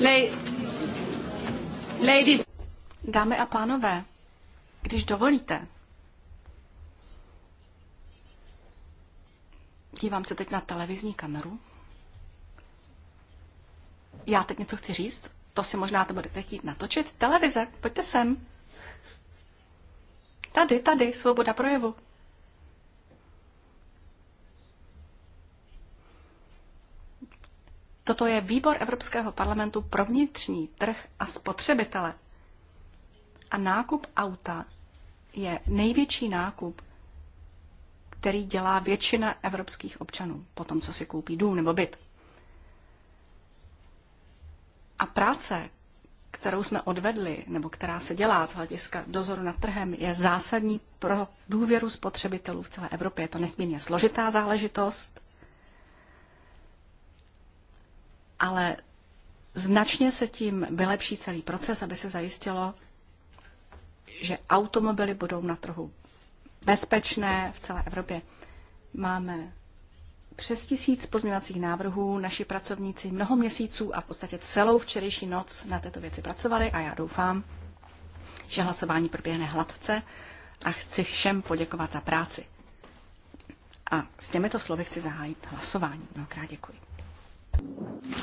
Ladies. Dámy a pánové, když dovolíte, dívám se teď na televizní kameru. Já teď něco chci říct, to si možná to budete chtít natočit. Televize, pojďte sem. Tady, tady, svoboda projevu. Toto je výbor Evropského parlamentu pro vnitřní trh a spotřebitele. A nákup auta je největší nákup, který dělá většina evropských občanů po tom, co si koupí dům nebo byt. A práce, kterou jsme odvedli, nebo která se dělá z hlediska dozoru nad trhem, je zásadní pro důvěru spotřebitelů v celé Evropě. Je to nesmírně složitá záležitost ale značně se tím vylepší celý proces, aby se zajistilo, že automobily budou na trhu bezpečné v celé Evropě. Máme přes tisíc pozměňovacích návrhů. Naši pracovníci mnoho měsíců a v podstatě celou včerejší noc na této věci pracovali a já doufám, že hlasování proběhne hladce a chci všem poděkovat za práci. A s těmito slovy chci zahájit hlasování. Mnohokrát děkuji. Um,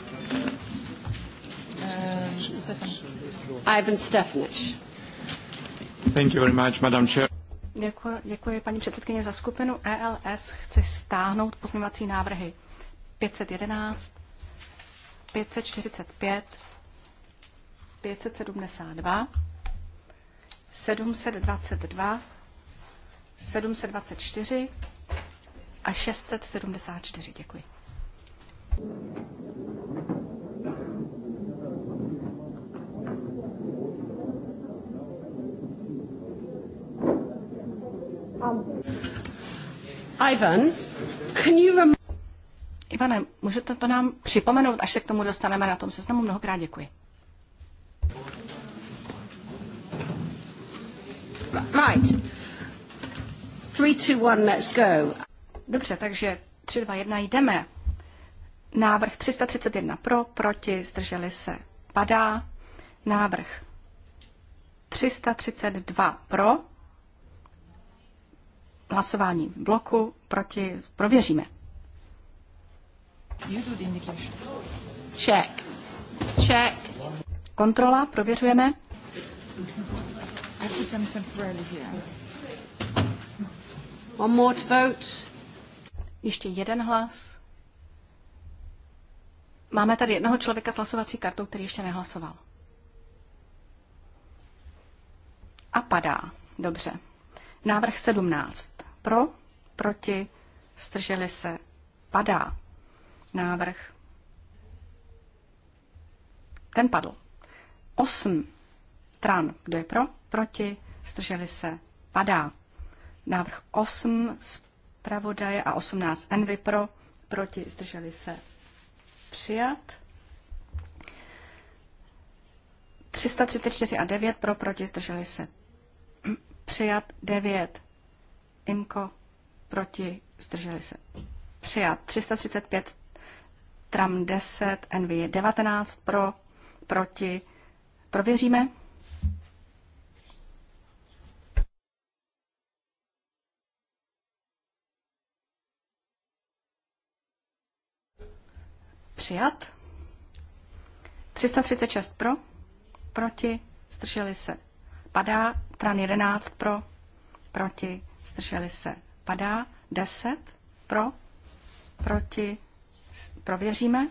Ivan Stefanic. Thank you very much, Madam Chair. Děkuji, děkuji paní předsedkyně za skupinu ELS. Chci stáhnout pozměňovací návrhy 511, 545, 572, 722, 724 a 674. Děkuji. Ivan, can you rem- Ivane, můžete to nám připomenout, až se k tomu dostaneme na tom seznamu? Mnohokrát děkuji. Right. Three, two, one, let's go. Dobře, takže 3, 2, 1, jdeme. Návrh 331 pro, proti, zdrželi se, padá. Návrh 332 pro, hlasování v bloku, proti, prověříme. Check. Check. Kontrola, prověřujeme. I put temporarily here. One more to vote. Ještě jeden hlas. Máme tady jednoho člověka s hlasovací kartou, který ještě nehlasoval. A padá. Dobře. Návrh 17. Pro, proti, strželi se, padá. Návrh. Ten padl. 8. Tran. Kdo je pro? Proti, strželi se, padá. Návrh 8 zpravodaje a 18 envy pro, proti, zdrželi se, přijat. 334 a 9 pro, proti, zdrželi se. Přijat 9. Imko, proti, zdrželi se. Přijat 335, Tram 10, NV 19 pro, proti. Prověříme. Přijat. 336 pro, proti, zdrželi se, padá. Tran 11 pro, proti, zdrželi se, padá. 10 pro, proti, prověříme.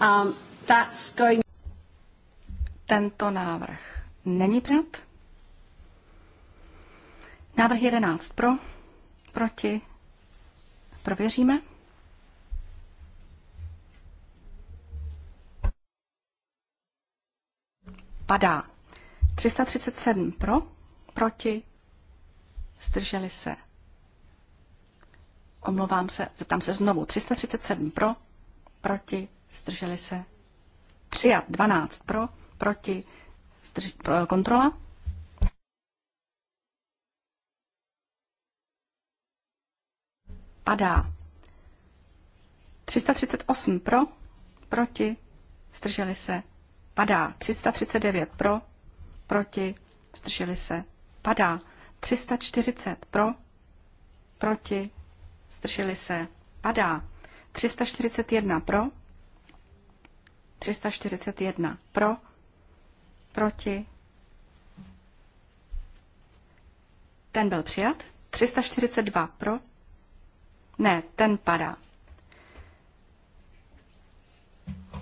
Um, that's going... Tento návrh není přijat. Návrh 11 pro, Proti? Prověříme. Padá. 337 pro, proti, zdrželi se. Omlouvám se, zeptám se znovu. 337 pro, proti, zdrželi se. Přijat 12 pro, proti, zdrž, pro, kontrola. padá. 338 pro, proti, zdrželi se, padá. 339 pro, proti, zdrželi se, padá. 340 pro, proti, zdrželi se, padá. 341 pro, 341 pro, proti, ten byl přijat. 342 pro, ne, ten padá.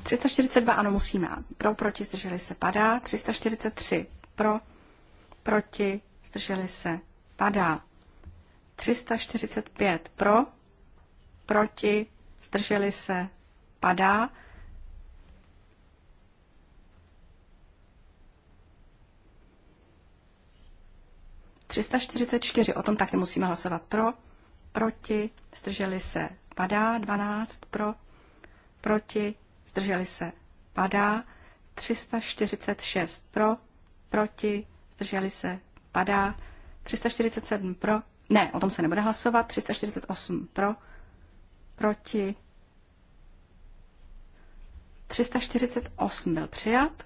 342 ano, musíme. Pro, proti, zdrželi se, padá. 343 pro, proti, zdrželi se, padá. 345 pro, proti, zdrželi se, padá. ...344, o tom taky musíme hlasovat pro, proti, zdrželi se, padá, 12 pro, proti, zdrželi se, padá, 346 pro, proti, zdrželi se, padá, 347 pro, ne, o tom se nebude hlasovat, 348 pro, proti, 348 byl přijat,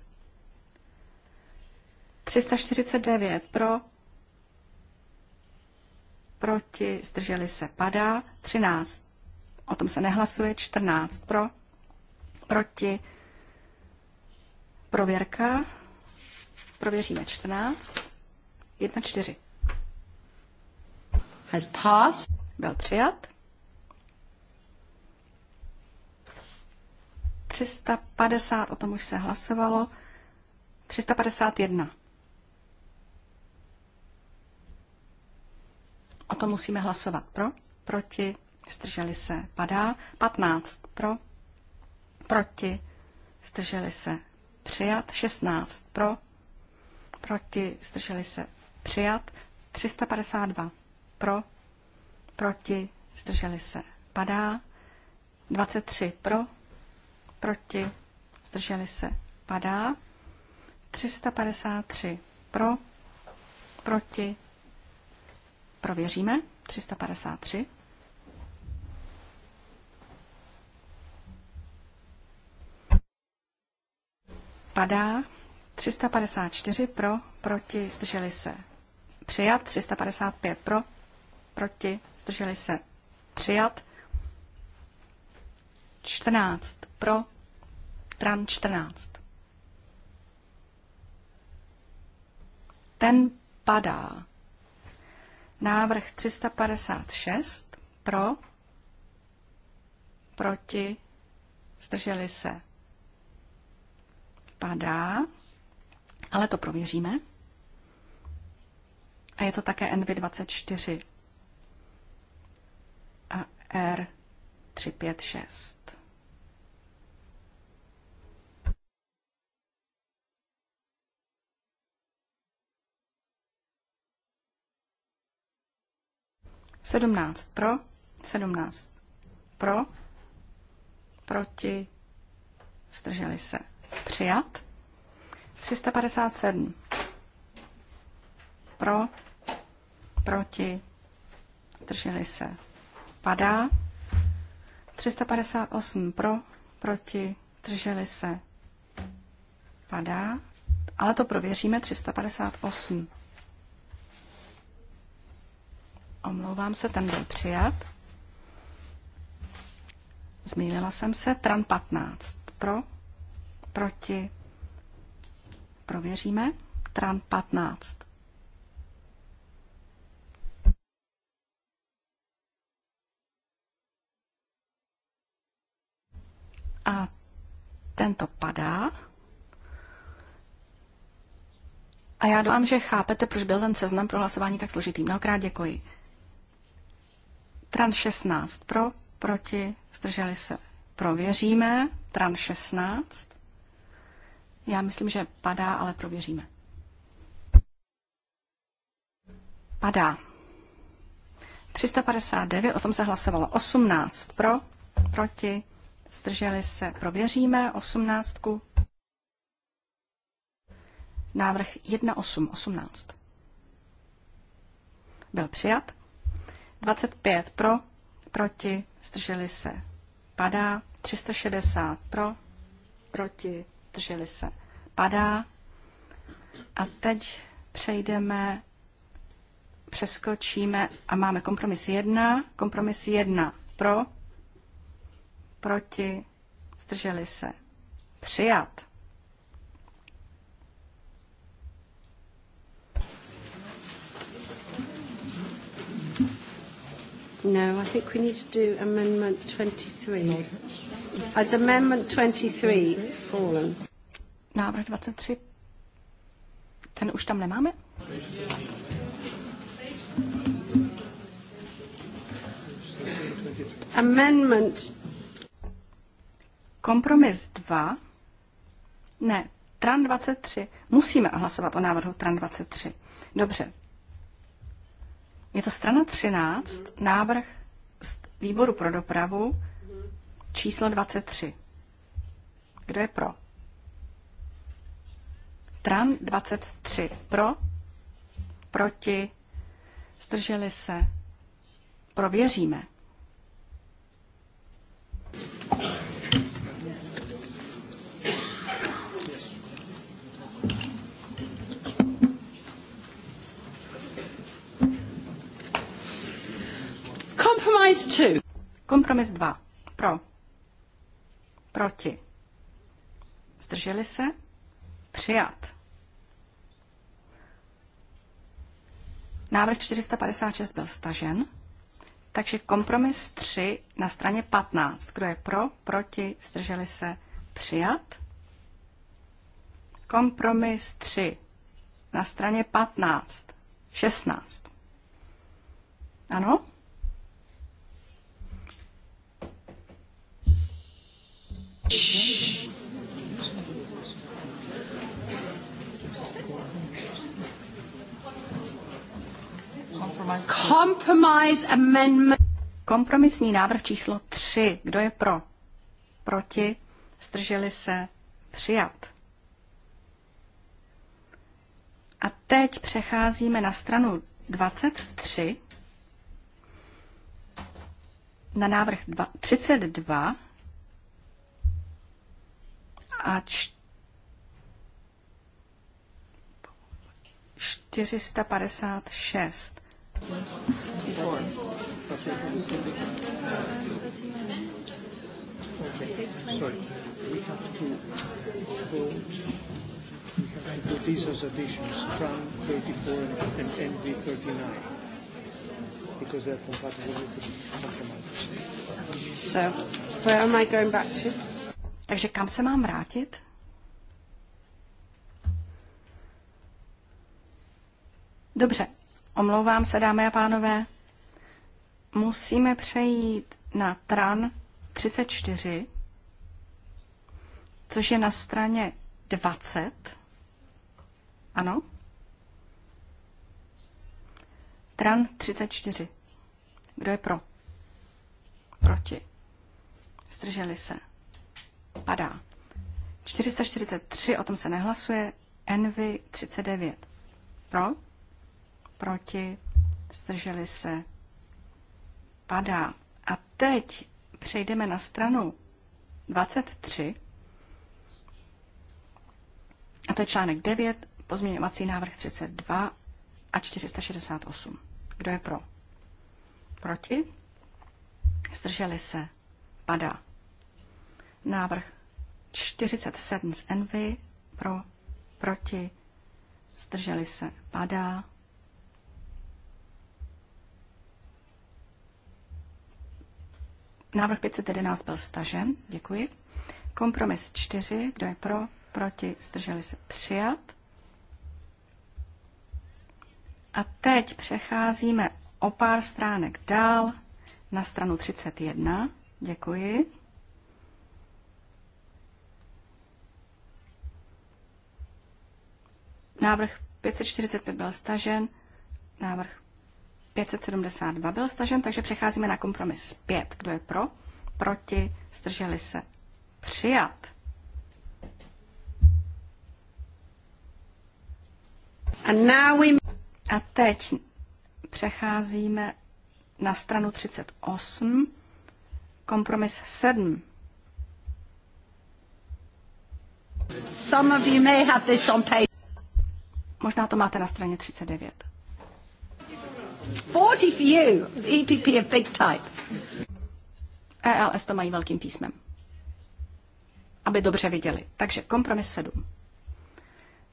349 pro, proti, zdrželi se, padá. 13, o tom se nehlasuje. 14 pro, proti, prověrka. Prověříme 14. 1, 4. Has passed. Byl přijat. 350, o tom už se hlasovalo. 351 O tom musíme hlasovat pro, proti, zdrželi se, padá. 15 pro, proti, zdrželi se, přijat. 16 pro, proti, zdrželi se, přijat. 352 pro, proti, zdrželi se, padá. 23 pro, proti, zdrželi se, padá. 353 pro, proti, Prověříme. 353. Padá. 354 pro, proti, zdrželi se. Přijat. 355 pro, proti, zdrželi se. Přijat. 14 pro, tran 14. Ten padá. Návrh 356 pro, proti, zdrželi se, padá, ale to prověříme. A je to také NV24 a R356. 17 pro, 17 pro, proti, zdrželi se, přijat. 357 pro, proti, zdrželi se, padá. 358 pro, proti, zdrželi se, padá. Ale to prověříme 358. Omlouvám se, ten byl přijat. Zmínila jsem se. Tran 15. Pro. Proti. Prověříme. Tran 15. A tento padá. A já doufám, že chápete, proč byl ten seznam pro hlasování tak složitý. Mnohokrát děkuji. Tran 16 pro, proti, zdrželi se. Prověříme. Tran 16. Já myslím, že padá, ale prověříme. Padá. 359, o tom se hlasovalo 18 pro, proti, zdrželi se, prověříme 18. Návrh 1.8.18 byl přijat. 25 pro, proti, zdrželi se, padá. 360 pro, proti, zdrželi se, padá. A teď přejdeme, přeskočíme a máme kompromis 1, kompromis 1 pro, proti, zdrželi se, přijat. No, I think we need to do Amendment 23. As Amendment 23 fallen. Návrh 23. Ten už tam nemáme? Amendment. Kompromis 2. Ne, TRAN 23. Musíme hlasovat o návrhu TRAN 23. Dobře, je to strana 13, návrh z výboru pro dopravu číslo 23. Kdo je pro? Stran 23. Pro? Proti? Zdrželi se? Prověříme. Compromise two. Kompromis dva. Pro. Proti. Zdrželi se? Přijat. Návrh 456 byl stažen, takže kompromis 3 na straně 15. Kdo je pro, proti, zdrželi se, přijat. Kompromis 3 na straně 15, 16. Ano? Kompromisní návrh číslo 3. Kdo je pro? Proti? Zdrželi se? Přijat. A teď přecházíme na stranu 23, na návrh 32 a č... 456. these as additions, 34 and NV 39, because they're compatible with the compromises. So, where am I going back to? Takže kam se mám vrátit? Dobře, omlouvám se, dámy a pánové. Musíme přejít na TRAN 34, což je na straně 20. Ano? Tran 34. Kdo je pro? Proti. Zdrželi se padá. 443, o tom se nehlasuje. Envy 39. Pro? Proti? Zdrželi se? Padá. A teď přejdeme na stranu 23. A to je článek 9, pozměňovací návrh 32 a 468. Kdo je pro? Proti? Zdrželi se? Padá. Návrh 47 z Envy pro, proti, zdrželi se, padá. Návrh 511 byl stažen, děkuji. Kompromis 4, kdo je pro, proti, zdrželi se, přijat. A teď přecházíme o pár stránek dál na stranu 31. Děkuji. Návrh 545 byl stažen, návrh 572 byl stažen, takže přecházíme na kompromis 5. Kdo je pro? Proti? Zdrželi se? Přijat. A, A teď přecházíme na stranu 38, kompromis 7. Some of you may have this on page. Možná to máte na straně 39. 40 for you. EPP a big type. ELS to mají velkým písmem. Aby dobře viděli. Takže kompromis 7.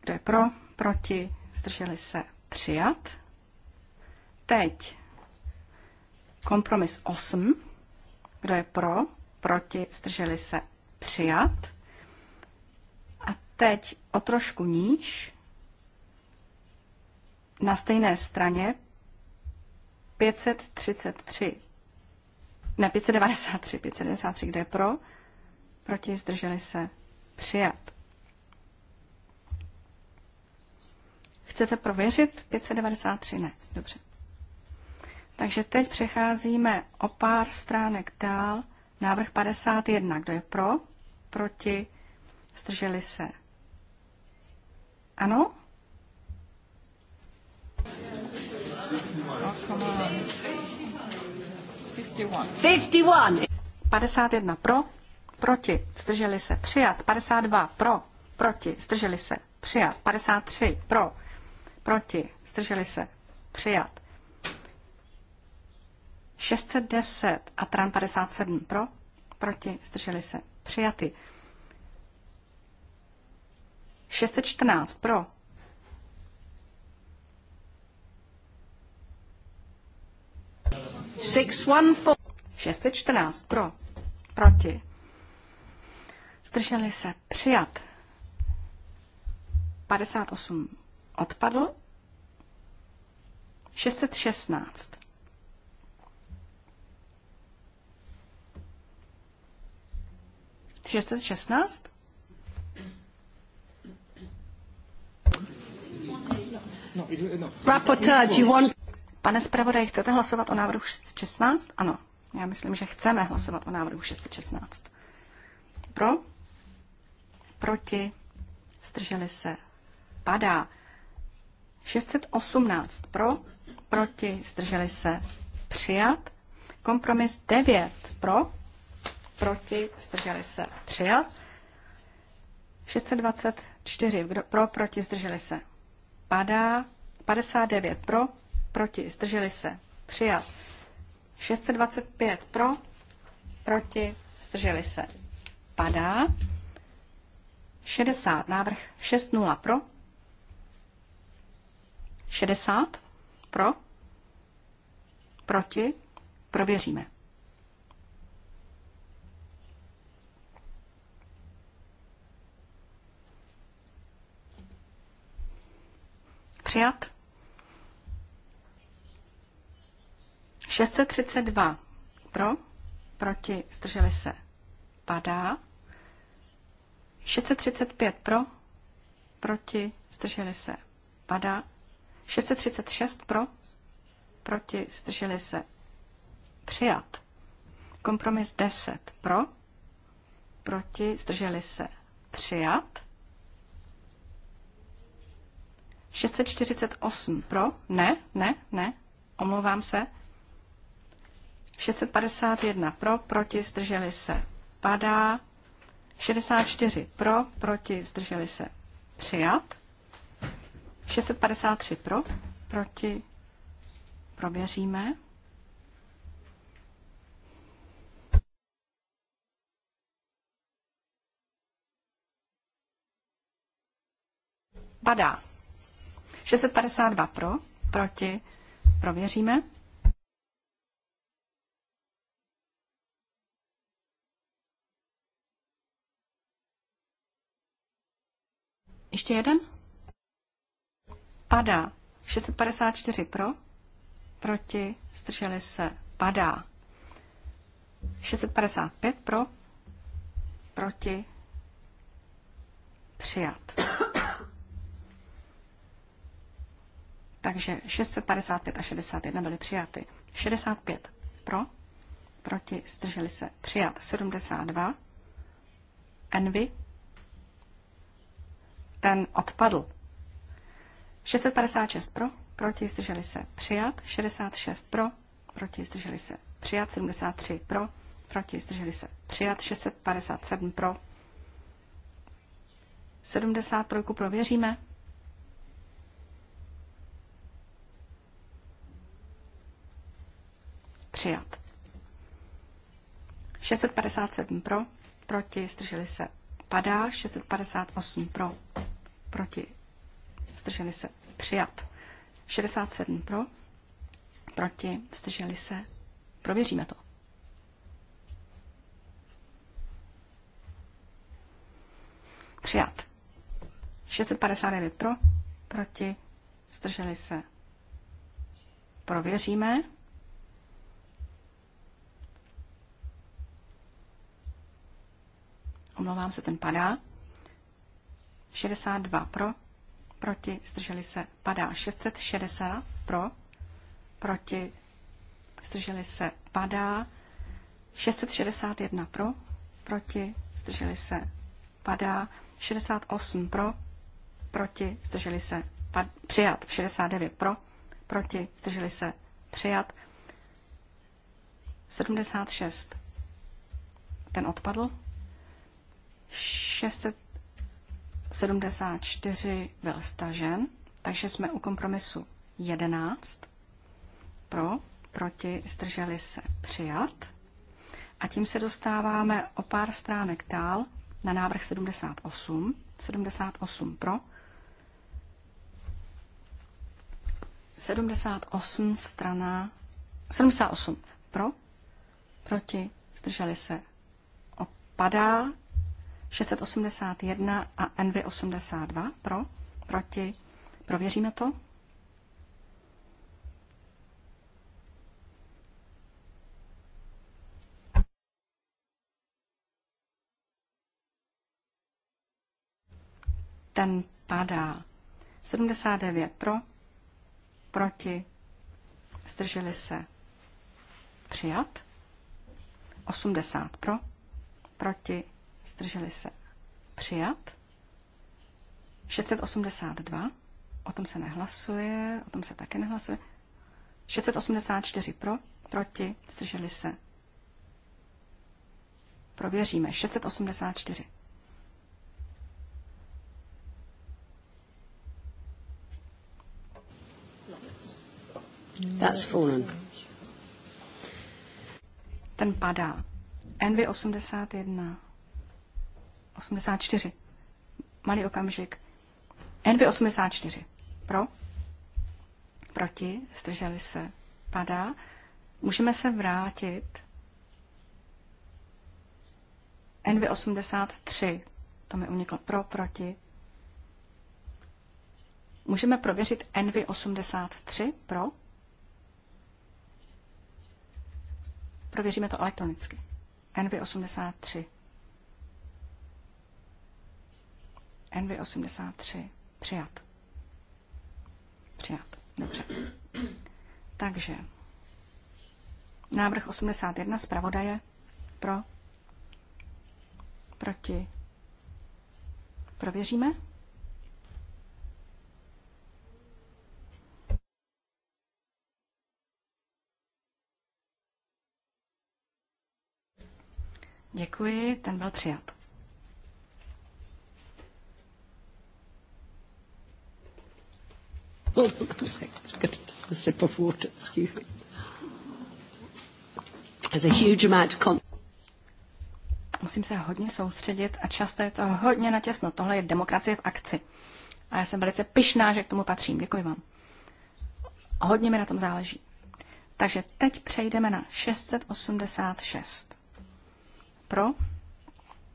Kdo je pro, proti, zdrželi se, přijat. Teď kompromis 8. Kdo je pro, proti, zdrželi se, přijat. A teď o trošku níž na stejné straně 533, ne 593, 593, kde je pro, proti zdrželi se přijat. Chcete prověřit 593? Ne, dobře. Takže teď přecházíme o pár stránek dál. Návrh 51. Kdo je pro? Proti? Zdrželi se? Ano? 51. 51. 51 pro, proti, zdrželi se, přijat. 52 pro, proti, zdrželi se, přijat. 53 pro, proti, zdrželi se, přijat. 610 a Tran 57 pro, proti, zdrželi se, přijaty. 614 pro, 614 pro, proti. Zdrželi se přijat. 58 odpadl. 616. Šestset šestnáct? No, no. Rapporteur, do you want... Pane zpravodaj, chcete hlasovat o návrhu 616? Ano, já myslím, že chceme hlasovat o návrhu 616. Pro? Proti? Zdrželi se? Padá. 618 pro, proti, zdrželi se, přijat. Kompromis 9 pro, proti, zdrželi se, přijat. 624 pro, proti, zdrželi se, padá. 59 pro, proti, zdrželi se, přijat. 625 pro, proti, zdrželi se, padá. 60, návrh 60 pro, 60 pro, proti, prověříme. Přijat. 632 pro, proti, zdrželi se, padá. 635 pro, proti, zdrželi se, padá. 636 pro, proti, zdrželi se, přijat. Kompromis 10 pro, proti, zdrželi se, přijat. 648 pro, ne, ne, ne, omlouvám se, 651 pro, proti, zdrželi se, padá. 64 pro, proti, zdrželi se, přijat. 653 pro, proti, prověříme. Padá. 652 pro, proti, prověříme. Ještě jeden? Padá. 654 pro, proti, zdrželi se, padá. 655 pro, proti, přijat. Takže 655 a 61 byly přijaty. 65 pro, proti, zdrželi se, přijat. 72, envy, ten odpadl. 656 pro, proti, zdrželi se přijat, 66 pro, proti, zdrželi se přijat, 73 pro, proti, zdrželi se přijat, 657 pro, 73 prověříme. Přijat. 657 pro, proti, zdrželi se padá, 658 pro, proti, zdrželi se, přijat. 67 pro, proti, zdrželi se, prověříme to. Přijat. 659 pro, proti, zdrželi se, prověříme. omlouvám se, ten padá. 62 pro, proti, zdrželi se, padá. 660 pro, proti, zdrželi se, padá. 661 pro, proti, zdrželi se, padá. 68 pro, proti, zdrželi se, pad, přijat. 69 pro, proti, zdrželi se, přijat. 76. Ten odpadl. 674 byl stažen, takže jsme u kompromisu 11. Pro, proti, zdrželi se přijat. A tím se dostáváme o pár stránek dál na návrh 78. 78 pro. 78 strana 78 pro, proti, zdrželi se, opadá, 681 a NV 82 pro, proti, prověříme to. Ten padá. 79 pro, proti, zdrželi se, přijat. 80 pro, proti, Zdrželi se. Přijat. 682. O tom se nehlasuje, o tom se také nehlasuje. 684 pro, proti, zdrželi se. Prověříme. 684. That's fallen. Ten padá. NV81. 84. Malý okamžik. NV84. Pro? Proti? Zdrželi se? Padá. Můžeme se vrátit. NV83. To mi uniklo. Pro? Proti? Můžeme prověřit NV83. Pro? Prověříme to elektronicky. NV83. NV83. Přijat. Přijat. Dobře. Takže návrh 81 zpravodaje pro, proti. Prověříme. Děkuji, ten byl přijat. Hold on a Just a sip of water. Excuse me. There's a huge amount of con- Musím se hodně soustředit a často je to hodně natěsno. Tohle je demokracie v akci. A já jsem velice pyšná, že k tomu patřím. Děkuji vám. Hodně mi na tom záleží. Takže teď přejdeme na 686. Pro,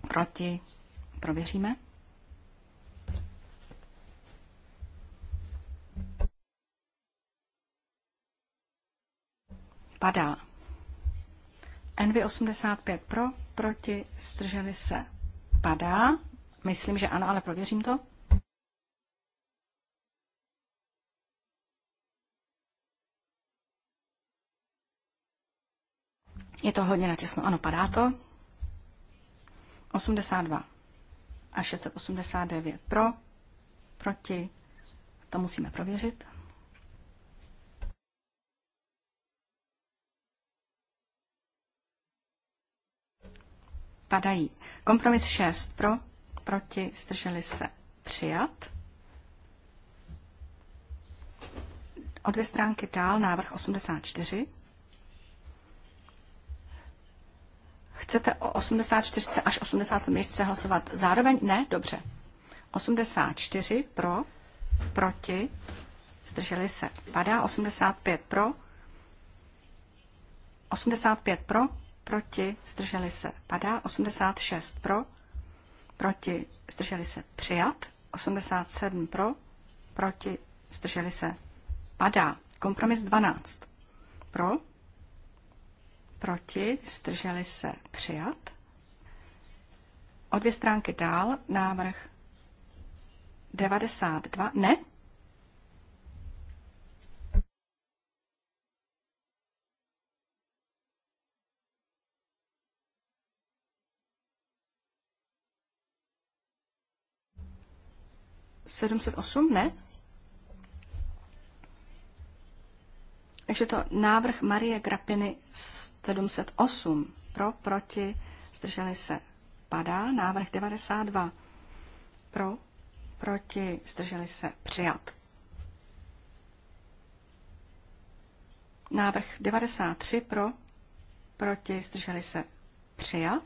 proti, prověříme. padá. NV85 pro, proti, zdrželi se, padá. Myslím, že ano, ale prověřím to. Je to hodně natěsno. Ano, padá to. 82 a 689 pro, proti. To musíme prověřit. padají. Kompromis 6 pro, proti, zdrželi se přijat. O dvě stránky dál návrh 84. Chcete o 84 až 87 hlasovat zároveň? Ne? Dobře. 84 pro, proti, zdrželi se. Padá 85 pro, 85 pro, proti, zdrželi se, padá. 86 pro, proti, zdrželi se, přijat. 87 pro, proti, zdrželi se, padá. Kompromis 12 pro, proti, zdrželi se, přijat. O dvě stránky dál návrh 92, ne, 708? Ne? Takže to návrh Marie Grapiny 708. Pro, proti, zdrželi se. Padá. Návrh 92. Pro, proti, zdrželi se. Přijat. Návrh 93 pro, proti, zdrželi se. Přijat.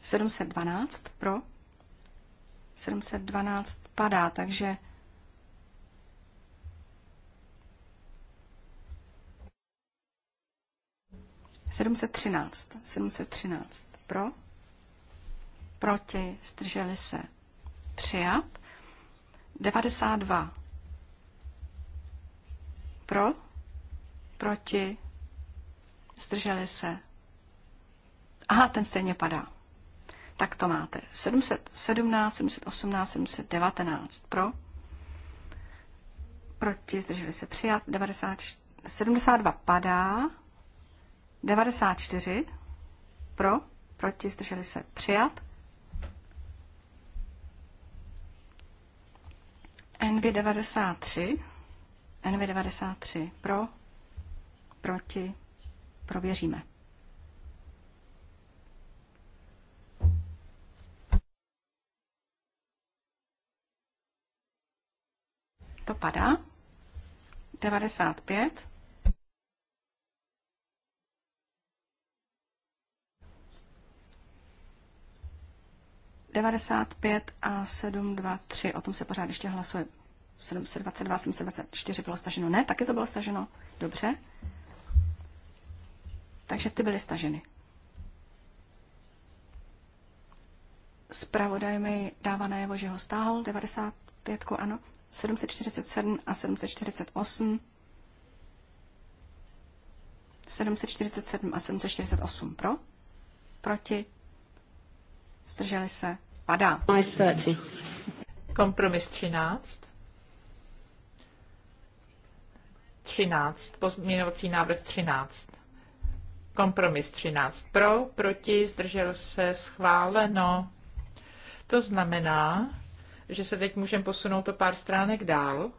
712 pro, 712 padá, takže Sedmset třináct. Sedmset třináct. Pro. Proti. Strželi se. Přijat. 92. Pro. Proti. Strželi se. Aha, ten stejně padá tak to máte 717, 718, 719 pro, proti, zdrželi se přijat, 90, 72 padá, 94 pro, proti, zdrželi se přijat, NV93, NV93 pro, proti, prověříme. To padá. 95. Devadesát a sedm, dva, tři. O tom se pořád ještě hlasuje. 722, 724 bylo staženo. Ne, taky to bylo staženo. Dobře. Takže ty byly staženy. Spravodaj mi dává najevo, že ho stáhl 95, ano. 747 a 748. 747 a 748 pro, proti, zdrželi se, padá. Kompromis 13. 13, pozměňovací návrh 13. Kompromis 13 pro, proti, zdržel se, schváleno. To znamená, že se teď můžeme posunout o pár stránek dál.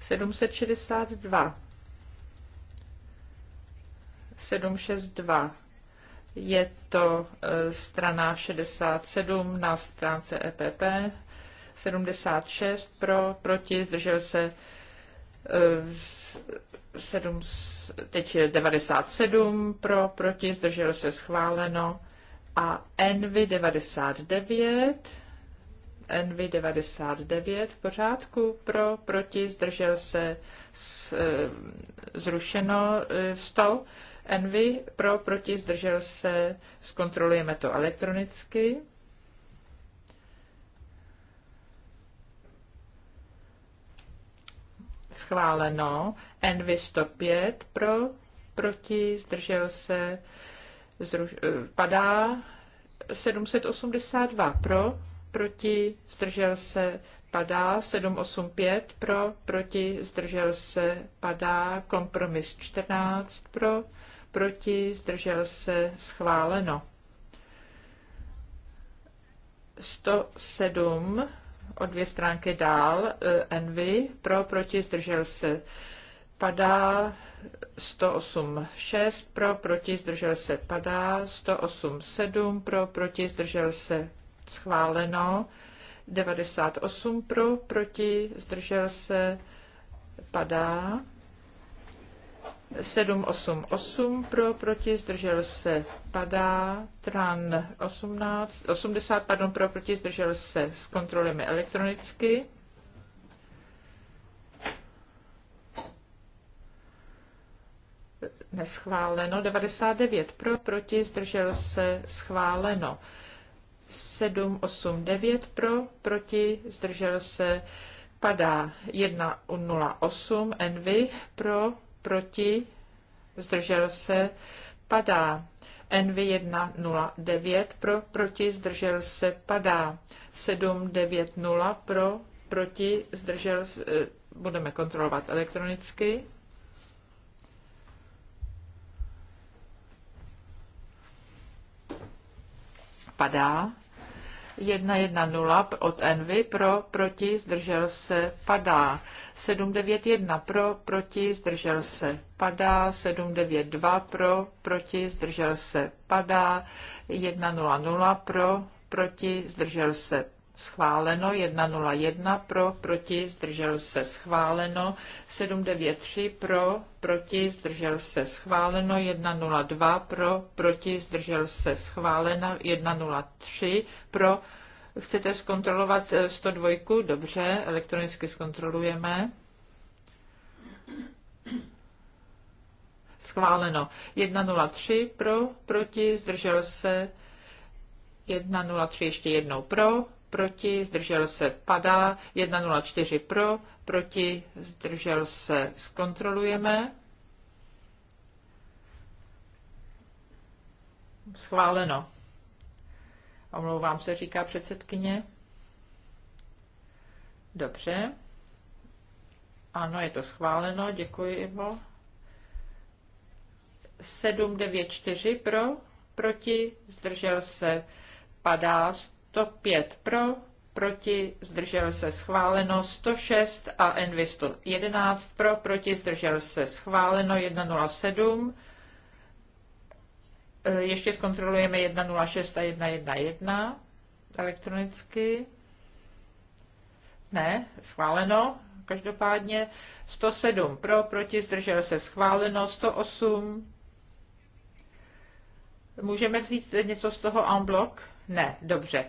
762. 762. Je to eh, strana 67 na stránce EPP. 76 pro, proti, zdržel se 7, eh, teď 97 pro, proti, zdržel se schváleno a Envy 99. Envy 99 v pořádku pro, proti, zdržel se s, eh, zrušeno vstal eh, Envy pro, proti, zdržel se, zkontrolujeme to elektronicky. Schváleno. Envy 105 pro, proti, zdržel se, zruš, eh, padá 782 pro, proti, zdržel se, padá 785 pro, proti, zdržel se, padá kompromis 14 pro, proti, zdržel se, schváleno. 107 o dvě stránky dál, eh, Envy, pro, proti, zdržel se, padá 108.6 pro, proti, zdržel se, padá 108.7 pro, proti, zdržel se, schváleno 98 pro, proti, zdržel se, padá 788 pro, proti, zdržel se, padá tran 18, 80 pardon, pro, proti, zdržel se, zkontrolujeme elektronicky. neschváleno, 99 pro, proti, zdržel se, schváleno, 7, 8, 9 pro, proti, zdržel se, padá 1, 0, 8, envy, pro, proti, zdržel se, padá envy 1, 0, 9 pro, proti, zdržel se, padá 7, 9, 0 pro, proti, zdržel se, eh, budeme kontrolovat elektronicky. padá. 110 od Envy pro, proti, zdržel se, padá. 791 pro, proti, zdržel se, padá. 792 pro, proti, zdržel se, padá. 100 pro, proti, zdržel se, schváleno, 101 pro, proti, zdržel se schváleno, 793 pro, proti, zdržel se schváleno, 102 pro, proti, zdržel se schváleno, 103 pro. Chcete zkontrolovat 102? Eh, Dobře, elektronicky zkontrolujeme. Schváleno. 103 pro, proti, zdržel se 103 ještě jednou pro, proti, zdržel se, padá, 104 pro, proti, zdržel se, zkontrolujeme. Schváleno. Omlouvám se, říká předsedkyně. Dobře. Ano, je to schváleno, děkuji, Ivo. 794 pro, proti, zdržel se, padá, 105 pro, proti, zdržel se schváleno 106 a Envy 111 pro, proti, zdržel se schváleno 107. Eh, ještě zkontrolujeme 106 a 111 elektronicky. Ne, schváleno. Každopádně 107 pro, proti, zdržel se schváleno 108. Můžeme vzít něco z toho en bloc? Ne, dobře.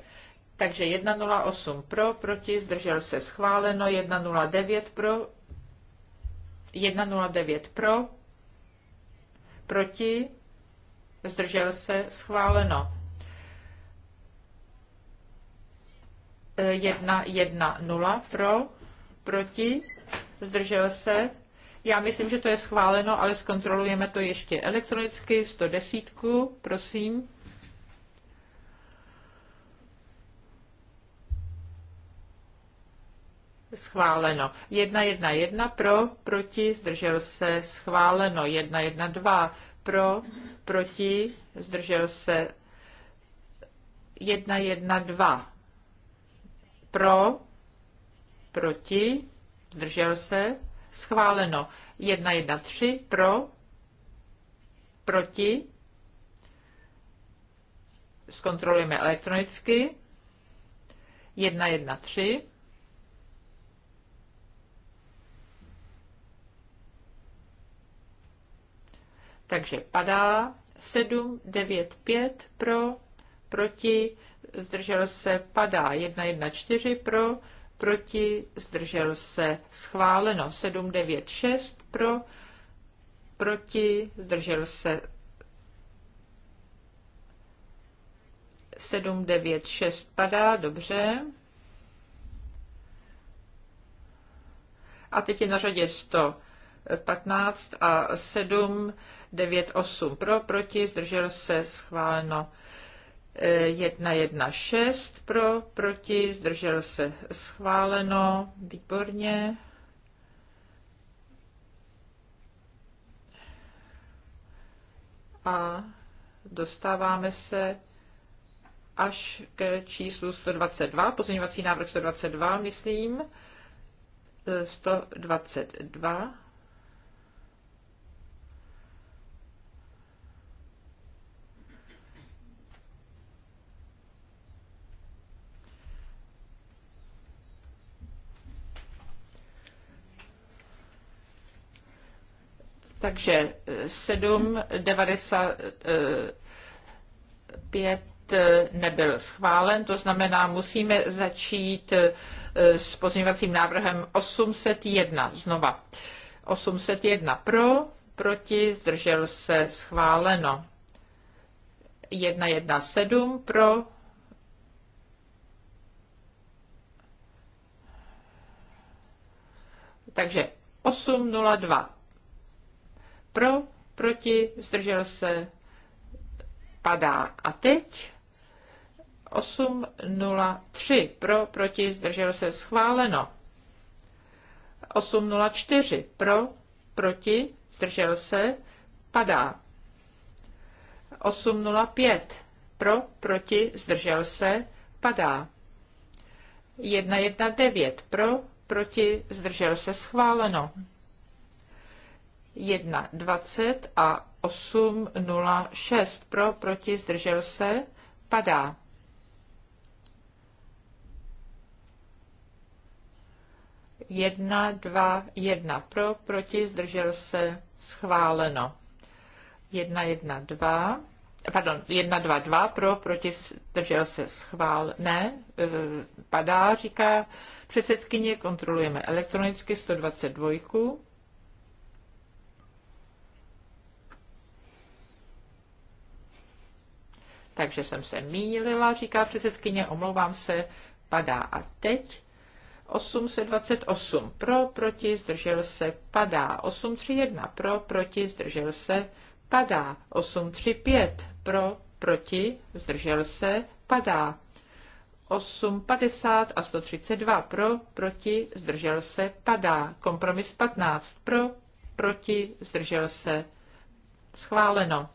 Takže 108 pro, proti, zdržel se schváleno, 109 pro, 109 pro, proti, zdržel se schváleno. 110 pro, proti, zdržel se. Já myslím, že to je schváleno, ale zkontrolujeme to ještě elektronicky. 110, prosím. schváleno. 1.1.1 pro, proti, zdržel se, schváleno. 1.1.2 pro, proti, zdržel se, 1.1.2 pro, proti, zdržel se, schváleno. 1.1.3 pro, proti, zkontrolujeme elektronicky. 1.1.3 takže padá 7, 9, 5 pro, proti, zdržel se, padá 1, 1, 4 pro, proti, zdržel se, schváleno 7, 9, 6 pro, proti, zdržel se 7, 9, 6 padá, dobře. A teď je na řadě 100. 15 a 7, 9, 8 pro, proti, zdržel se schváleno 1, 1, 6 pro, proti, zdržel se schváleno, výborně. A dostáváme se až k číslu 122, pozměňovací návrh 122, myslím, 122 e, Takže 7, eh, 95 eh, eh, nebyl schválen, to znamená, musíme začít s pozměňovacím návrhem 801 znova. 801 pro, proti, zdržel se schváleno. 117 pro, takže 802 pro, proti, zdržel se, padá. A teď 803 pro, proti, zdržel se, schváleno. 804 pro, proti, zdržel se, padá. 805 pro, proti, zdržel se, padá. 119 pro, proti, zdržel se, schváleno. 1.20 a 8.06 pro, proti, zdržel se, padá. Jedna, dva, jedna pro, proti, zdržel se, schváleno. Jedna, jedna, dva, pardon, jedna, dva, dva pro, proti, zdržel se, schvál, ne, e, padá, říká předsedkyně, kontrolujeme elektronicky 122. takže jsem se mýlila, říká předsedkyně, omlouvám se, padá. A teď 828 pro, proti, zdržel se, padá. 831 pro, proti, zdržel se, padá. 835 pro, proti, zdržel se, padá. 850 a 132 pro, proti, zdržel se, padá. Kompromis 15 pro, proti, zdržel se, schváleno.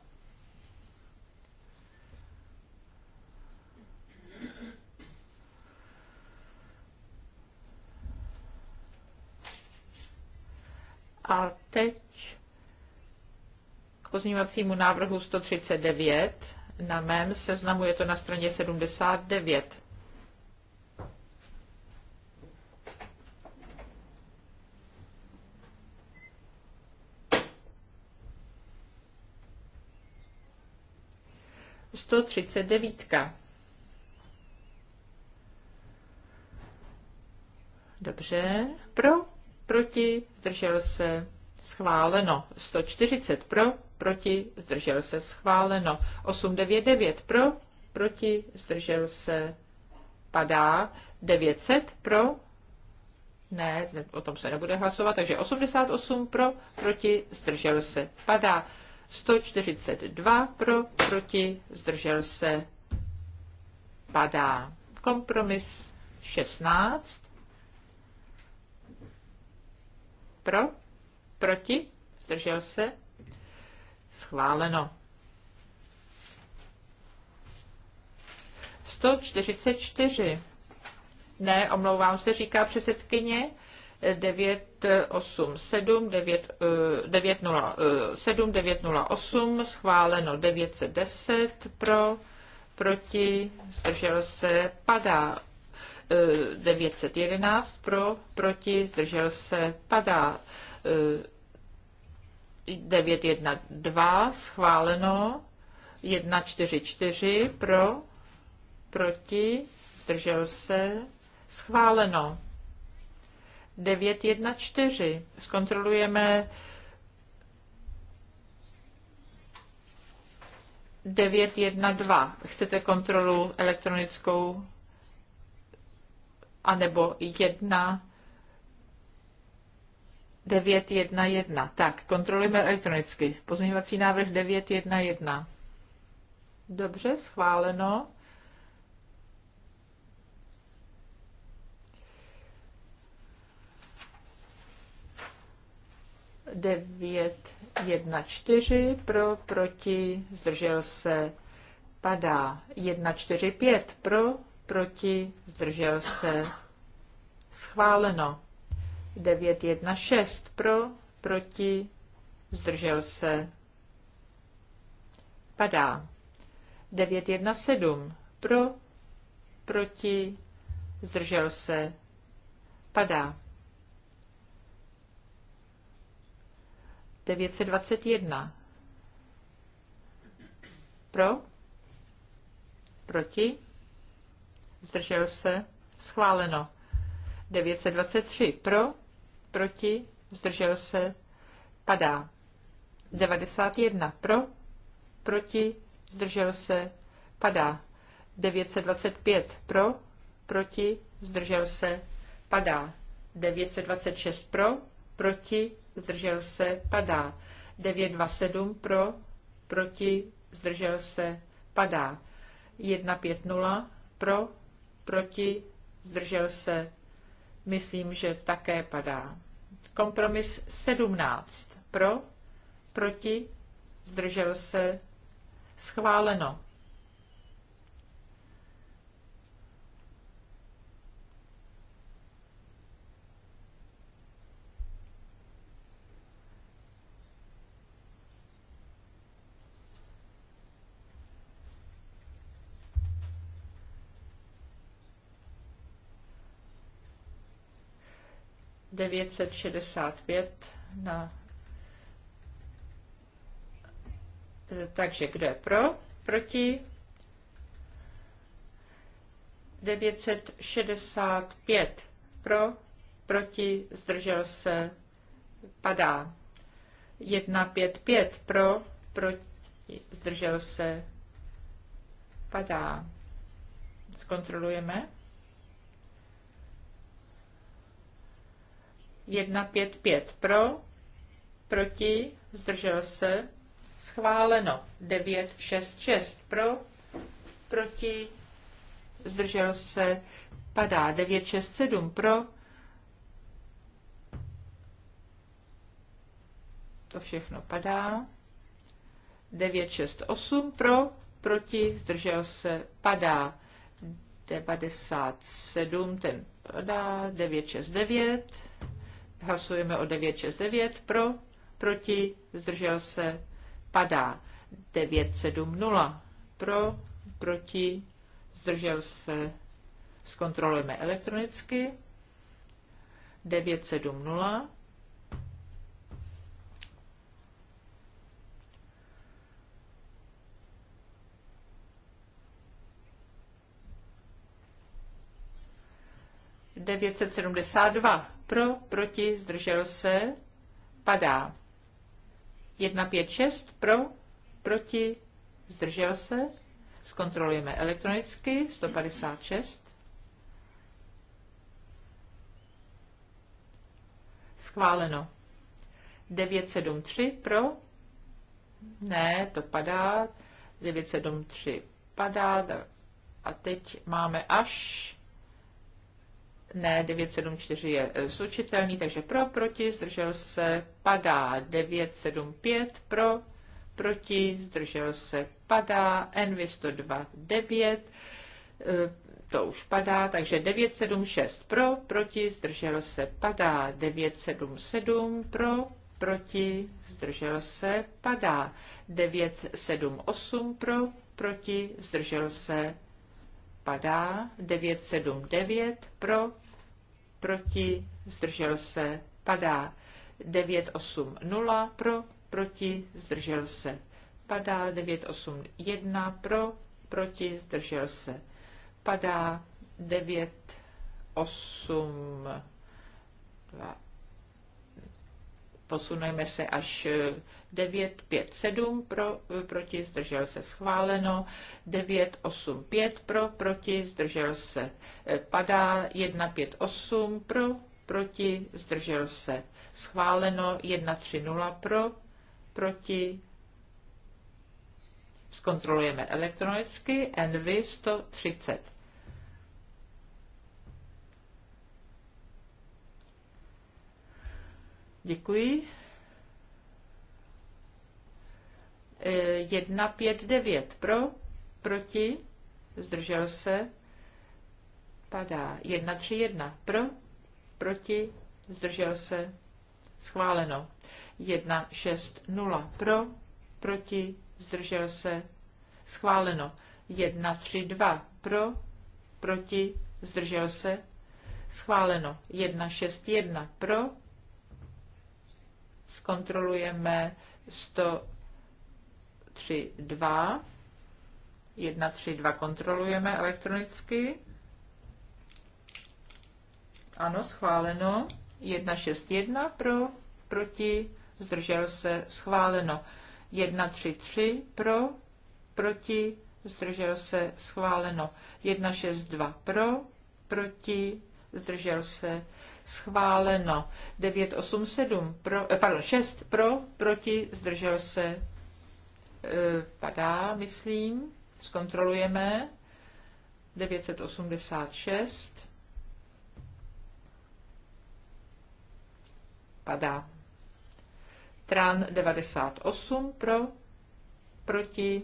A teď k pozměňovacímu návrhu 139. Na mém seznamu je to na straně 79. třicet devítka. Dobře. Pro? proti, zdržel se, schváleno. 140 pro, proti, zdržel se, schváleno. 899 pro, proti, zdržel se, padá. 900 pro, ne, o tom se nebude hlasovat, takže 88 pro, proti, zdržel se, padá. 142 pro, proti, zdržel se, padá. Kompromis 16 Pro? Proti? Zdržel se? Schváleno. 144. Ne, omlouvám se, říká předsedkyně. 987, 9, 907, 908, schváleno 910 pro, proti, zdržel se, padá 911 pro, proti, zdržel se, padá 912, eh, schváleno, 144 pro, proti, zdržel se, schváleno. 914. Zkontrolujeme 912. Chcete kontrolu elektronickou? anebo 1 911. Tak, kontrolujeme elektronicky. Pozměňovací návrh 911. Dobře, schváleno. Devět, jedna, čtyři, pro, proti, zdržel se, padá. Jedna, čtyři, pět, pro, proti, zdržel se, schváleno. 916 pro, proti, zdržel se, padá. 917 pro, proti, zdržel se, padá. 921 pro, proti, zdržel se, schváleno. 923 pro, proti, zdržel se, padá. 91 pro, proti, zdržel se, padá. 925 pro, proti, zdržel se, padá. 926 pro, proti, zdržel se, padá. 927 pro, proti, zdržel se, padá. 150 pro, proti, zdržel se, myslím, že také padá. Kompromis 17 pro, proti, zdržel se, schváleno. 965 na... E, takže kdo je pro? Proti? 965 pro, proti, zdržel se, padá. 155 pro, proti, zdržel se, padá. Zkontrolujeme. 155 pro, proti, zdržel se, schváleno 966 pro, proti, zdržel se, padá 967 pro, to všechno padá, 968 pro, proti, zdržel se, padá 97, ten padá, 969 Hlasujeme o 969 pro, proti, zdržel se, padá. 970 pro, proti, zdržel se, zkontrolujeme elektronicky. 970 972 pro, proti, zdržel se, padá. 156 pro, proti, zdržel se, zkontrolujeme elektronicky, 156. Schváleno. 973 pro, ne, to padá, 973 padá a teď máme až ne, 974 je eh, slučitelný, takže pro, proti, zdržel se, padá. 975 pro, proti, zdržel se, padá. n 102, 9, eh, to už padá, takže 976 pro, proti, zdržel se, padá. 977 pro, proti, zdržel se, padá. 978 pro, proti, zdržel se, padá, 979 pro, proti, zdržel se, padá, 980 pro, proti, zdržel se, padá, 981 pro, proti, zdržel se, padá, 982 Posuneme se až 957 eh, eh, eh, pro, proti, zdržel se schváleno, 985 pro, proti, zdržel se padá, 158 pro, proti, zdržel se schváleno, 130 pro, proti, zkontrolujeme elektronicky, NV 130. Děkuji. E, devět pro, proti, zdržel se, padá jedna pro, proti, zdržel se, schváleno. nula pro, proti, zdržel se, schváleno. dva pro, proti, zdržel se, schváleno. jedna pro, zkontrolujeme 132. 132 kontrolujeme elektronicky. Ano, schváleno. 161 pro, proti, zdržel se, schváleno. 133 pro, proti, zdržel se, schváleno. 162 pro, proti, zdržel se, schváleno. 987 pro, eh, pardon, 6 eh, pro, proti, zdržel se, padá, myslím. Zkontrolujeme. 986. Padá. Tran 98 pro, proti,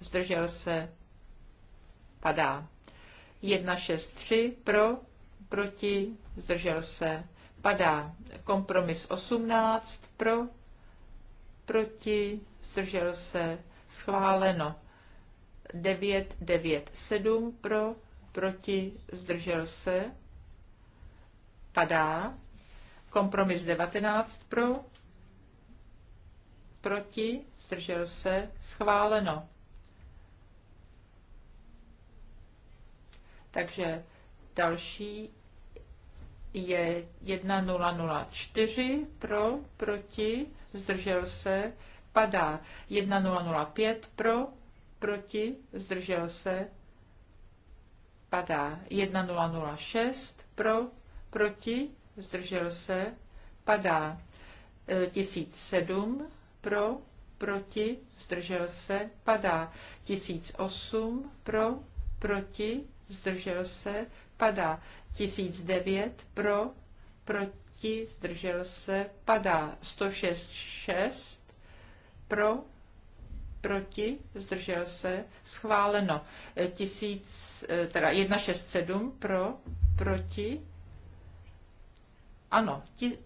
zdržel se, padá. 163 pro, proti, zdržel se, padá. Kompromis 18 pro, proti, zdržel se, schváleno. 997 pro, proti, zdržel se, padá. Kompromis 19 pro, proti, zdržel se, schváleno. Takže další je 1004 pro, proti, zdržel se, padá 1005 pro, proti, zdržel se, padá 1006 pro, proti, zdržel se, padá 1007 e, pro, proti, zdržel se, padá 1008 pro, proti, zdržel se, padá. 1009 pro, proti, zdržel se, padá. 1066 pro, proti, zdržel se, schváleno. 1000, eh, teda 167 pro, proti, ano,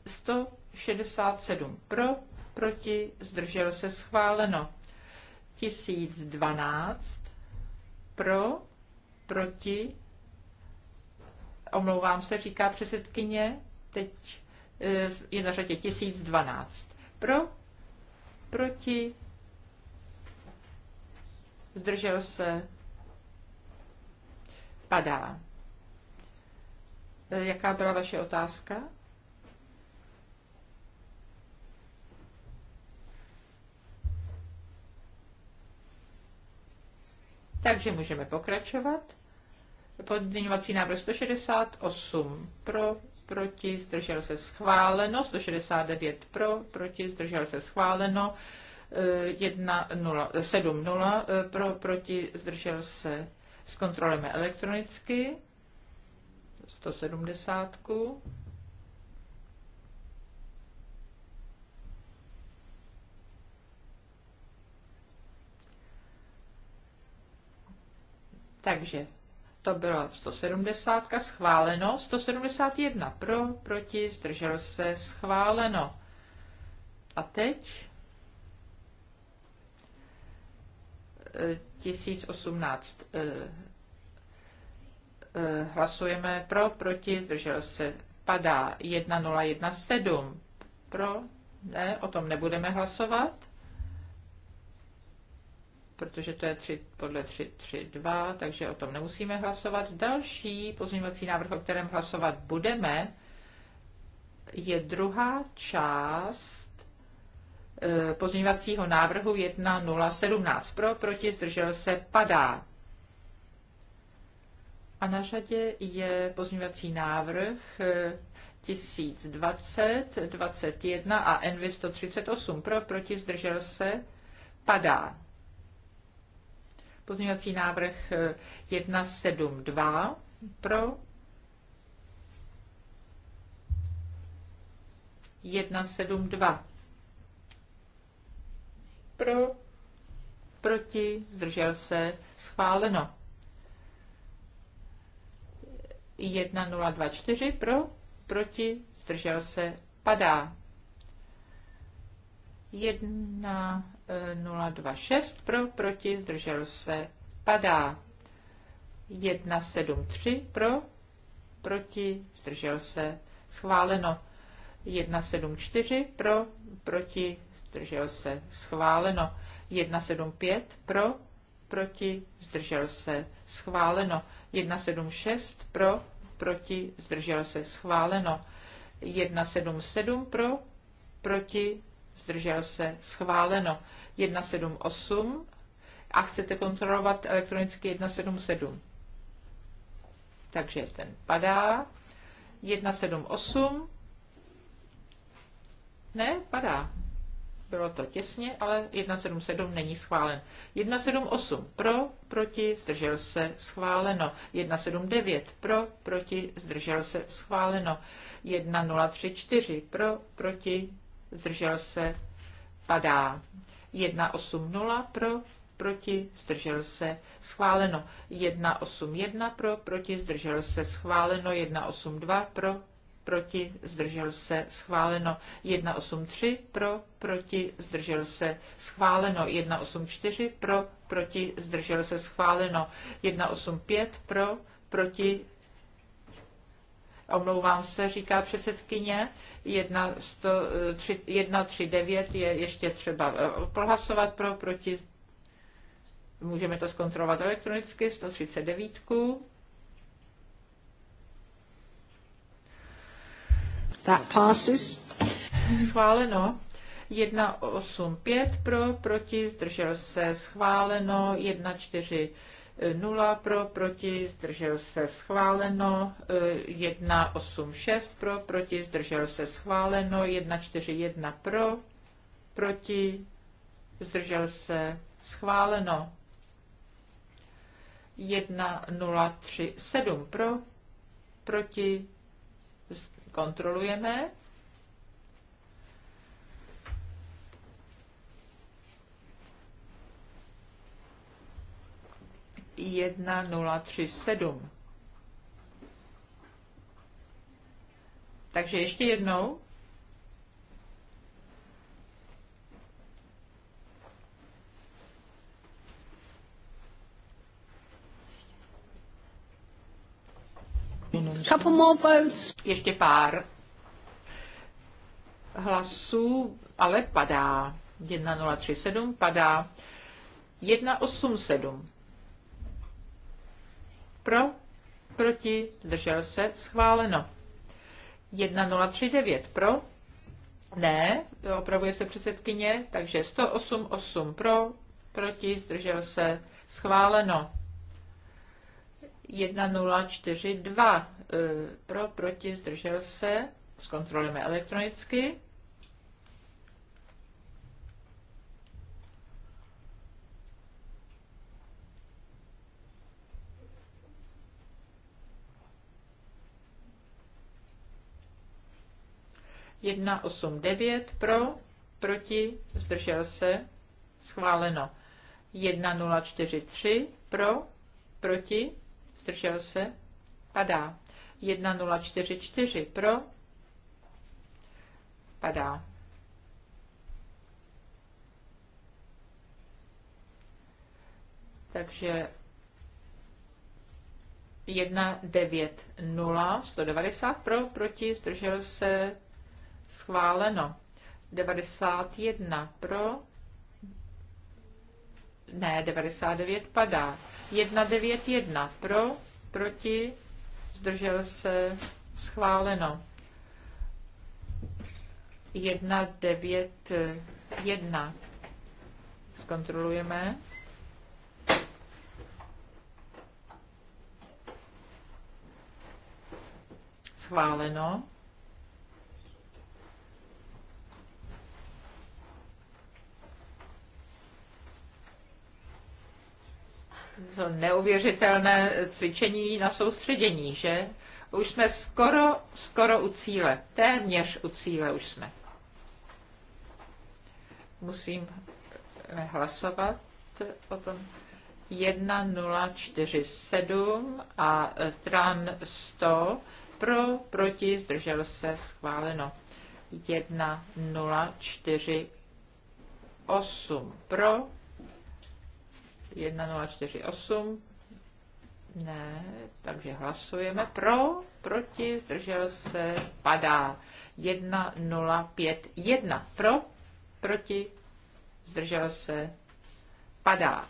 167 pro, proti, zdržel se, schváleno. 1012 pro, proti, omlouvám se, říká předsedkyně, teď eh, je na řadě 1012. Pro, proti, zdržel se, padá. Eh, jaká byla vaše otázka? Takže můžeme pokračovat. Podměňovací návrh 168 pro, proti, zdržel se schváleno, 169 pro, proti, zdržel se schváleno, 0 eh, eh, pro, proti, zdržel se, zkontrolujeme elektronicky, 170. Takže to byla 170, schváleno, 171 pro, proti, zdržel se, schváleno. A teď 1018 eh, eh, eh, hlasujeme pro, proti, zdržel se, padá 1017 pro, ne, o tom nebudeme hlasovat protože to je 3, podle 2, takže o tom nemusíme hlasovat. Další pozměňovací návrh, o kterém hlasovat budeme, je druhá část eh, pozměňovacího návrhu 1.0.17. Pro, proti, zdržel se, padá. A na řadě je pozměňovací návrh 1020, eh, 21 a NV 138. Pro, proti, zdržel se, padá. Pozměňovací návrh 172 eh, pro. 172 pro, proti, zdržel se, schváleno. 1024 pro, proti, zdržel se, padá. 1, 026 pro, proti, zdržel se, padá. 173 pro, proti, zdržel se, schváleno. 174 pro, proti, zdržel se, schváleno. 175 pro, proti, zdržel se, schváleno. 176 pro, proti, zdržel se, schváleno. 177 pro, proti, zdržel se, schváleno. 178 a chcete kontrolovat elektronicky 177. Takže ten padá. 178. Ne, padá. Bylo to těsně, ale 177 není schválen. 178 pro, proti, zdržel se, schváleno. 179 pro, proti, zdržel se, schváleno. 1034 pro, proti, zdržel se, padá. 180 pro, proti, zdržel se, schváleno. 181 pro, proti, zdržel se, schváleno. 182 pro, proti, zdržel se, schváleno 183 pro, proti, zdržel se, schváleno 184 pro, proti, zdržel se, schváleno 185 pro, proti, omlouvám se, říká předsedkyně, 139 je ještě třeba eh, prohlasovat pro, proti, můžeme to zkontrolovat elektronicky, 139. That passes. Schváleno. 185 pro, proti, zdržel se, schváleno. 14. 0 pro, proti, zdržel se schváleno, 6 eh, pro, proti, zdržel se schváleno, 1 pro, proti, zdržel se schváleno, 7 pro, proti, kontrolujeme, 1037. Takže ještě jednou. Ještě pár hlasů, ale padá. 1037 padá. 187. Pro, proti, zdržel se, schváleno. 1039 pro, ne, opravuje se předsedkyně, takže 108,8 pro, proti, zdržel se, schváleno. 1042 eh, pro, proti, zdržel se, zkontrolujeme elektronicky. 189 pro, proti, zdržel se, schváleno. 1043 pro, proti, zdržel se, padá. 1044 pro, padá. Takže 190, 190 pro, proti, zdržel se, Schváleno. 91 pro. Ne, 99 padá. 191 pro, proti, zdržel se, schváleno. 191. Zkontrolujeme. Schváleno. to neuvěřitelné cvičení na soustředění, že? Už jsme skoro, skoro u cíle. Téměř u cíle už jsme. Musím eh, hlasovat o tom 1047 a eh, tran 100 pro, proti, zdržel se, schváleno. 1048 pro, 1048. Ne, takže hlasujeme pro, proti, zdržel se, padá. 1051 pro, proti, zdržel se, padá.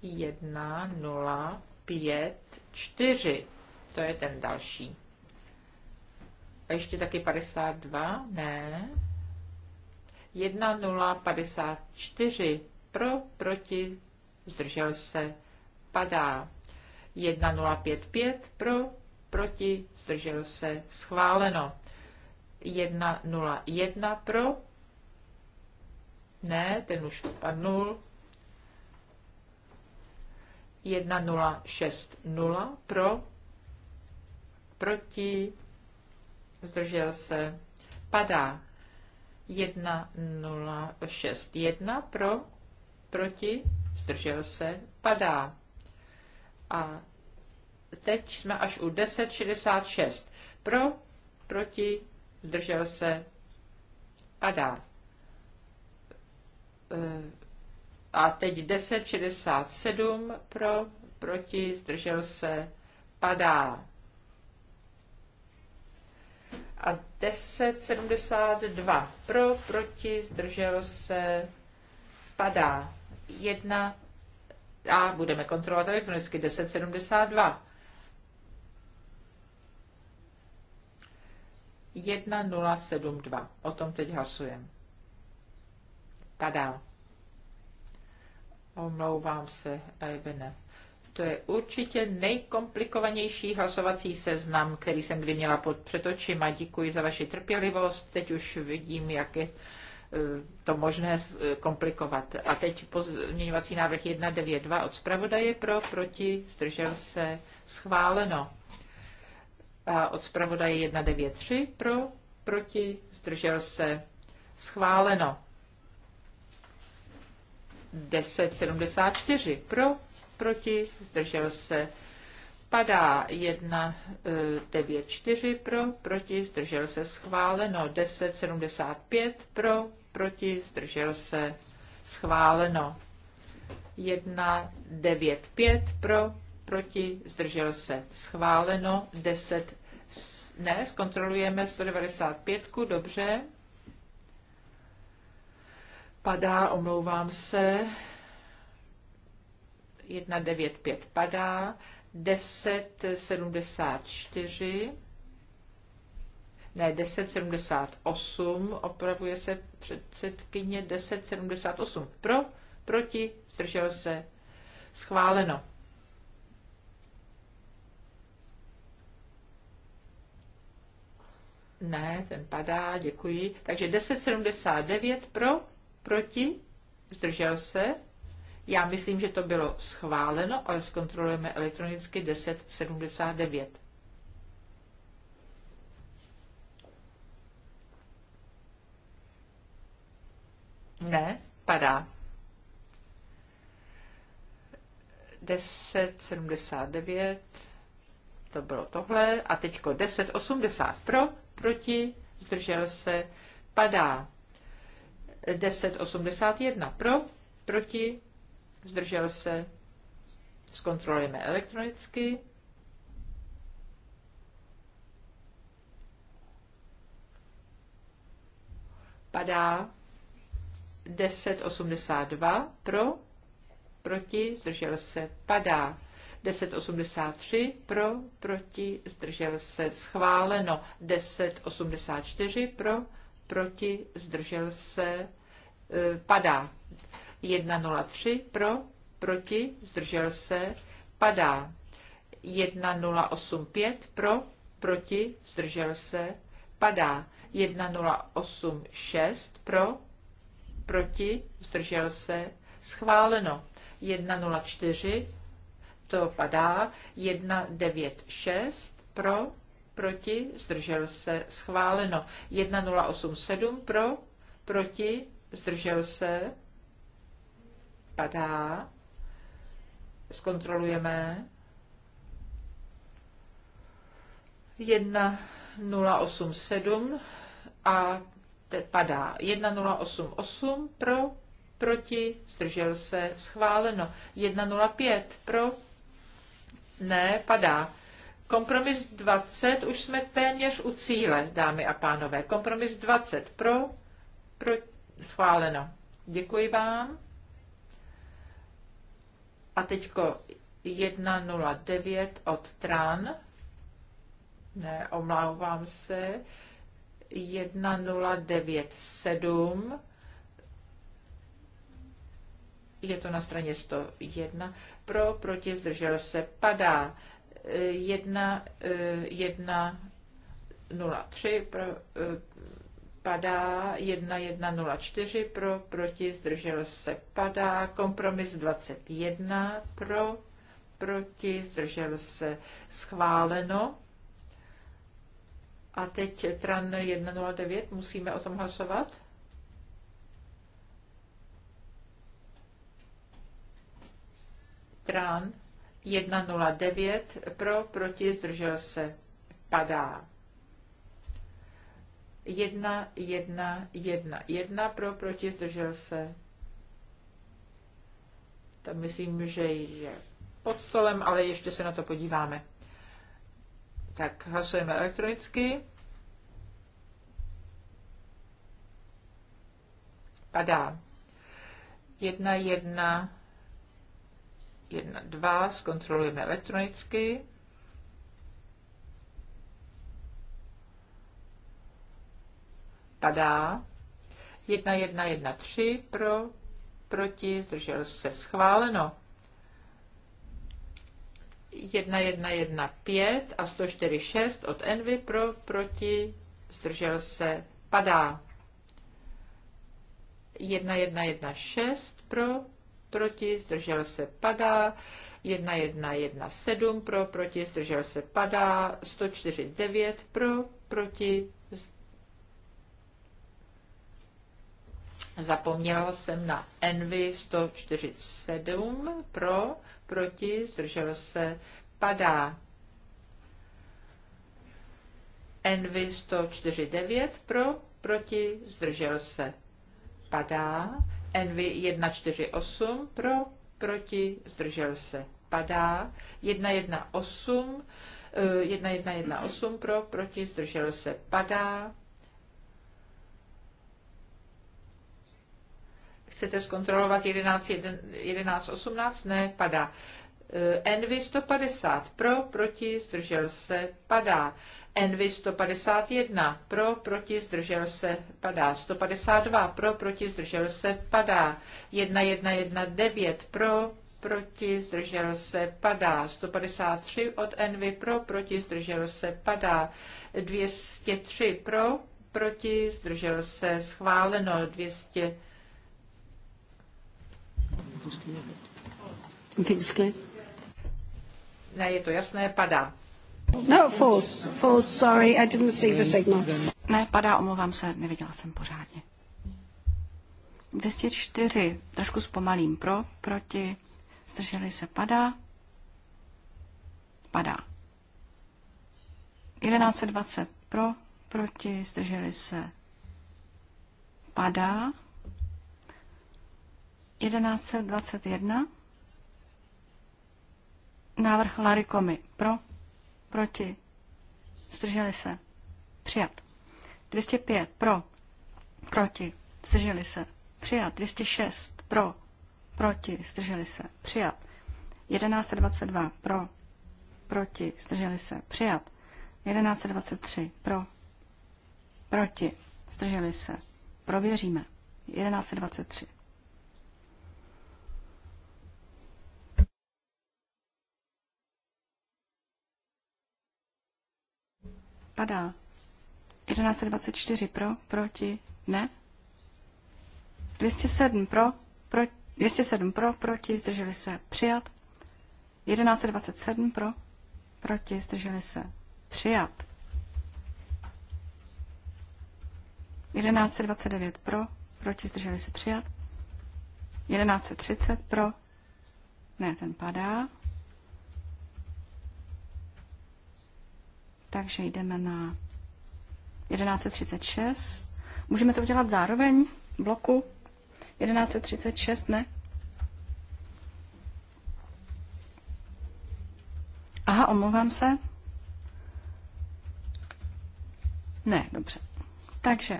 1054, to je ten další. A ještě taky 52, ne. 1054, pro, proti, zdržel se, padá. 1055 pro, proti, zdržel se, schváleno. 101 pro, ne, ten už padnul. 1060 pro, proti, zdržel se, padá. 1061 pro, proti, zdržel se, padá. A teď jsme až u 1066. E, pro, proti, zdržel se, padá. A teď 1067 pro, proti, zdržel se, padá. A 1072 pro, proti, zdržel se, padá. 1 a budeme kontrolovat elektronicky 1072. 1072. O tom teď hlasujeme. Padá. Omlouvám se, Evene. To je určitě nejkomplikovanější hlasovací seznam, který jsem kdy měla pod před očima. Děkuji za vaši trpělivost. Teď už vidím, jak je Eh, to možné komplikovat. A teď pozměňovací návrh 192 od zpravodaje pro, proti, zdržel se, schváleno. A od zpravodaje 193 pro, proti, zdržel se, schváleno. 1074 pro, proti, zdržel se, padá 1, 9, 4 pro, proti, zdržel se schváleno 10, 75 pro, proti, zdržel se, schváleno. 1, 9, 5 pro, proti, zdržel se, schváleno. 10, ne, zkontrolujeme 195, dobře. Padá, omlouvám se. 195 padá, 1074 ne 1078, opravuje se předsedkyně 1078. Pro, proti, zdržel se, schváleno. Ne, ten padá, děkuji. Takže 1079 pro, proti, zdržel se. Já myslím, že to bylo schváleno, ale zkontrolujeme elektronicky 1079. Ne, padá. 10,79, to bylo tohle. A teďko 10,80 pro, proti, zdržel se, padá. 10,81 pro, proti, zdržel se, zkontrolujeme elektronicky. Padá 1082 pro, proti, zdržel se, padá. 1083 pro, proti, zdržel se, schváleno. 1084 e, pro, proti, zdržel se, padá. 103 pro, proti, zdržel se, padá. 1085 pro, proti, zdržel se, padá. 1086 pro, proti, zdržel se, schváleno. 1.04, to padá, 1.96, pro, proti, zdržel se, schváleno. 1.087, pro, proti, zdržel se, padá, zkontrolujeme. 1.087 a padá 1088 pro, proti, zdržel se, schváleno. 105 pro, ne, padá. Kompromis 20, už jsme téměř u cíle, dámy a pánové. Kompromis 20 pro, pro schváleno. Děkuji vám. A teďko 1.09 od TRAN. Ne, omlouvám se. 1097. Je to na straně 101. Pro, proti, zdržel se, padá. 1, 1, 0, 3, pro, eh, padá. 1, 1, 0, pro, proti, zdržel se, padá. Kompromis 21, pro, proti, zdržel se, schváleno. A teď TRAN 109, musíme o tom hlasovat? TRAN 109, pro, proti, zdržel se, padá. 1, 1, 1, 1, pro, proti, zdržel se. Tam myslím, že je pod stolem, ale ještě se na to podíváme. Tak hlasujeme elektronicky. Padá. Jedna, jedna, jedna, dva. Zkontrolujeme elektronicky. Padá. tři. pro, proti, zdržel se schváleno. 1115 a 146 od Envy pro, proti, zdržel se, padá. 1116 pro, proti, zdržel se, padá. 1117 pro, proti, zdržel se, padá. 149 pro, proti, Zapomněla jsem na Envy 147 pro, proti, zdržel se, padá. Envy 149 pro, proti, zdržel se, padá. Envy 148 pro, proti, zdržel se, padá. 118, 1118 eh, pro, proti, zdržel se, padá. Chcete zkontrolovat 11, 11 18? Ne, padá. E, Envy 150 pro, proti, zdržel se, padá. Envy 151 pro, proti, zdržel se, padá. 152 pro, proti, zdržel se, padá. 1119 pro, proti, zdržel se, padá. 153 od Envy pro, proti, zdržel se, padá. 203 pro, proti, zdržel se, schváleno. 200 ne, je to jasné, padá. No, false, false, sorry, I didn't see the signal. Ne, padá, omlouvám se, neviděla jsem pořádně. 204, trošku zpomalím pro, proti, zdrželi se, padá, padá. 1120 pro, proti, zdrželi se, padá, 1121. Návrh Larry Komi. Pro, proti, zdrželi se. Přijat. 205. Pro, proti, zdrželi se. Přijat. 206. Pro, proti, zdrželi se. Přijat. 1122. Pro, proti, zdrželi se. Přijat. 1123. Pro, proti, zdrželi se. Prověříme. 1123. padá. 1124 pro, proti, ne. 207 pro, pro 207 pro, proti, zdrželi se, přijat. 1127 pro, proti, zdrželi se, přijat. 1129 pro, proti, zdrželi se, přijat. 1130 pro, ne, ten padá. Takže jdeme na 1136. Můžeme to udělat zároveň bloku 1136, ne? Aha, omlouvám se. Ne, dobře. Takže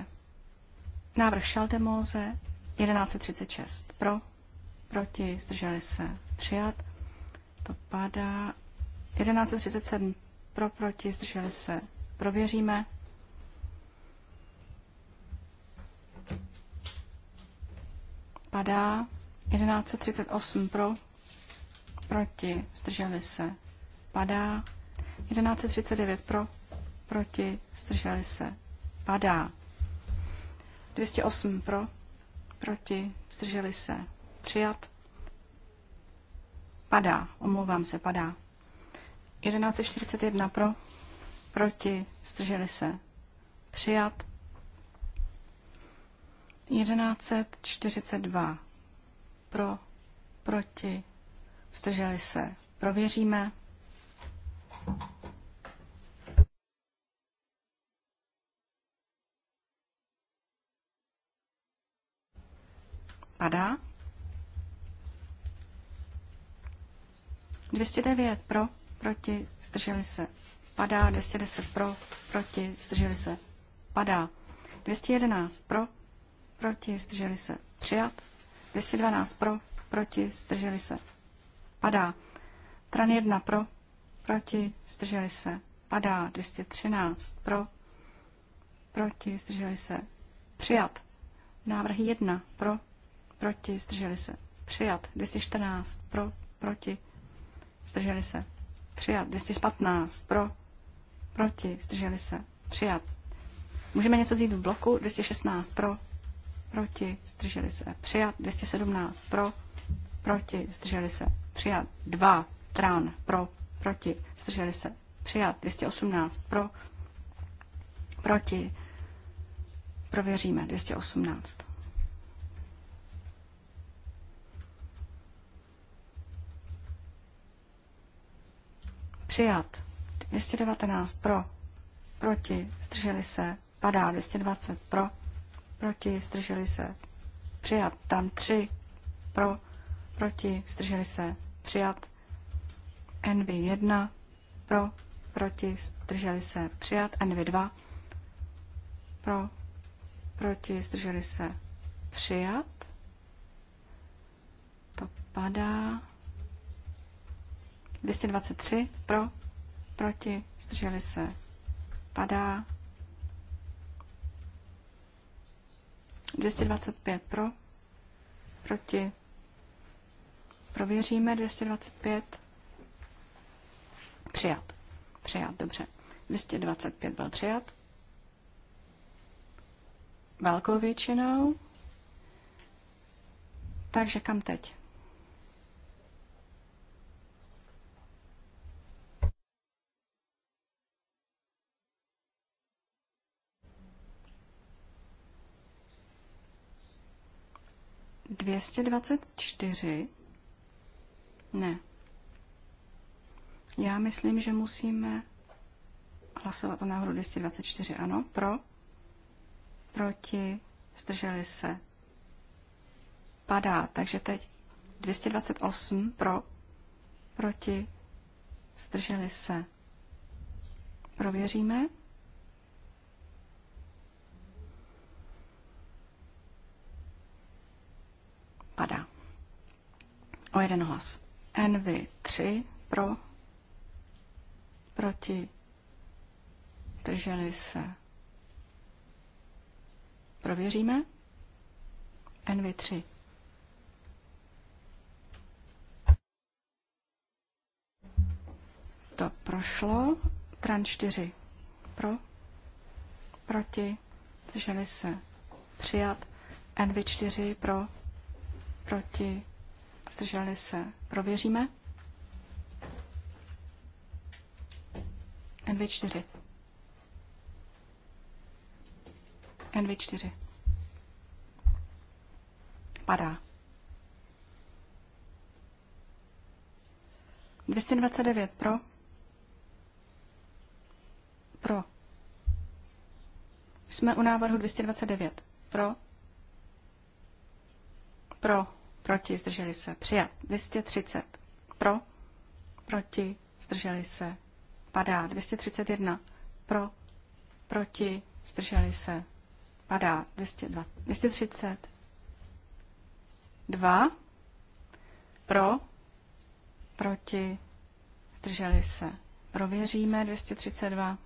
návrh Šaldemóze 1136 pro, proti, zdrželi se přijat. To padá 1137 pro, proti, zdrželi se, prověříme. Padá 1138 pro, proti, zdrželi se, padá 1139 pro, proti, zdrželi se, padá 208 pro, proti, zdrželi se, přijat, padá, omlouvám se, padá 11.41 pro, proti, zdrželi se, přijat. 1142 pro, proti, zdrželi se, prověříme. Padá. 209 pro, proti, zdrželi se, padá. 210 pro, proti, zdrželi se, padá. 211 pro, proti, zdrželi se, přijat. 212 pro, proti, zdrželi se, padá. Tran 1 pro, proti, zdrželi se, padá. 213 pro, proti, zdrželi se, přijat. Návrh 1 pro, proti, zdrželi se, přijat. 214 pro, proti, zdrželi se, Přijat. 215 pro. Proti. Zdrželi se. Přijat. Můžeme něco vzít v bloku. 216 pro. Proti. Zdrželi se. Přijat. 217 pro. Proti. Zdrželi se. Přijat. 2. Trán. Pro. Proti. Zdrželi se. Přijat. 218 pro. Proti. Prověříme. 218. Přijat. 219 pro. Proti. Zdrželi se. Padá. 220 pro. Proti. Zdrželi se. Přijat. Tam 3 pro. Proti. Zdrželi se. Přijat. NV 1 pro. Proti. Zdrželi se. Přijat. NV 2 pro. Proti. Zdrželi se. Přijat. To padá. 223 pro, proti, zdrželi se, padá. 225 pro, proti, prověříme 225, přijat, přijat, dobře. 225 byl přijat. Velkou většinou. Takže kam teď? 224? Ne. Já myslím, že musíme hlasovat o návrhu 224. Ano, pro, proti, zdrželi se. Padá, takže teď 228 pro, proti, zdrželi se. Prověříme. Padá. O jeden hlas. Envy 3 pro, proti, drželi se. Prověříme. Envy 3. To prošlo. Tran 4 pro, proti, drželi se. Přijat. Envy 4 pro, proti, zdrželi se, prověříme. NV4. NV4. Padá. 229 pro. Pro. Jsme u návrhu 229. Pro. Pro proti, zdrželi se, přijat. 230 pro, proti, zdrželi se, padá. 231 pro, proti, zdrželi se, padá. 202, 230 2 pro, proti, zdrželi se. Prověříme 232.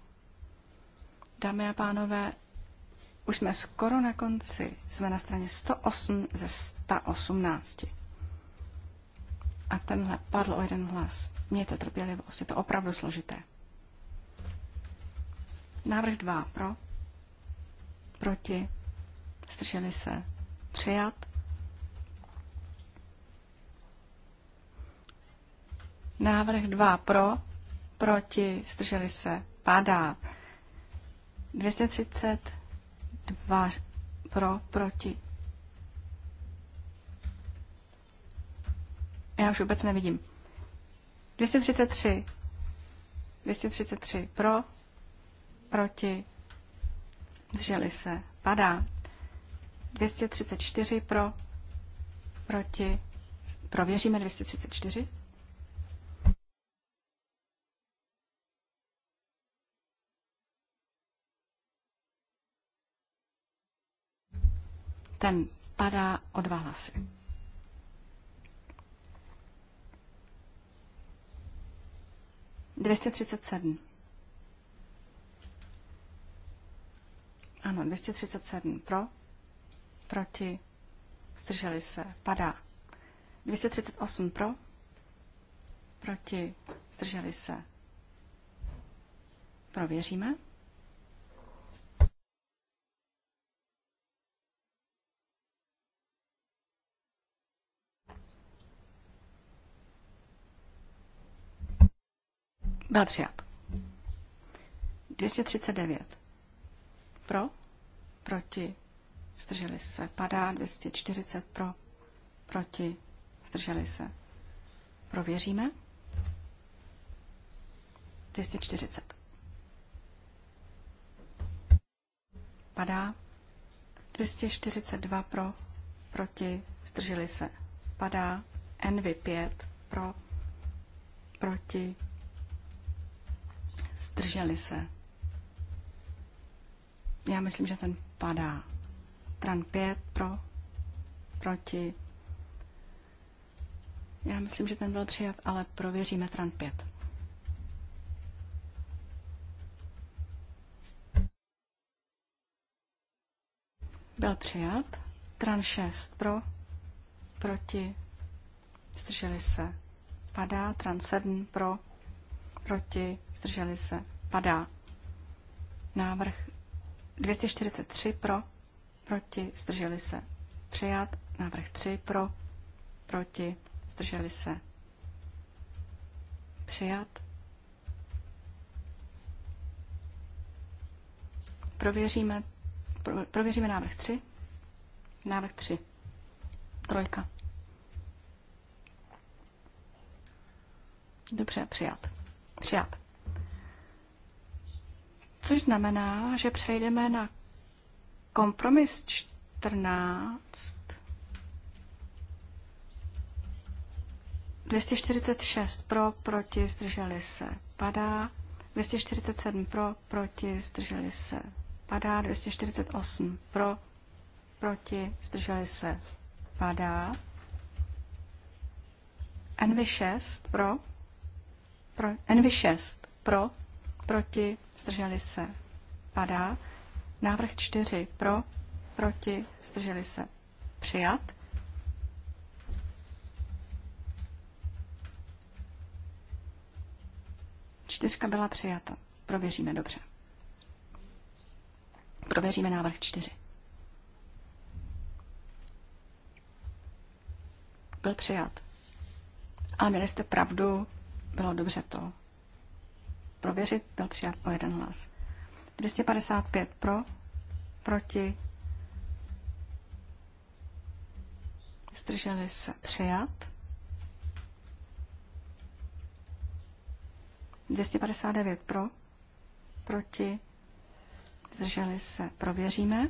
Dámy a pánové, už jsme skoro na konci. Jsme na straně 108 ze 118. A tenhle padl o jeden hlas. Mějte trpělivost, je to opravdu složité. Návrh 2 pro, proti, zdrželi se, přijat. Návrh 2 pro, proti, zdrželi se, padá. 230 Dva pro, proti. Já už vůbec nevidím. 233. 233 pro, proti, drželi se, padá. 234 pro, proti, prověříme 234. ten padá o dva hlasy. Dvěstě třicet sedm. Ano, 237 pro, proti, zdrželi se, padá. 238 pro, proti, zdrželi se. Prověříme. Byl přijat. 239. Pro? Proti? Zdrželi se. Padá 240 pro? Proti? Zdrželi se. Prověříme. 240. Padá. 242 pro, proti, zdrželi se. Padá. NV5 pro, proti, Zdrželi se. Já myslím, že ten padá. Tran 5 pro, proti. Já myslím, že ten byl přijat, ale prověříme Tran 5. Byl přijat. Tran 6 pro, proti. Zdrželi se. Padá. Tran 7 pro, proti, zdrželi se, padá. Návrh 243 pro, proti, zdrželi se, přijat. Návrh 3 pro, proti, zdrželi se, přijat. Prověříme, pro, prověříme návrh 3. Návrh 3. Trojka. Dobře, přijat. Přijat. Což znamená, že přejdeme na kompromis 14. 246 pro, proti, zdrželi se, padá. 247 pro, proti, zdrželi se, padá. 248 pro, proti, zdrželi se, padá. NV6 pro, pro, NV6 pro, proti, zdrželi se, padá. Návrh 4 pro, proti, zdrželi se, přijat. Čtyřka byla přijata. Prověříme dobře. Prověříme návrh čtyři. Byl přijat. A měli jste pravdu, bylo dobře to prověřit, byl přijat o jeden hlas. 255 pro, proti, zdrželi se přijat. 259 pro, proti, zdrželi se, prověříme.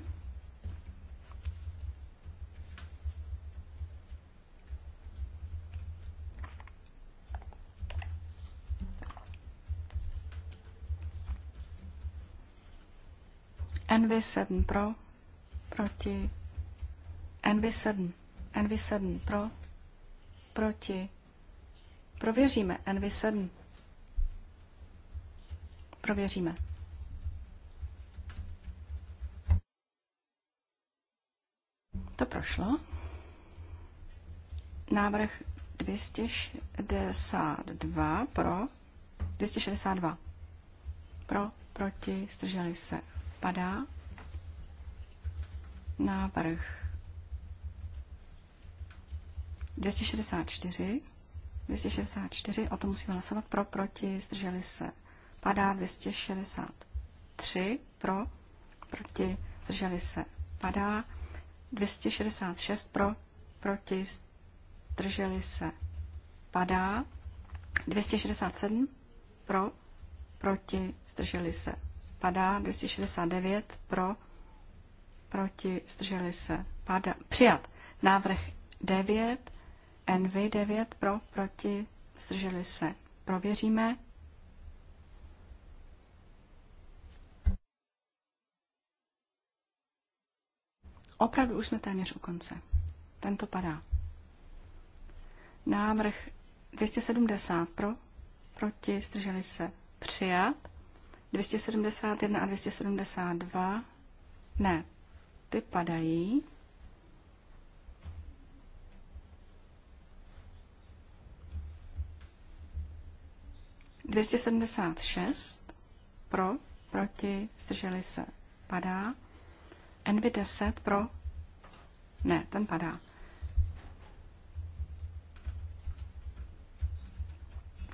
NV7 pro, proti, NV7, NV7 pro, proti, prověříme NV7, prověříme. To prošlo. Návrh 262 pro, 262 pro, proti, zdrželi se, Padá. Návrh 264. 264, o tom musíme hlasovat. Pro, proti, zdrželi se. Padá 263. Pro, proti, zdrželi se. Padá 266. Pro, proti, zdrželi se. Padá 267. Pro, proti, zdrželi se padá, 269 pro, proti, zdrželi se, padá, přijat. Návrh 9, NV 9 pro, proti, zdrželi se, prověříme. Opravdu už jsme téměř u konce. Tento padá. Návrh 270 pro, proti, zdrželi se, přijat. 271 a 272. Ne, ty padají. Dvěstě sedmdesát šest pro, proti, zdrželi se, padá. Envy 10 pro, ne, ten padá.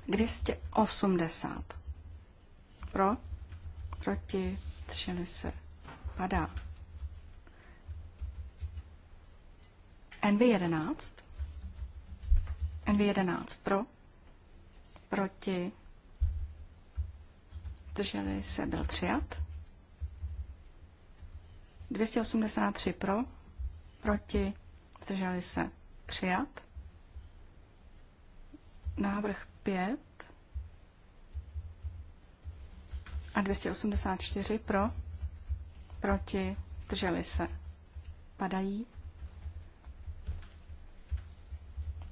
Dvěstě osmdesát pro, proti, třeli se, padá. NV11, NV11 pro, proti, drželi se, byl přijat. 283 pro, proti, drželi se, přijat. Návrh 5 a 284 pro, proti, zdrželi se, padají.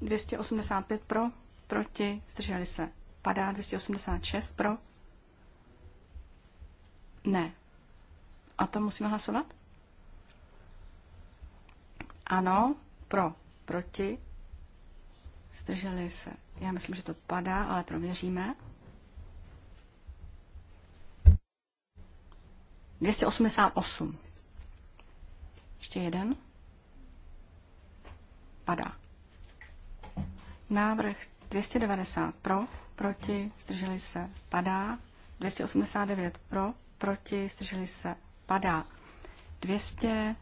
285 pro, proti, zdrželi se, padá. 286 pro, ne. A to musíme hlasovat? Ano, pro, proti, zdrželi se. Já myslím, že to padá, ale prověříme. 288. Ještě jeden. Padá. Návrh 290 pro, proti, zdrželi se, padá. 289 pro, proti, zdrželi se, padá. 200.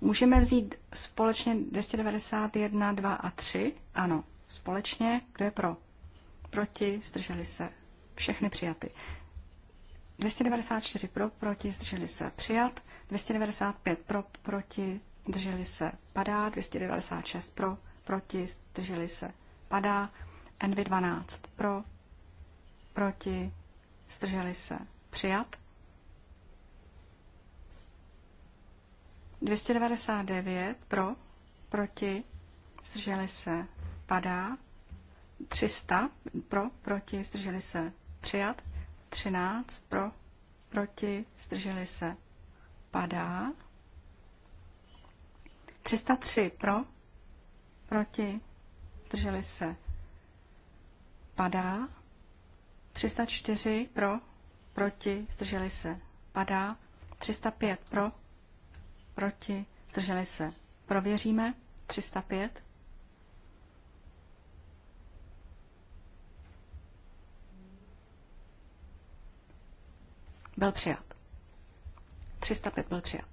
Můžeme vzít společně 291, 2 a 3? Ano, společně. Kdo je pro? Proti, zdrželi se. Všechny přijaty. 294 pro, proti, zdrželi se přijat. 295 pro, proti, zdrželi se padá. 296 pro, proti, zdrželi se padá. NV12 pro, proti, zdrželi se přijat. 299 pro, proti, zdrželi se padá. 300 pro, proti, zdrželi se přijat. 13 pro, proti, zdrželi se, padá. 303 pro, proti, zdrželi se, padá. 304 pro, proti, zdrželi se, padá. 305 pro, proti, zdrželi se, prověříme. 305 byl přijat. 305 byl přijat.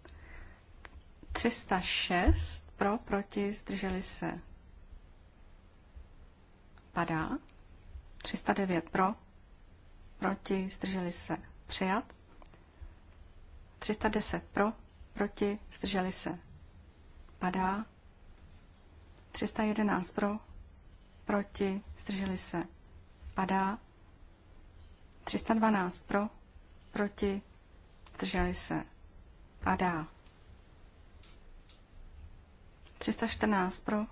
306 pro, proti, zdrželi se. Padá. 309 pro, proti, zdrželi se. Přijat. 310 pro, proti, zdrželi se. Padá. 311 pro, proti, zdrželi se. Padá. 312 pro, proti, drželi se, padá. 314 pro,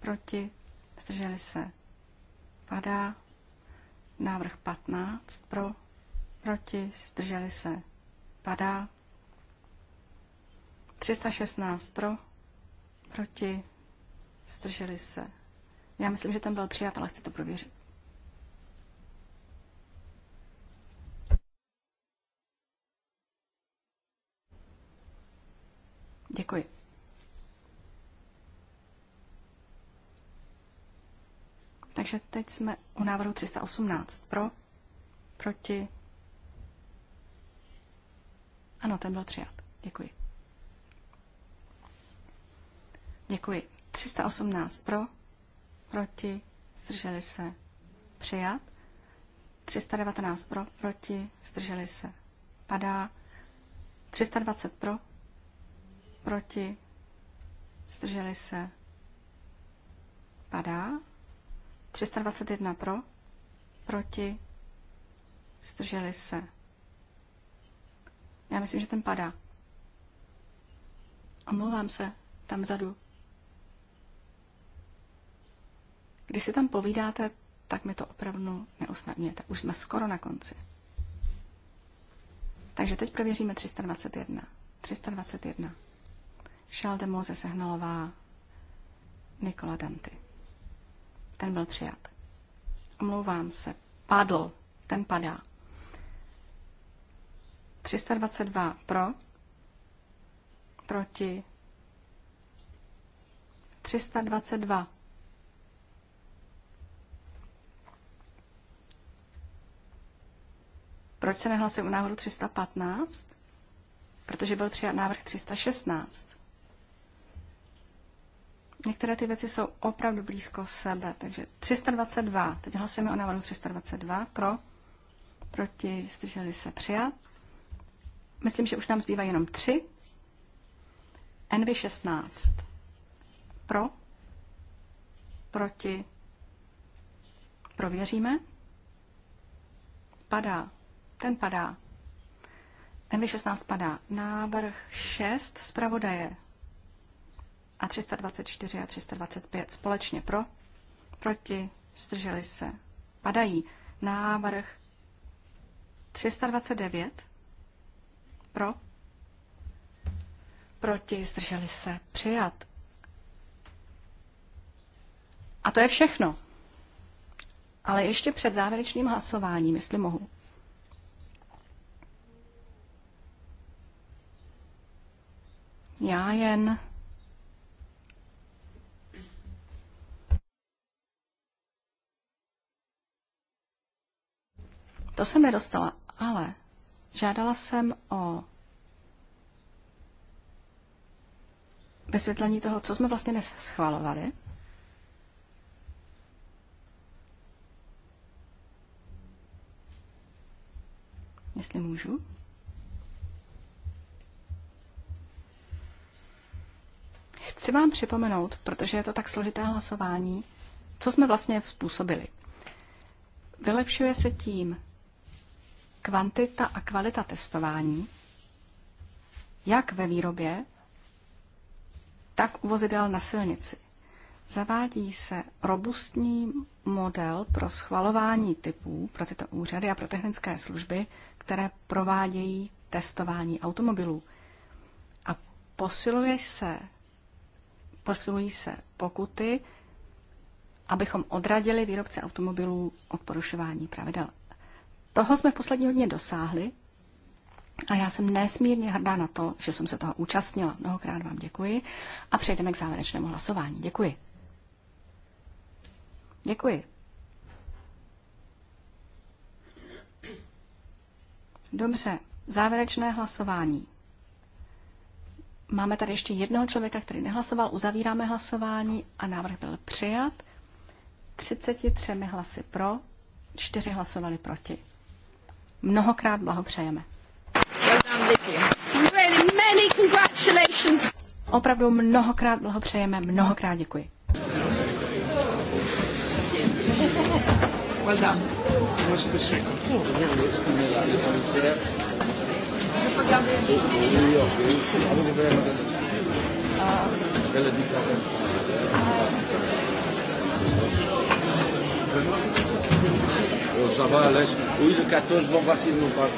proti, zdrželi se, padá. Návrh 15 pro, proti, zdrželi se, padá. 316 pro, proti, zdrželi se. Já myslím, že tam byl přijat, ale chci to prověřit. Děkuji. Takže teď jsme u návrhu 318. Pro, proti. Ano, ten byl přijat. Děkuji. Děkuji. 318 pro, proti, zdrželi se, přijat. 319 pro, proti, zdrželi se, padá. 320 pro, proti, zdrželi se, padá. 321 pro, proti, zdrželi se. Já myslím, že ten padá. Omlouvám se, tam vzadu. Když si tam povídáte, tak mi to opravdu neusnadňujete. Už jsme skoro na konci. Takže teď prověříme 321. 321. Šaldemoze Sehnalová, Nikola Danty. Ten byl přijat. Omlouvám se, padl, ten padá. 322 pro, proti 322. Proč se nehlasuje u návrhu 315? Protože byl přijat návrh 316. Některé ty věci jsou opravdu blízko sebe, takže 322, teď hlasujeme o návrhu 322, pro, proti, zdrželi se přijat. Myslím, že už nám zbývá jenom tři. NV16, pro, proti, prověříme. Padá, ten padá. NV16 padá. Návrh 6 zpravodaje a 324 a 325 společně pro, proti, zdrželi se, padají. Návrh 329 pro, proti, zdrželi se, přijat. A to je všechno. Ale ještě před závěrečným hlasováním, jestli mohu. Já jen To jsem nedostala, ale žádala jsem o vysvětlení toho, co jsme vlastně neschvalovali. Jestli můžu. Chci vám připomenout, protože je to tak složité hlasování, co jsme vlastně způsobili. Vylepšuje se tím, kvantita a kvalita testování, jak ve výrobě, tak u vozidel na silnici. Zavádí se robustní model pro schvalování typů pro tyto úřady a pro technické služby, které provádějí testování automobilů. A posiluje se, posilují se pokuty, abychom odradili výrobce automobilů od porušování pravidel. Toho jsme v poslední hodně dosáhli a já jsem nesmírně hrdá na to, že jsem se toho účastnila. Mnohokrát vám děkuji a přejdeme k závěrečnému hlasování. Děkuji. Děkuji. Dobře, závěrečné hlasování. Máme tady ještě jednoho člověka, který nehlasoval, uzavíráme hlasování a návrh byl přijat. 33 hlasy pro, 4 hlasovali proti. Mnohokrát blahopřejeme. Opravdu mnohokrát blahopřejeme, mnohokrát děkuji. Well done. Donc ça va, laisse. Oui, le 14, bon, va s'il nous passe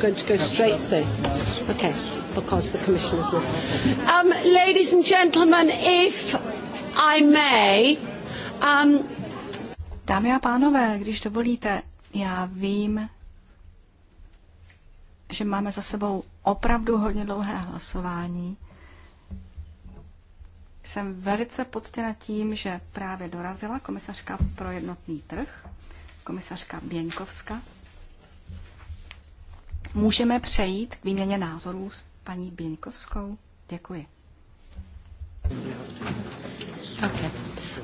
going to go straight through. Okay, because the commissioner's not. Um, ladies and gentlemen, if I may. Um, Dámy a pánové, když dovolíte, já vím, že máme za sebou opravdu hodně dlouhé hlasování. Jsem velice poctěna tím, že právě dorazila komisařka pro jednotný trh, komisařka Běnkovska můžeme přejít k výměně názorů s paní Běňkovskou. Děkuji. Okay.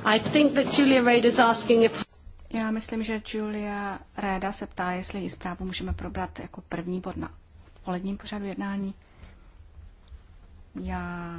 I think that Julia Reid is asking if... Já myslím, že Julia Reda se ptá, jestli ji zprávu můžeme probrat jako první bod na poledním pořadu jednání. Já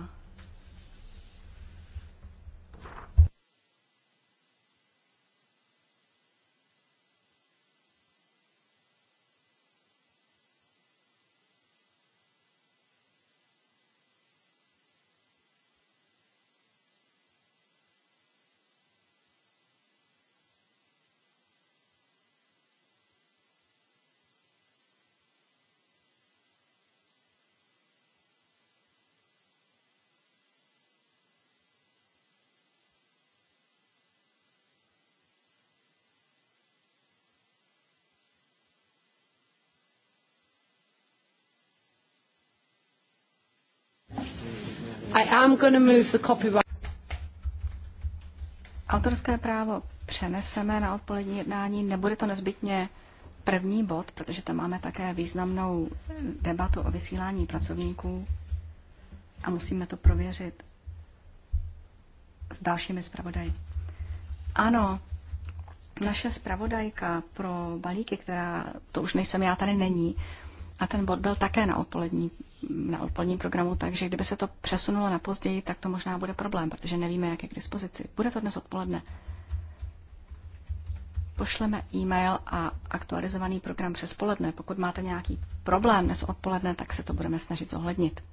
I'm move the copyright. Autorské právo přeneseme na odpolední jednání. Nebude to nezbytně první bod, protože tam máme také významnou debatu o vysílání pracovníků a musíme to prověřit s dalšími zpravodaji. Ano, naše zpravodajka pro balíky, která to už nejsem já, tady není. A ten bod byl také na odpolední na odpolním programu, takže kdyby se to přesunulo na později, tak to možná bude problém, protože nevíme, jak je k dispozici. Bude to dnes odpoledne. Pošleme e-mail a aktualizovaný program přes poledne. Pokud máte nějaký problém dnes odpoledne, tak se to budeme snažit zohlednit.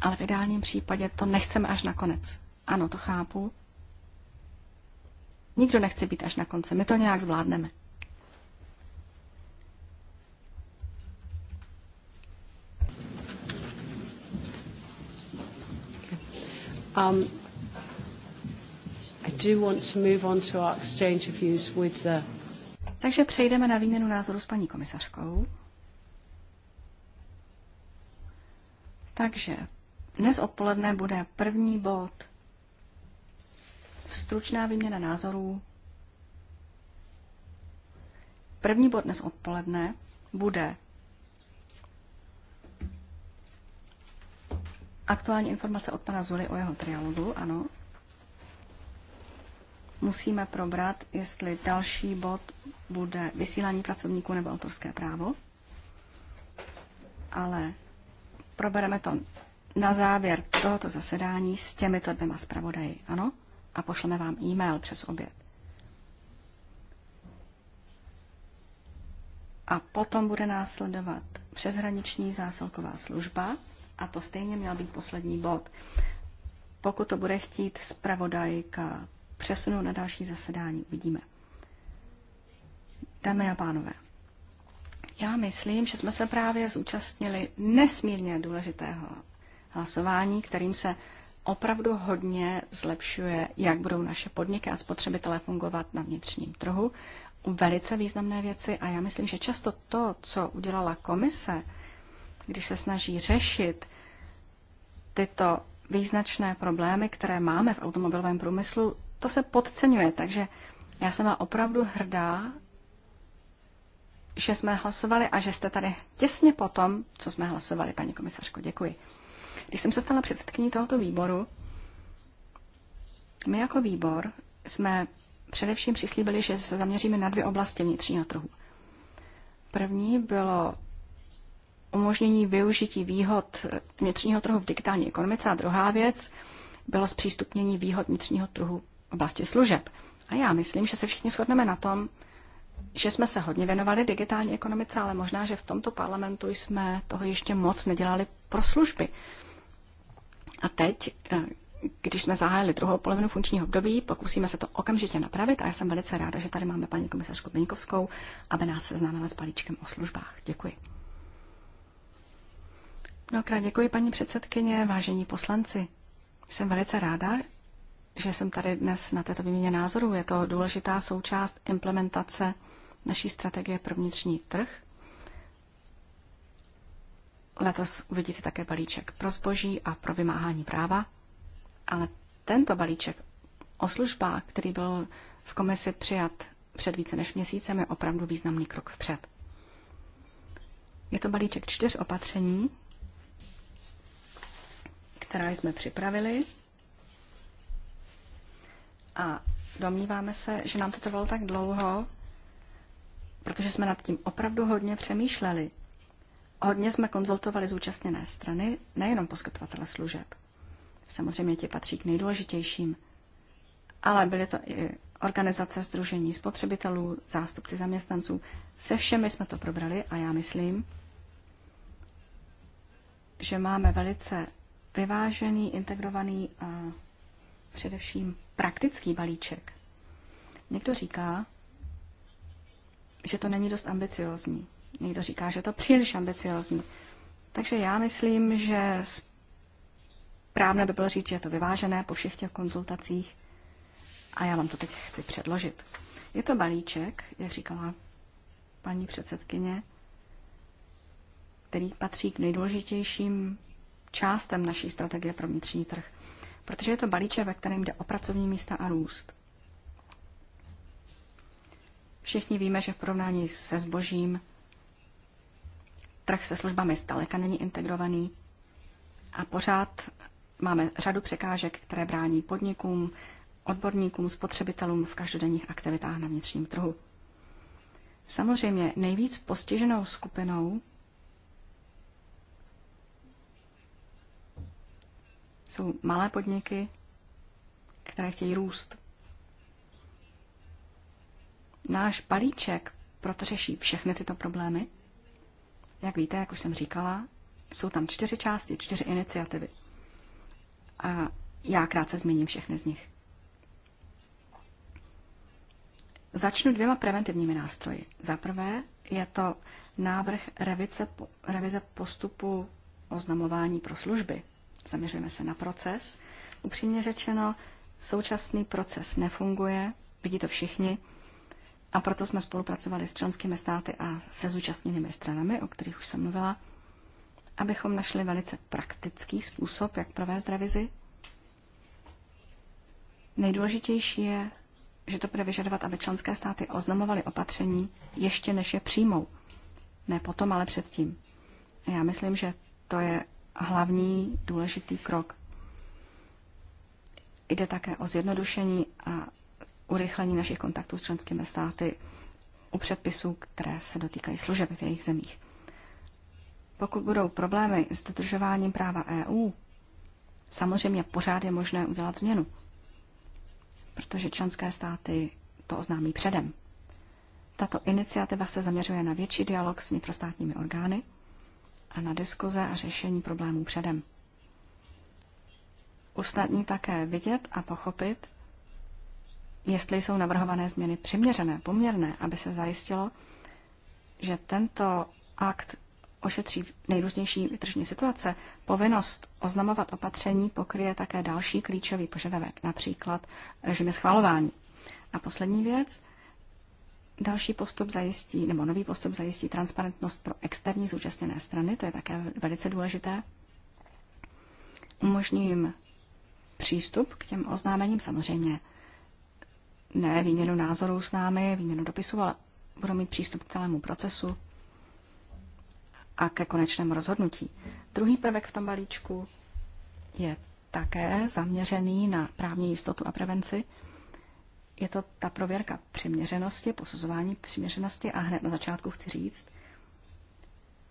Ale v ideálním případě to nechceme až na konec. Ano, to chápu. Nikdo nechce být až na konci. My to nějak zvládneme. Um, I do want to move on to our exchange of views with the... Takže přejdeme na výměnu názoru s paní komisařkou. Takže dnes odpoledne bude první bod stručná výměna názorů. První bod dnes odpoledne bude Aktuální informace od pana Zuly o jeho trialogu, ano. Musíme probrat, jestli další bod bude vysílání pracovníků nebo autorské právo. Ale probereme to na závěr tohoto zasedání s těmito dvěma zpravodaji, ano? A pošleme vám e-mail přes oběd. A potom bude následovat přeshraniční zásilková služba, a to stejně měl být poslední bod. Pokud to bude chtít zpravodajka přesunout na další zasedání, uvidíme. Dámy a pánové, já myslím, že jsme se právě zúčastnili nesmírně důležitého hlasování, kterým se opravdu hodně zlepšuje, jak budou naše podniky a spotřebitelé fungovat na vnitřním trhu. Velice významné věci a já myslím, že často to, co udělala komise, když se snaží řešit tyto význačné problémy, které máme v automobilovém průmyslu, to se podceňuje. Takže já jsem opravdu hrdá, že jsme hlasovali a že jste tady těsně po tom, co jsme hlasovali, paní komisařko. Děkuji. Když jsem se stala předsedkyní tohoto výboru, my jako výbor jsme především přislíbili, že se zaměříme na dvě oblasti vnitřního trhu. První bylo umožnění využití výhod vnitřního trhu v digitální ekonomice a druhá věc bylo zpřístupnění výhod vnitřního trhu v oblasti služeb. A já myslím, že se všichni shodneme na tom, že jsme se hodně věnovali digitální ekonomice, ale možná, že v tomto parlamentu jsme toho ještě moc nedělali pro služby. A teď, eh, když jsme zahájili druhou polovinu funkčního období, pokusíme se to okamžitě napravit a já jsem velice ráda, že tady máme paní komisařku Beňkovskou, aby nás seznámila s balíčkem o službách. Děkuji. Mnohokrát děkuji, paní předsedkyně, vážení poslanci. Jsem velice ráda, že jsem tady dnes na této výměně názorů. Je to důležitá součást implementace naší strategie pro vnitřní trh. Letos uvidíte také balíček pro zboží a pro vymáhání práva, ale tento balíček o službách, který byl v komisi přijat před více než měsícem, je opravdu významný krok vpřed. Je to balíček čtyř opatření, která jsme připravili. A domníváme se, že nám to trvalo tak dlouho, protože jsme nad tím opravdu hodně přemýšleli. Hodně jsme konzultovali zúčastněné strany, nejenom poskytovatele služeb. Samozřejmě ti patří k nejdůležitějším, ale byly to i organizace Združení spotřebitelů, zástupci zaměstnanců. Se všemi jsme to probrali a já myslím, že máme velice vyvážený, integrovaný a především praktický balíček. Někdo říká, že to není dost ambiciozní. Někdo říká, že to příliš ambiciozní. Takže já myslím, že správné by bylo říct, že je to vyvážené po všech těch konzultacích a já vám to teď chci předložit. Je to balíček, jak říkala paní předsedkyně, který patří k nejdůležitějším částem naší strategie pro vnitřní trh, protože je to balíček, ve kterém jde o pracovní místa a růst. Všichni víme, že v porovnání se zbožím trh se službami zdaleka není integrovaný a pořád máme řadu překážek, které brání podnikům, odborníkům, spotřebitelům v každodenních aktivitách na vnitřním trhu. Samozřejmě nejvíc postiženou skupinou jsou malé podniky, které chtějí růst. Náš balíček proto řeší všechny tyto problémy. Jak víte, jak už jsem říkala, jsou tam čtyři části, čtyři iniciativy. A já krátce zmíním všechny z nich. Začnu dvěma preventivními nástroji. Za prvé je to návrh revize, revize postupu oznamování pro služby, Zaměřujeme se na proces. Upřímně řečeno, současný proces nefunguje, vidí to všichni, a proto jsme spolupracovali s členskými státy a se zúčastněnými stranami, o kterých už jsem mluvila, abychom našli velice praktický způsob, jak provést revizi. Nejdůležitější je, že to bude vyžadovat, aby členské státy oznamovaly opatření ještě než je přijmou. Ne potom, ale předtím. A já myslím, že to je hlavní důležitý krok. Jde také o zjednodušení a urychlení našich kontaktů s členskými státy u předpisů, které se dotýkají služeb v jejich zemích. Pokud budou problémy s dodržováním práva EU, samozřejmě pořád je možné udělat změnu, protože členské státy to oznámí předem. Tato iniciativa se zaměřuje na větší dialog s vnitrostátními orgány, a na diskuze a řešení problémů předem. Usnadní také vidět a pochopit, jestli jsou navrhované změny přiměřené, poměrné, aby se zajistilo, že tento akt ošetří nejrůznější tržní situace, povinnost oznamovat opatření pokryje také další klíčový požadavek, například režimy schvalování. A poslední věc, Další postup zajistí, nebo nový postup zajistí transparentnost pro externí zúčastněné strany, to je také velice důležité. Umožní jim přístup k těm oznámením, samozřejmě ne výměnu názorů s námi, výměnu dopisu, ale budou mít přístup k celému procesu a ke konečnému rozhodnutí. Druhý prvek v tom balíčku je také zaměřený na právní jistotu a prevenci je to ta prověrka přiměřenosti, posuzování přiměřenosti a hned na začátku chci říct,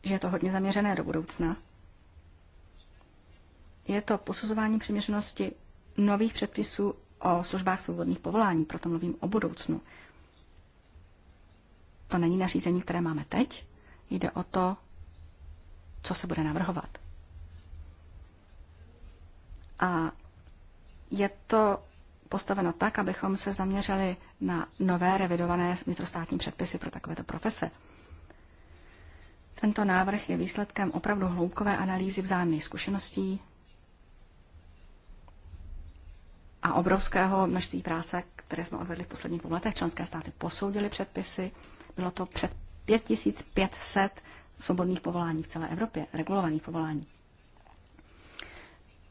že je to hodně zaměřené do budoucna. Je to posuzování přiměřenosti nových předpisů o službách svobodných povolání, proto mluvím o budoucnu. To není nařízení, které máme teď, jde o to, co se bude navrhovat. A je to postaveno tak, abychom se zaměřili na nové revidované vnitrostátní předpisy pro takovéto profese. Tento návrh je výsledkem opravdu hloubkové analýzy vzájemných zkušeností a obrovského množství práce, které jsme odvedli v posledních dvou letech. Členské státy posoudily předpisy. Bylo to před 5500 svobodných povolání v celé Evropě, regulovaných povolání.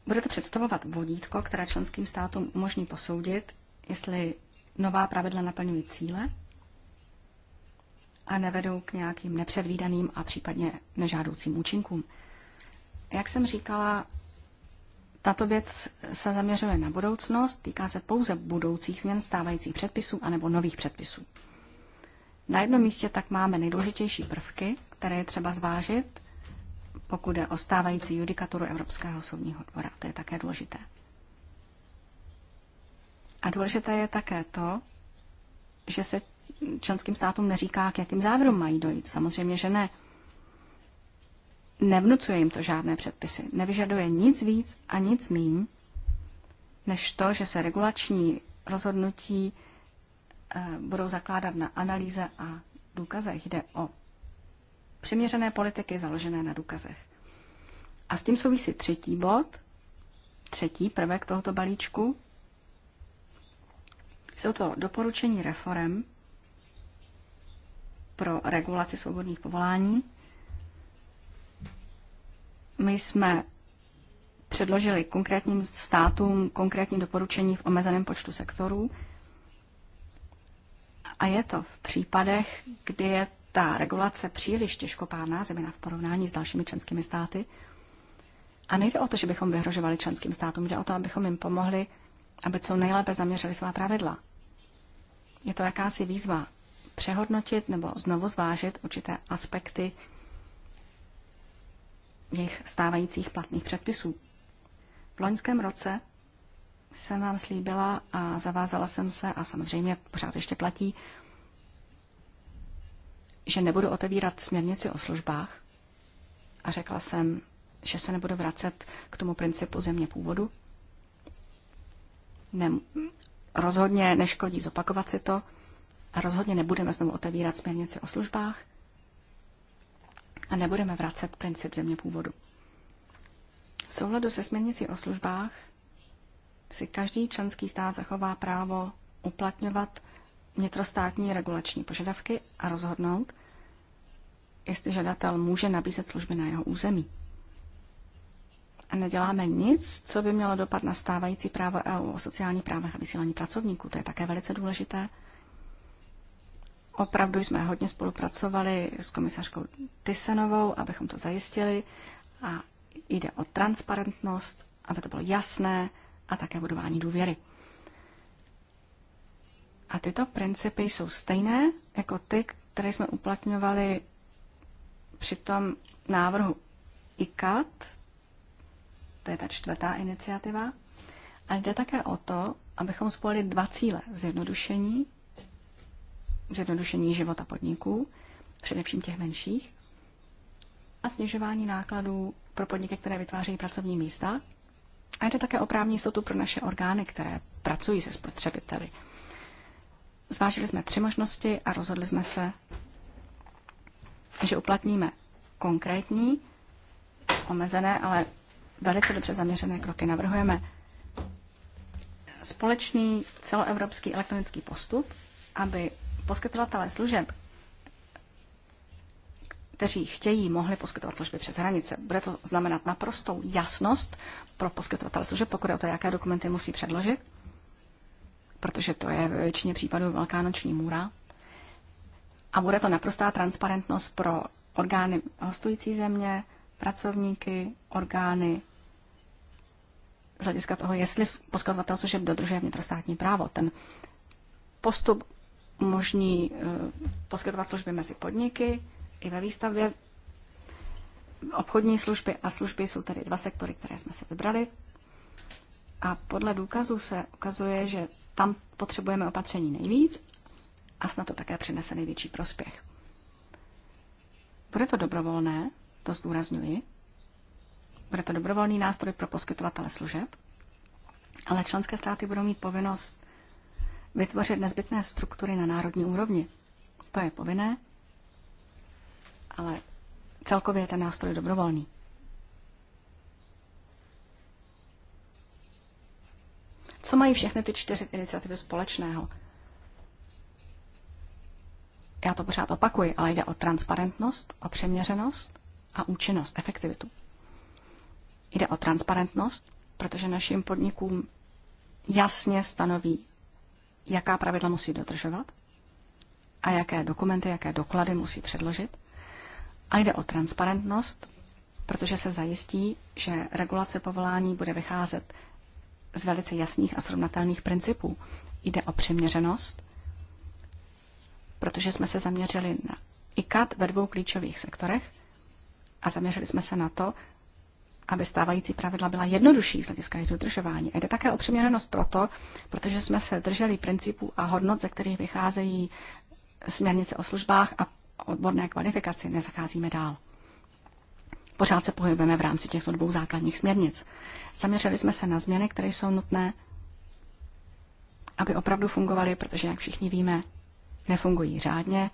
Bude to představovat vodítko, které členským státům umožní posoudit, jestli nová pravidla naplňují cíle a nevedou k nějakým nepředvídaným a případně nežádoucím účinkům. Jak jsem říkala, tato věc se zaměřuje na budoucnost, týká se pouze budoucích změn stávajících předpisů anebo nových předpisů. Na jednom místě tak máme nejdůležitější prvky, které je třeba zvážit pokud je o stávající judikaturu Evropského soudního dvora. To je také důležité. A důležité je také to, že se členským státům neříká, k jakým závěrům mají dojít. Samozřejmě, že ne. Nevnucuje jim to žádné předpisy. Nevyžaduje nic víc a nic mín, než to, že se regulační rozhodnutí eh, budou zakládat na analýze a důkazech. Jde o přiměřené politiky založené na důkazech. A s tím souvisí třetí bod, třetí prvek tohoto balíčku. Jsou to doporučení reform pro regulaci svobodných povolání. My jsme předložili konkrétním státům konkrétní doporučení v omezeném počtu sektorů. A je to v případech, kdy je ta regulace příliš těžkopádná, zejména v porovnání s dalšími členskými státy. A nejde o to, že bychom vyhrožovali členským státům, jde o to, abychom jim pomohli, aby co nejlépe zaměřili svá pravidla. Je to jakási výzva přehodnotit nebo znovu zvážit určité aspekty jejich stávajících platných předpisů. V loňském roce jsem vám slíbila a zavázala jsem se, a samozřejmě pořád ještě platí, že nebudu otevírat směrnici o službách a řekla jsem, že se nebudu vracet k tomu principu země původu. Ne, rozhodně neškodí zopakovat si to a rozhodně nebudeme znovu otevírat směrnici o službách a nebudeme vracet princip země původu. V souhledu se směrnicí o službách si každý členský stát zachová právo uplatňovat vnitrostátní regulační požadavky a rozhodnout, jestli žadatel může nabízet služby na jeho území. A neděláme nic, co by mělo dopad na stávající právo EU o sociální právech a vysílání pracovníků. To je také velice důležité. Opravdu jsme hodně spolupracovali s komisařkou Tysenovou, abychom to zajistili. A jde o transparentnost, aby to bylo jasné a také budování důvěry. A tyto principy jsou stejné jako ty, které jsme uplatňovali při tom návrhu ICAT, to je ta čtvrtá iniciativa, a jde také o to, abychom spojili dva cíle. Zjednodušení, zjednodušení života podniků, především těch menších, a snižování nákladů pro podniky, které vytvářejí pracovní místa. A jde také o právní jistotu pro naše orgány, které pracují se spotřebiteli. Zvážili jsme tři možnosti a rozhodli jsme se, že uplatníme konkrétní, omezené, ale velice dobře zaměřené kroky. Navrhujeme společný celoevropský elektronický postup, aby poskytovatelé služeb, kteří chtějí, mohli poskytovat služby přes hranice. Bude to znamenat naprostou jasnost pro poskytovatele služeb, pokud je o to, jaké dokumenty musí předložit protože to je ve většině případů velká noční můra. A bude to naprostá transparentnost pro orgány hostující země, pracovníky, orgány z hlediska toho, jestli poskazovatel služeb dodržuje vnitrostátní právo. Ten postup možný eh, poskytovat služby mezi podniky i ve výstavbě. Obchodní služby a služby jsou tady dva sektory, které jsme si vybrali. A podle důkazu se ukazuje, že tam potřebujeme opatření nejvíc a snad to také přinese největší prospěch. Bude to dobrovolné, to zdůraznuju. Bude to dobrovolný nástroj pro poskytovatele služeb, ale členské státy budou mít povinnost vytvořit nezbytné struktury na národní úrovni. To je povinné, ale celkově je ten nástroj dobrovolný. Co mají všechny ty čtyři iniciativy společného? Já to pořád opakuji, ale jde o transparentnost, o přeměřenost a účinnost, efektivitu. Jde o transparentnost, protože našim podnikům jasně stanoví, jaká pravidla musí dodržovat a jaké dokumenty, jaké doklady musí předložit. A jde o transparentnost, protože se zajistí, že regulace povolání bude vycházet z velice jasných a srovnatelných principů. Jde o přiměřenost, protože jsme se zaměřili na IKAT ve dvou klíčových sektorech a zaměřili jsme se na to, aby stávající pravidla byla jednodušší z hlediska jejich dodržování. A jde také o přiměřenost proto, protože jsme se drželi principů a hodnot, ze kterých vycházejí směrnice o službách a odborné kvalifikaci. Nezacházíme dál. Pořád se pohybujeme v rámci těchto dvou základních směrnic. Zaměřili jsme se na změny, které jsou nutné, aby opravdu fungovaly, protože, jak všichni víme, nefungují řádně,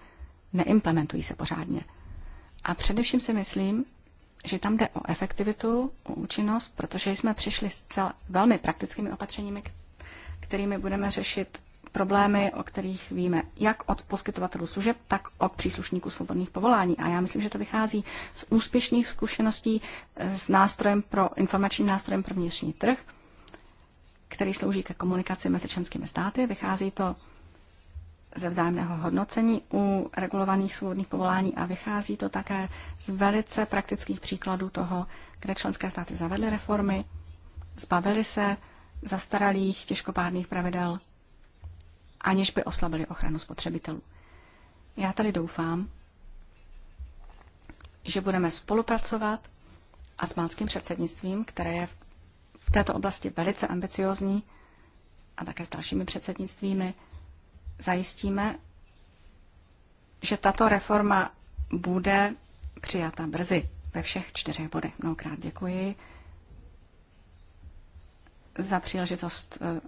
neimplementují se pořádně. A především si myslím, že tam jde o efektivitu, o účinnost, protože jsme přišli s cel, velmi praktickými opatřeními, kterými budeme řešit problémy, o kterých víme jak od poskytovatelů služeb, tak od příslušníků svobodných povolání. A já myslím, že to vychází z úspěšných zkušeností eh, s nástrojem pro informačním nástrojem pro vnitřní trh, který slouží ke komunikaci mezi členskými státy. Vychází to ze vzájemného hodnocení u regulovaných svobodných povolání a vychází to také z velice praktických příkladů toho, kde členské státy zavedly reformy, zbavily se zastaralých těžkopádných pravidel aniž by oslabili ochranu spotřebitelů. Já tady doufám, že budeme spolupracovat a s mánským předsednictvím, které je v této oblasti velice ambiciozní, a také s dalšími předsednictvími, zajistíme, že tato reforma bude přijata brzy ve všech čtyřech bodech. Mnohokrát děkuji za příležitost eh,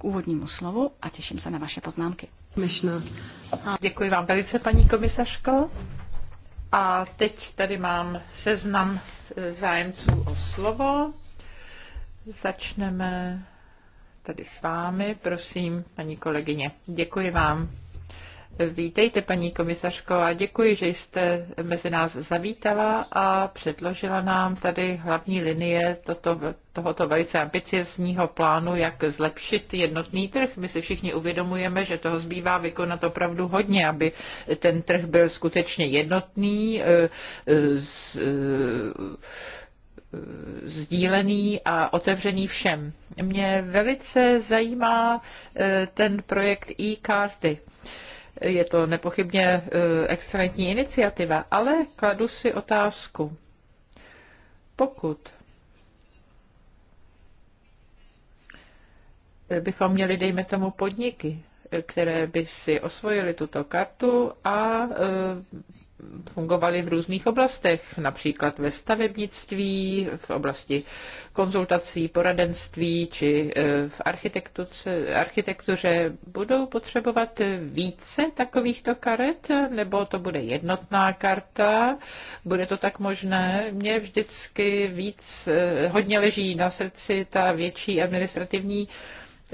k úvodnímu slovu a těším se na vaše poznámky. Myšná. Děkuji vám velice, paní komisařko. A teď tady mám seznam e, zájemců o slovo. Začneme tady s vámi, prosím, paní kolegyně. Děkuji vám. Vítejte, paní komisařko, a děkuji, že jste mezi nás zavítala a předložila nám tady hlavní linie toto, tohoto velice ambiciozního plánu, jak zlepšit jednotný trh. My si všichni uvědomujeme, že toho zbývá vykonat opravdu hodně, aby ten trh byl skutečně jednotný, eh, eh, z, eh, sdílený a otevřený všem. Mě velice zajímá ten projekt e-karty je to nepochybně e, excelentní iniciativa, ale kladu si otázku. Pokud bychom měli, dejme tomu, podniky, e, které by si osvojili tuto kartu a e, fungovali v různých oblastech, například ve stavebnictví, v oblasti konzultací, poradenství či eh, v architektuře. Budou potřebovat více takovýchto karet, nebo to bude jednotná karta? Bude to tak možné? Mně vždycky víc eh, hodně leží na srdci ta větší administrativní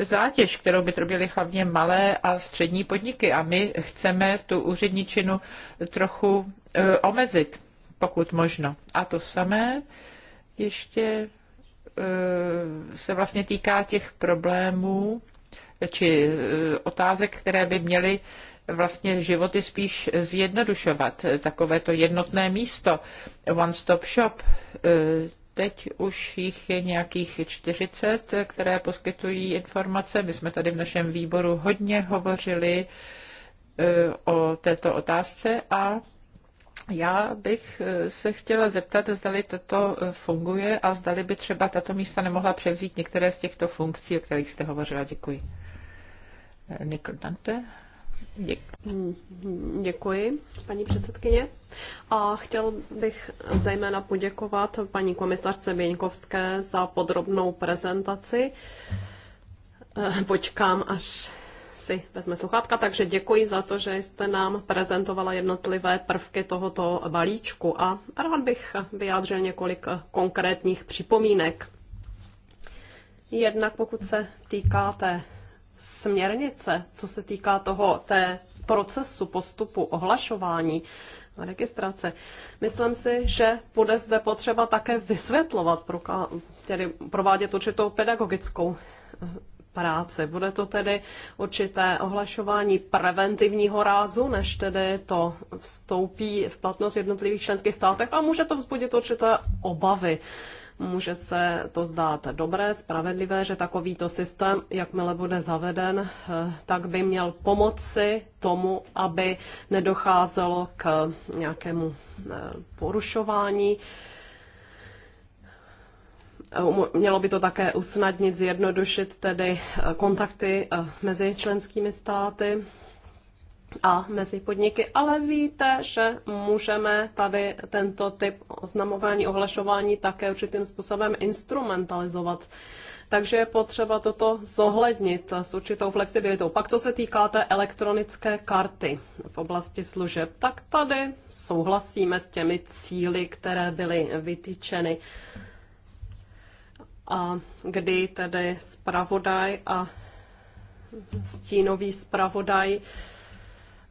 zátěž, kterou by trpěly hlavně malé a střední podniky. A my chceme tu úředničinu trochu e, omezit, pokud možno. A to samé ještě e, se vlastně týká těch problémů či e, otázek, které by měly vlastně životy spíš zjednodušovat. Takové to jednotné místo, one-stop shop, Teď už jich je nějakých 40, které poskytují informace. My jsme tady v našem výboru hodně hovořili eh, o této otázce a já bych eh, se chtěla zeptat, zdali toto eh, funguje a zdali by třeba tato místa nemohla převzít některé z těchto funkcí, o kterých jste hovořila. Děkuji. Nikol Dante. Děkuji. Děkuji, paní předsedkyně. A chtěl bych zejména poděkovat paní komisařce Běňkovské za podrobnou prezentaci. Eh, počkám, až si vezme sluchátka, takže děkuji za to, že jste nám prezentovala jednotlivé prvky tohoto balíčku a rád bych vyjádřil několik konkrétních připomínek. Jednak pokud se týká té směrnice, co se týká toho té procesu, postupu ohlašování, registrace. Myslím si, že bude zde potřeba také vysvětlovat, tedy provádět určitou pedagogickou eh, práci. Bude to tedy určité ohlašování preventivního rázu, než tedy to vstoupí v platnost v jednotlivých členských státech a může to vzbudit určité obavy Může se to zdát dobré, spravedlivé, že takovýto systém, jakmile bude zaveden, eh, tak by měl pomoci tomu, aby nedocházelo k nějakému eh, porušování Mělo by to také usnadnit, zjednodušit tedy eh, kontakty mezi členskými státy a mezi podniky, ale víte, že můžeme tady tento typ oznamování, ohlašování také určitým způsobem instrumentalizovat. Takže je potřeba toto zohlednit s určitou flexibilitou. Pak co se týká té elektronické karty v oblasti služeb, tak tady souhlasíme s těmi cíly, které byly vytýčeny. A kdy tedy zpravodaj a stínový zpravodaj uh,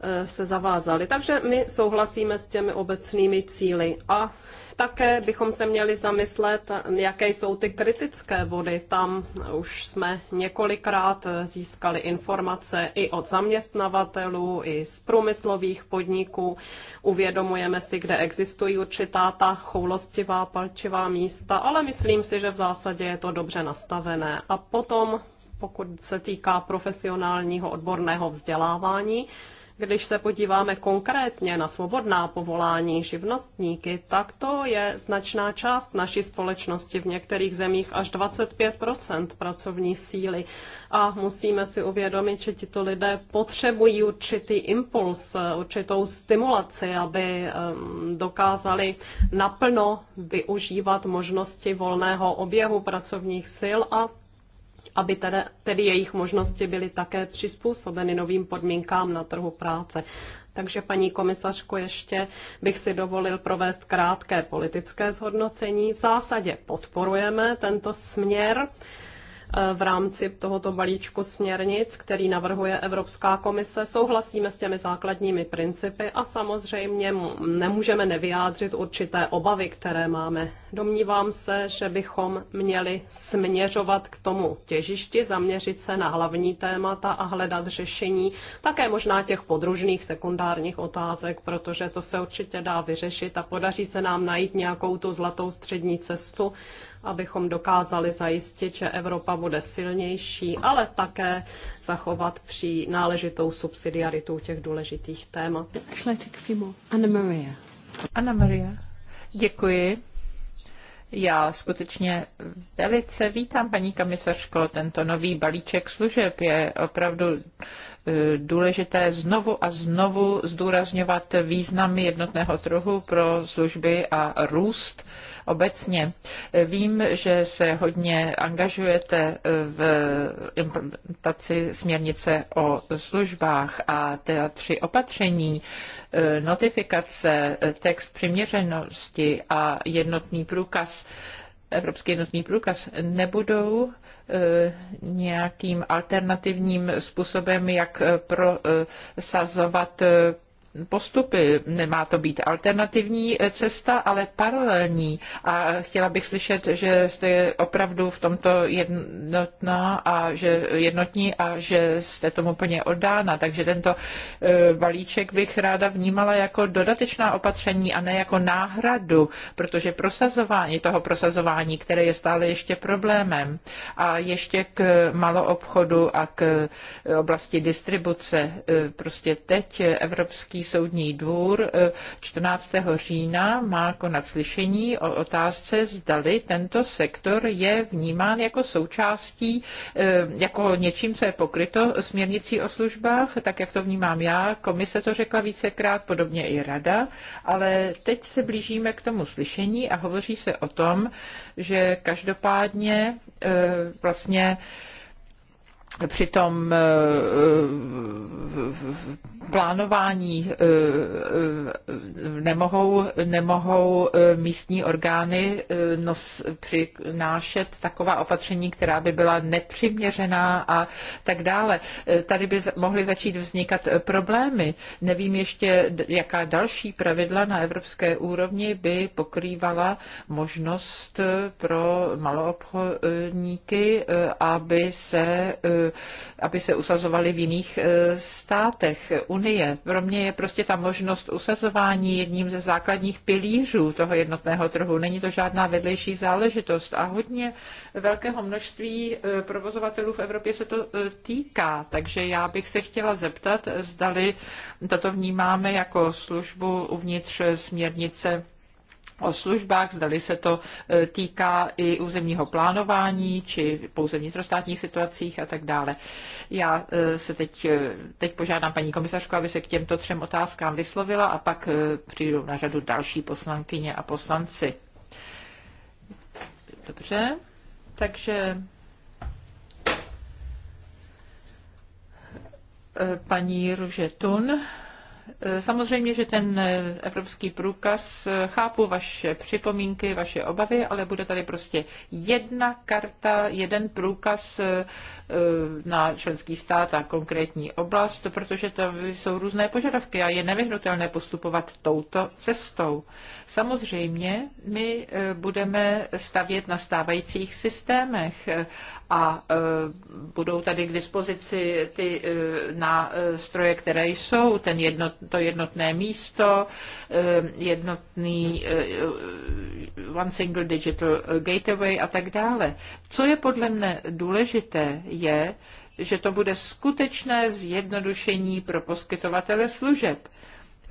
Eh, se zavázali. Takže my souhlasíme s těmi obecnými cíly a také bychom se měli zamyslet, jaké jsou ty kritické body. Tam už jsme několikrát eh, získali informace i od zaměstnavatelů, i z průmyslových podniků. Uvědomujeme si, kde existují určitá ta choulostivá, palčivá místa, ale myslím si, že v zásadě je to dobře nastavené. A potom pokud se týká profesionálního odborného vzdělávání, když se podíváme konkrétně na svobodná povolání živnostníky, tak to je značná část naší společnosti, v některých zemích až 25 pracovní síly. A musíme si uvědomit, že tito lidé potřebují určitý impuls, určitou stimulaci, aby dokázali naplno využívat možnosti volného oběhu pracovních sil a aby tedy, tedy jejich možnosti byly také přizpůsobeny novým podmínkám na trhu práce. Takže paní komisařko, ještě bych si dovolil provést krátké politické zhodnocení. V zásadě podporujeme tento směr eh, v rámci tohoto balíčku směrnic, který navrhuje Evropská komise. Souhlasíme s těmi základními principy a samozřejmě nemůžeme nevyjádřit určité obavy, které máme Domnívám se, že bychom měli směřovat k tomu těžišti, zaměřit se na hlavní témata a hledat řešení také možná těch podružných sekundárních otázek, protože to se určitě dá vyřešit a podaří se nám najít nějakou tu zlatou střední cestu, abychom dokázali zajistit, že Evropa bude silnější, ale také zachovat při náležitou subsidiaritu těch důležitých témat. Anna Maria. Anna Maria. Děkuji. Já skutečně velice vítám, paní komisařko, tento nový balíček služeb. Je opravdu e, důležité znovu a znovu zdůrazňovat význam jednotného trhu pro služby a růst obecně. Vím, že se hodně angažujete v implementaci směrnice o službách a teda tři opatření, eh, notifikace, eh, text přiměřenosti a jednotný průkaz, evropský jednotný průkaz nebudou eh, nějakým alternativním způsobem, jak prosazovat postupy. Nemá to být alternativní cesta, ale paralelní. A chtěla bych slyšet, že jste opravdu v tomto jednotná a že jednotní a že jste tomu plně oddána. Takže tento eh, balíček bych ráda vnímala jako dodatečná opatření a ne jako náhradu, protože prosazování toho prosazování, které je stále ještě problémem a ještě k maloobchodu a k oblasti distribuce. Eh, prostě teď Evropský soudní dvůr eh, 14. října má konat slyšení o otázce, zdali tento sektor je vnímán jako součástí, eh, jako něčím, co je pokryto směrnicí o službách, tak jak to vnímám já. Komise to řekla vícekrát, podobně i rada, ale teď se blížíme k tomu slyšení a hovoří se o tom, že každopádně eh, vlastně při tom eh, eh, plánování eh, nemohou, nemohou místní orgány nos, přinášet taková opatření, která by byla nepřiměřená a tak dále. Tady by mohly začít vznikat problémy. Nevím ještě, jaká další pravidla na evropské úrovni by pokrývala možnost pro maloobchodníky, aby se aby se usazovali v jiných e, státech Unie. Pro mě je prostě ta možnost usazování jedním ze základních pilířů toho jednotného trhu. Není to žádná vedlejší záležitost a hodně velkého množství e, provozovatelů v Evropě se to e, týká. Takže já bych se chtěla zeptat, zdali toto vnímáme jako službu uvnitř směrnice o službách, zdali se to e, týká i územního plánování, či pouze vnitrostátních situacích a tak dále. Já e, se teď, e, teď požádám paní komisařku, aby se k těmto třem otázkám vyslovila a pak přijdou na řadu další poslankyně a poslanci. Dobře, takže paní Ruže Tun. Eh, samozřejmě, že ten eh, evropský průkaz, eh, chápu vaše připomínky, vaše obavy, ale bude tady prostě jedna karta, jeden průkaz na členský stát a konkrétní oblast, protože to jsou různé požadavky a je nevyhnutelné postupovat touto cestou. Samozřejmě, my budeme stavět na stávajících systémech a budou tady k dispozici ty nástroje, které jsou, ten jednotný to jednotné místo, eh, jednotný eh, One Single Digital Gateway a tak dále. Co je podle mne důležité, je, že to bude skutečné zjednodušení pro poskytovatele služeb.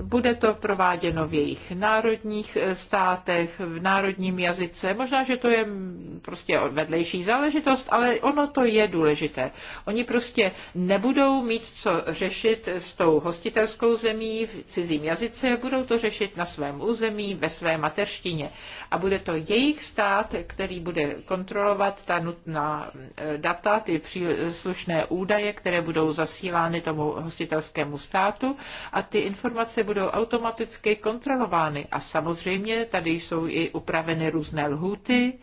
Bude to prováděno v jejich národních eh, státech, v národním jazyce. Možná, že to je mm, prostě vedlejší záležitost, ale ono to je důležité. Oni prostě nebudou mít co řešit s tou hostitelskou zemí v cizím jazyce, budou to řešit na svém území, ve své mateřštině a bude to jejich stát, který bude kontrolovat ta nutná e, data, ty příslušné údaje, které budou zasílány tomu hostitelskému státu a ty informace budou automaticky kontrolovány. A samozřejmě tady jsou i upraveny různé lhuty,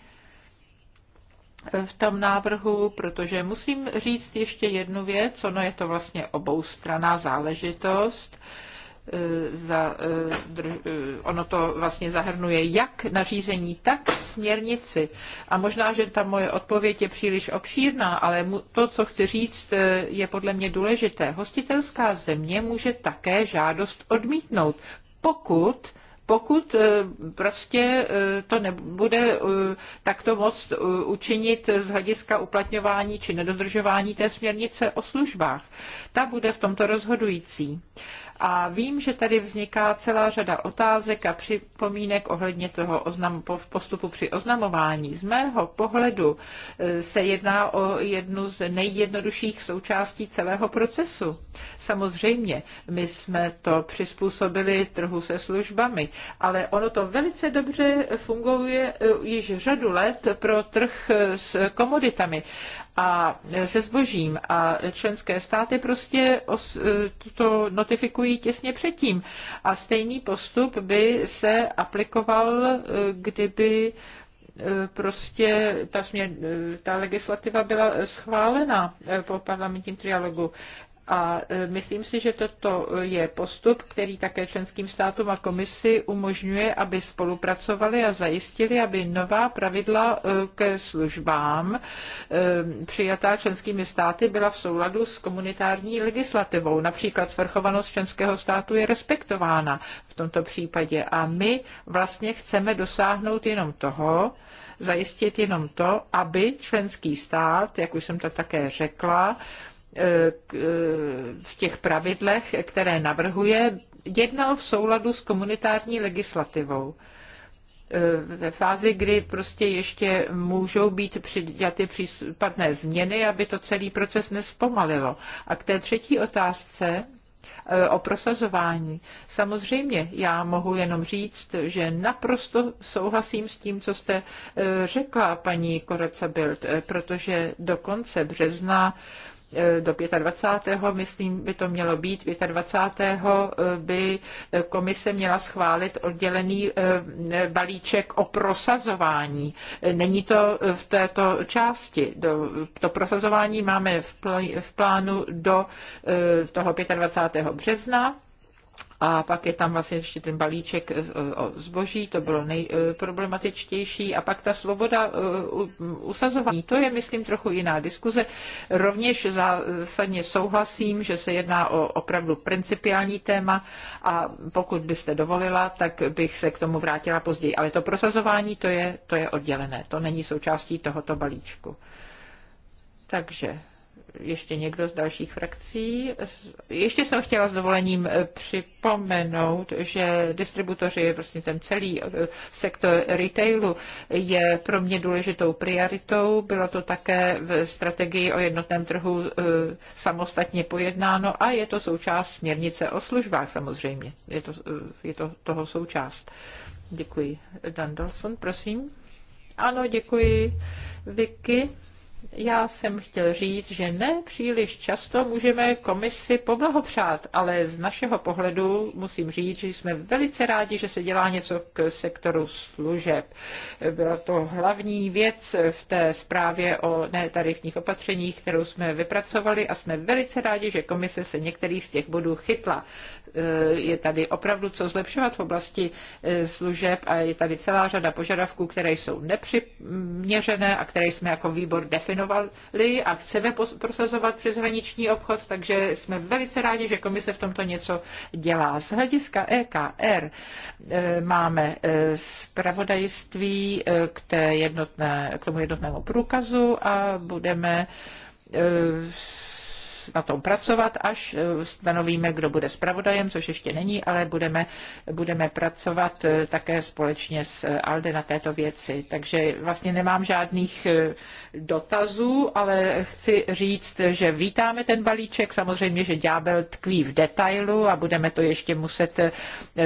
v tom návrhu, protože musím říct ještě jednu věc, ono je to vlastně oboustraná záležitost. Eh, za, eh, eh, ono to vlastně zahrnuje jak nařízení, tak směrnici. A možná, že ta moje odpověď je příliš obšírná, ale to, co chci říct, je podle mě důležité. Hostitelská země může také žádost odmítnout, pokud pokud prostě to nebude takto moc učinit z hlediska uplatňování či nedodržování té směrnice o službách. Ta bude v tomto rozhodující. A vím, že tady vzniká celá řada otázek a připomínek ohledně toho oznam, postupu při oznamování. Z mého pohledu e, se jedná o jednu z nejjednodušších součástí celého procesu. Samozřejmě, my jsme to přizpůsobili trhu se službami, ale ono to velice dobře funguje e, již řadu let pro trh e, s komoditami a e, se zbožím a členské státy prostě e, to notifikují těsně předtím. A stejný postup by se aplikoval, e, kdyby prostě ta, směr, ta legislativa byla schválena po parlamentním trialogu. A e, myslím si, že toto je postup, který také členským státům a komisi umožňuje, aby spolupracovali a zajistili, aby nová pravidla e, ke službám e, přijatá členskými státy byla v souladu s komunitární legislativou. Například svrchovanost členského státu je respektována v tomto případě. A my vlastně chceme dosáhnout jenom toho, zajistit jenom to, aby členský stát, jak už jsem to také řekla, E, e, v těch pravidlech, které navrhuje, jednal v souladu s komunitární legislativou e, ve fázi, kdy prostě ještě můžou být přidělaty případné změny, aby to celý proces nespomalilo. A k té třetí otázce o prosazování. Samozřejmě já mohu jenom říct, že naprosto souhlasím s tím, co jste řekla, paní Koreca Bild, protože do konce března Eh, do 25. myslím by to mělo být, 25. Eh, by komise měla schválit oddělený eh, balíček o prosazování. Není to v této části. To prosazování máme v plánu do toho 25. března a pak je tam vlastně ještě ten balíček eh, o zboží, to bylo nejproblematičtější. A pak ta svoboda eh, usazování, to je, myslím, trochu jiná diskuze. Rovněž zásadně souhlasím, že se jedná o opravdu principiální téma a pokud byste dovolila, tak bych se k tomu vrátila později. Ale to prosazování, to je, to je oddělené, to není součástí tohoto balíčku. Takže ještě někdo z dalších frakcí. Ještě jsem chtěla s dovolením eh, připomenout, že distributoři, prostě ten celý eh, sektor retailu je pro mě důležitou prioritou. Bylo to také v strategii o jednotném trhu eh, samostatně pojednáno a je to součást směrnice o službách samozřejmě. Je to, je to toho součást. Děkuji. Dan Dolson, prosím. Ano, děkuji. Vicky. Já jsem chtěl říct, že ne příliš často můžeme komisi poblahopřát, ale z našeho pohledu musím říct, že jsme velice rádi, že se dělá něco k sektoru služeb. Byla to hlavní věc v té zprávě o netarifních opatřeních, kterou jsme vypracovali a jsme velice rádi, že komise se některých z těch bodů chytla. Eh, je tady opravdu co zlepšovat v oblasti eh, služeb a je tady celá řada požadavků, které jsou nepřiměřené a které jsme jako výbor definovali a chceme prosazovat přeshraniční obchod, takže jsme velice rádi, že komise v tomto něco dělá. Z hlediska EKR eh, máme zpravodajství k, té jednotné, k tomu jednotnému průkazu a budeme na tom pracovat, až eh, stanovíme, kdo bude zpravodajem, což ještě není, ale budeme, budeme pracovat eh, také společně s eh, Alde na této věci. Takže vlastně nemám žádných dotazů, ale chci říct, že vítáme ten balíček. Samozřejmě, že ďábel tkví v detailu a budeme to ještě muset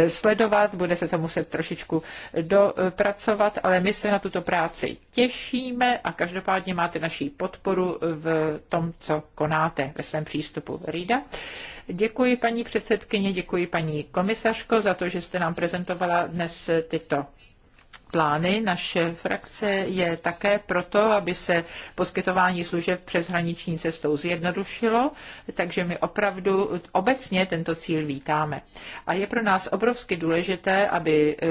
sledovat, bude se to muset trošičku dopracovat, ale my se na tuto práci těšíme a každopádně máte naší podporu v tom, co konáte ve své svém přístupu. Rída. Děkuji paní předsedkyně, děkuji paní komisařko za to, že jste nám prezentovala dnes tyto plány. Naše frakce je také proto, aby se poskytování služeb přes hraniční cestou zjednodušilo, takže my opravdu obecně tento cíl vítáme. A je pro nás obrovsky důležité, aby eh,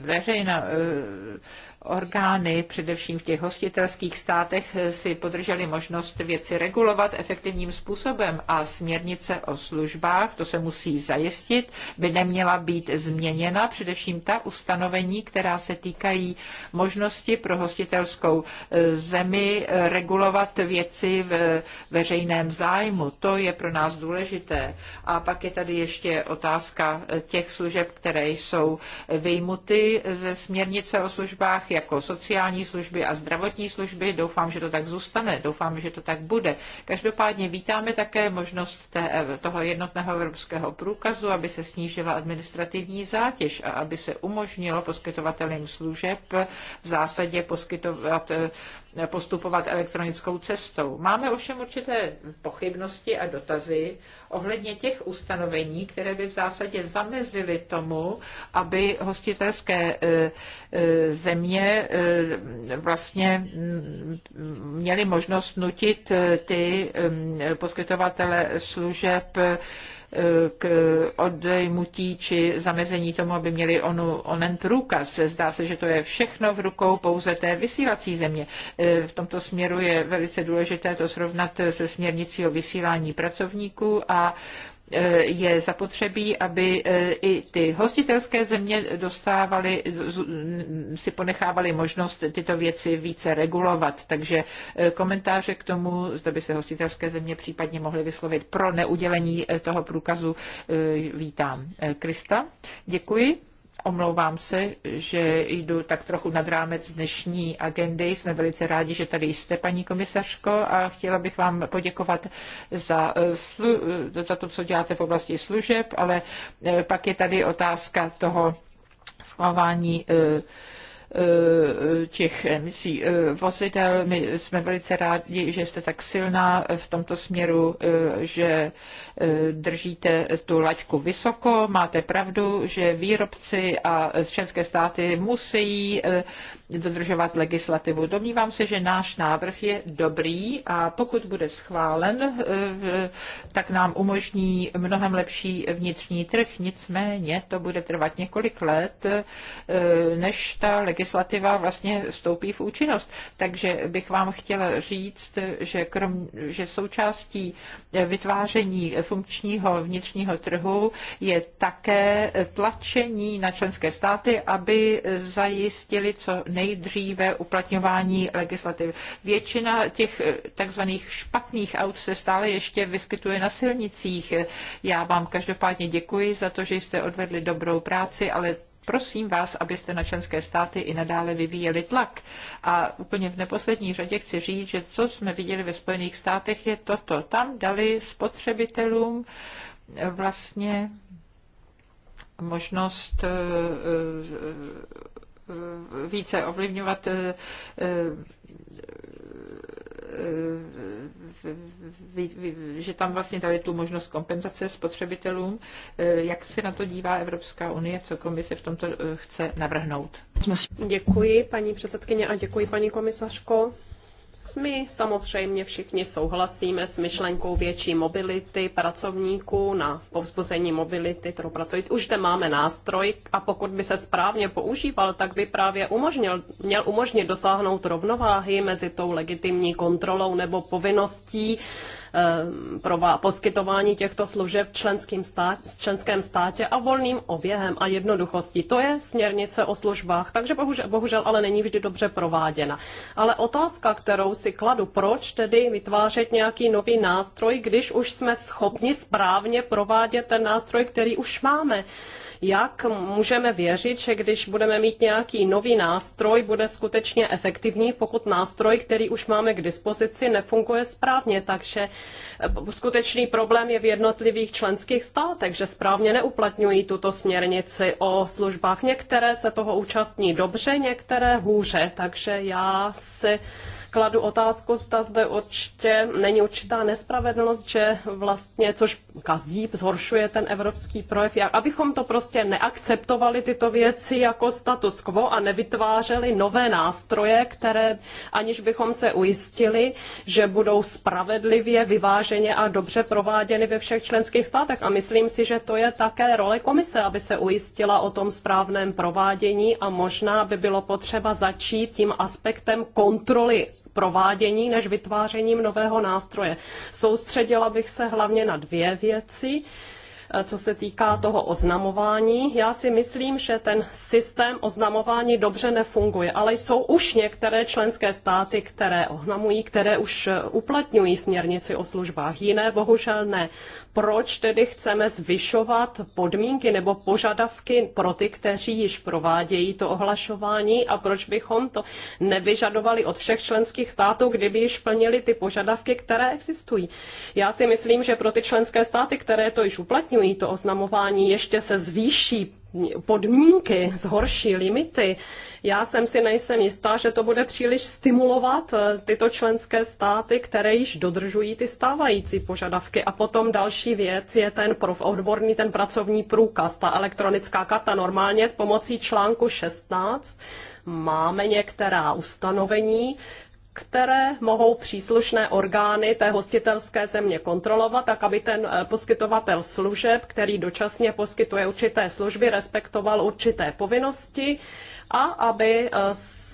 veřejná eh, orgány, především v těch hostitelských státech, si podržely možnost věci regulovat efektivním způsobem a směrnice o službách, to se musí zajistit, by neměla být změněna, především ta ustanovení, která se týkají možnosti pro hostitelskou e, zemi regulovat věci v veřejném zájmu. To je pro nás důležité. A pak je tady ještě otázka e, těch služeb, které jsou vyjmuty ze směrnice o službách jako sociální služby a zdravotní služby. Doufám, že to tak zůstane, doufám, že to tak bude. Každopádně vítáme také možnost té, toho jednotného evropského průkazu, aby se snížila administrativní zátěž a aby se umožnilo poskytovatelům služeb v zásadě poskytovat postupovat elektronickou cestou. Máme ovšem určité pochybnosti a dotazy ohledně těch ustanovení, které by v zásadě zamezily tomu, aby hostitelské eh, eh, země Eh, vlastně mm, měli možnost nutit eh, ty eh, poskytovatele služeb k odejmutí či zamezení tomu, aby měli onu, onen průkaz. Zdá se, že to je všechno v rukou pouze té vysílací země. V tomto směru je velice důležité to srovnat se směrnicí o vysílání pracovníků a Eh, je zapotřebí, aby eh, i ty hostitelské země dostávaly, si ponechávaly možnost tyto věci více regulovat. Takže eh, komentáře k tomu, zda by se hostitelské země případně mohly vyslovit pro neudělení toho průkazu, vítám. Krista, děkuji. Omlouvám se, že jdu tak trochu nad rámec dnešní agendy. Jsme velice rádi, že tady jste, paní komisařko, a chtěla bych vám poděkovat za, slu, za to, co děláte v oblasti služeb, ale eh, pak je tady otázka toho schvalování e, Eh, těch emisí eh, vozidel. My jsme velice rádi, že jste tak silná v tomto směru, eh, že držíte tu laťku vysoko. Máte pravdu, že výrobci a členské státy musí dodržovat legislativu. Domnívám se, že náš návrh je dobrý a pokud bude schválen, eh, tak nám umožní mnohem lepší vnitřní trh. Nicméně to bude trvat několik let, eh, než ta legislativa vlastně vstoupí v účinnost. Takže bych vám chtěla říct, že, krom, že součástí vytváření funkčního vnitřního trhu je také tlačení na členské státy, aby zajistili co nejdříve uplatňování legislativy. Většina těch eh, takzvaných špatných aut se stále ještě vyskytuje na silnicích. Já vám každopádně děkuji za to, že jste odvedli dobrou práci, ale prosím vás, abyste na členské státy i nadále vyvíjeli tlak. A úplně v neposlední řadě chci říct, že co jsme viděli ve Spojených státech je toto. Tam dali spotřebitelům eh, vlastně možnost eh, Eh, více ovlivňovat eh, eh, že tam vlastně dali tu možnost kompenzace spotřebitelům. Jak se na to dívá Evropská unie, co komise v tomto chce navrhnout? Děkuji, paní předsedkyně, a děkuji, paní komisařko. My samozřejmě všichni souhlasíme s myšlenkou větší mobility pracovníků na povzbuzení mobility trhu pracovit. Už zde máme nástroj a pokud by se správně používal, tak by právě umožnil, měl umožnit dosáhnout rovnováhy mezi tou legitimní kontrolou nebo povinností Eh, poskytování těchto služeb v členském státě, členském státě a volným oběhem a jednoduchostí. To je směrnice o službách, takže bohužel, bohužel ale není vždy dobře prováděna. Ale otázka, kterou si kladu, proč tedy vytvářet nějaký nový nástroj, když už jsme schopni správně provádět ten nástroj, který už máme jak můžeme věřit, že když budeme mít nějaký nový nástroj, bude skutečně efektivní, pokud nástroj, který už máme k dispozici, nefunguje správně. Takže eh, skutečný problém je v jednotlivých členských státech, že správně neuplatňují tuto směrnici o službách. Některé se toho účastní dobře, některé hůře. Takže já si kladu otázku, zda zde určitě není určitá nespravedlnost, že vlastně, což kazí, zhoršuje ten evropský projev, jak, abychom to prostě neakceptovali tyto věci jako status quo a nevytvářeli nové nástroje, které aniž bychom se ujistili, že budou spravedlivě, vyváženě a dobře prováděny ve všech členských státech. A myslím si, že to je také role komise, aby se ujistila o tom správném provádění a možná by bylo potřeba začít tím aspektem kontroly provádění než vytvářením nového nástroje. Soustředila bych se hlavně na dvě věci. Eh, co se týká toho oznamování. Já si myslím, že ten systém oznamování dobře nefunguje, ale jsou už některé členské státy, které oznamují, které už eh, uplatňují směrnici o službách. Jiné bohužel ne. Proč tedy chceme zvyšovat podmínky nebo požadavky pro ty, kteří již provádějí to ohlašování a proč bychom to nevyžadovali od všech členských států, kdyby již plnili ty požadavky, které existují. Já si myslím, že pro ty členské státy, které to již uplatňují, zpřísňují to oznamování, ještě se zvýší podmínky, zhorší limity. Já jsem si nejsem jistá, že to bude příliš stimulovat eh, tyto členské státy, které již dodržují ty stávající požadavky. A potom další věc je ten odborný, ten pracovní průkaz, ta elektronická karta. Normálně s pomocí článku 16 máme některá ustanovení, které mohou příslušné orgány té hostitelské země kontrolovat, tak aby ten eh, poskytovatel služeb, který dočasně poskytuje určité služby, respektoval určité povinnosti a aby eh,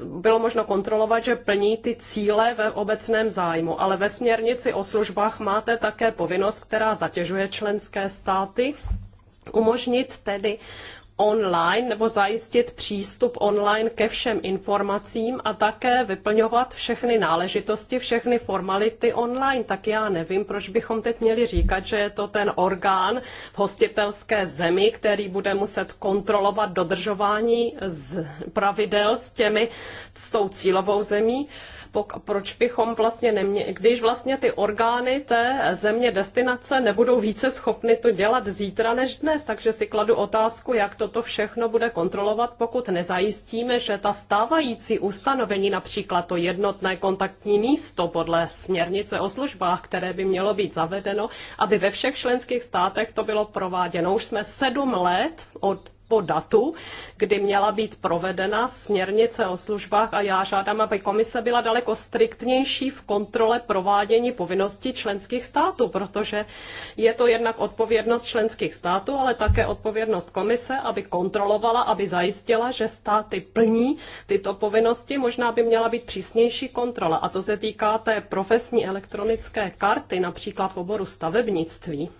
bylo možno kontrolovat, že plní ty cíle ve obecném zájmu. Ale ve směrnici o službách máte také povinnost, která zatěžuje členské státy umožnit tedy online nebo zajistit přístup online ke všem informacím a také vyplňovat všechny náležitosti, všechny formality online, tak já nevím, proč bychom teď měli říkat, že je to ten orgán v hostitelské zemi, který bude muset kontrolovat dodržování pravidel s těmi, s tou cílovou zemí proč bychom vlastně neměli, když vlastně ty orgány té země destinace nebudou více schopny to dělat zítra než dnes, takže si kladu otázku, jak toto všechno bude kontrolovat, pokud nezajistíme, že ta stávající ustanovení, například to jednotné kontaktní místo podle směrnice o službách, které by mělo být zavedeno, aby ve všech členských státech to bylo prováděno. Už jsme sedm let od po datu, kdy měla být provedena směrnice o službách a já žádám, aby komise byla daleko striktnější v kontrole provádění povinností členských států, protože je to jednak odpovědnost členských států, ale také odpovědnost komise, aby kontrolovala, aby zajistila, že státy plní tyto povinnosti. Možná by měla být přísnější kontrola. A co se týká té profesní elektronické karty, například v oboru stavebnictví,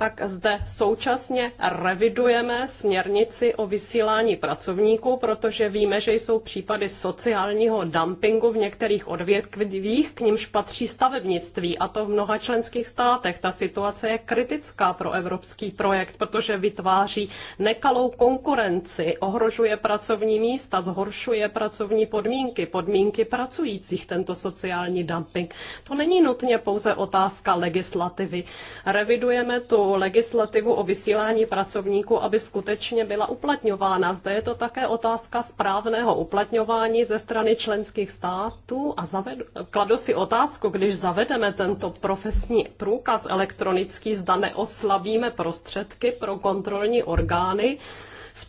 tak zde současně revidujeme směrnici o vysílání pracovníků, protože víme, že jsou případy sociálního dumpingu v některých odvětvích, k nímž patří stavebnictví a to v mnoha členských státech. Ta situace je kritická pro evropský projekt, protože vytváří nekalou konkurenci, ohrožuje pracovní místa, zhoršuje pracovní podmínky, podmínky pracujících, tento sociální dumping. To není nutně pouze otázka legislativy. Revidujeme tu novou legislativu o vysílání pracovníků, aby skutečně byla uplatňována. Zde je to také otázka správného uplatňování ze strany členských států a zavedu, kladu si otázku, když zavedeme tento profesní průkaz elektronický, zda neoslabíme prostředky pro kontrolní orgány,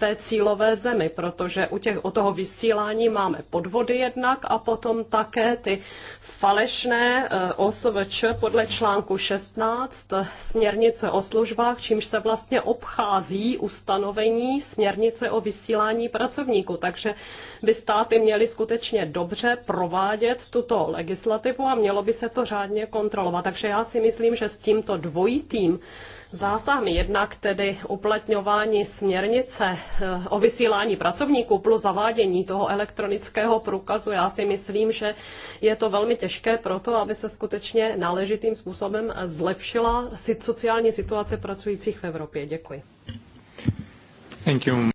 té cílové zemi, protože u, těch, u toho vysílání máme podvody jednak a potom také ty falešné eh, OSVČ podle článku 16 eh, směrnice o službách, čímž se vlastně obchází ustanovení směrnice o vysílání pracovníků. Takže by státy měly skutečně dobře provádět tuto legislativu a mělo by se to řádně kontrolovat. Takže já si myslím, že s tímto dvojitým zásahmi, jednak tedy uplatňování směrnice eh, o vysílání pracovníků plus zavádění toho elektronického průkazu, já si myslím, že je to velmi těžké pro to, aby se skutečně náležitým způsobem eh, zlepšila sociální situace pracujících v Evropě. Děkuji. Thank you.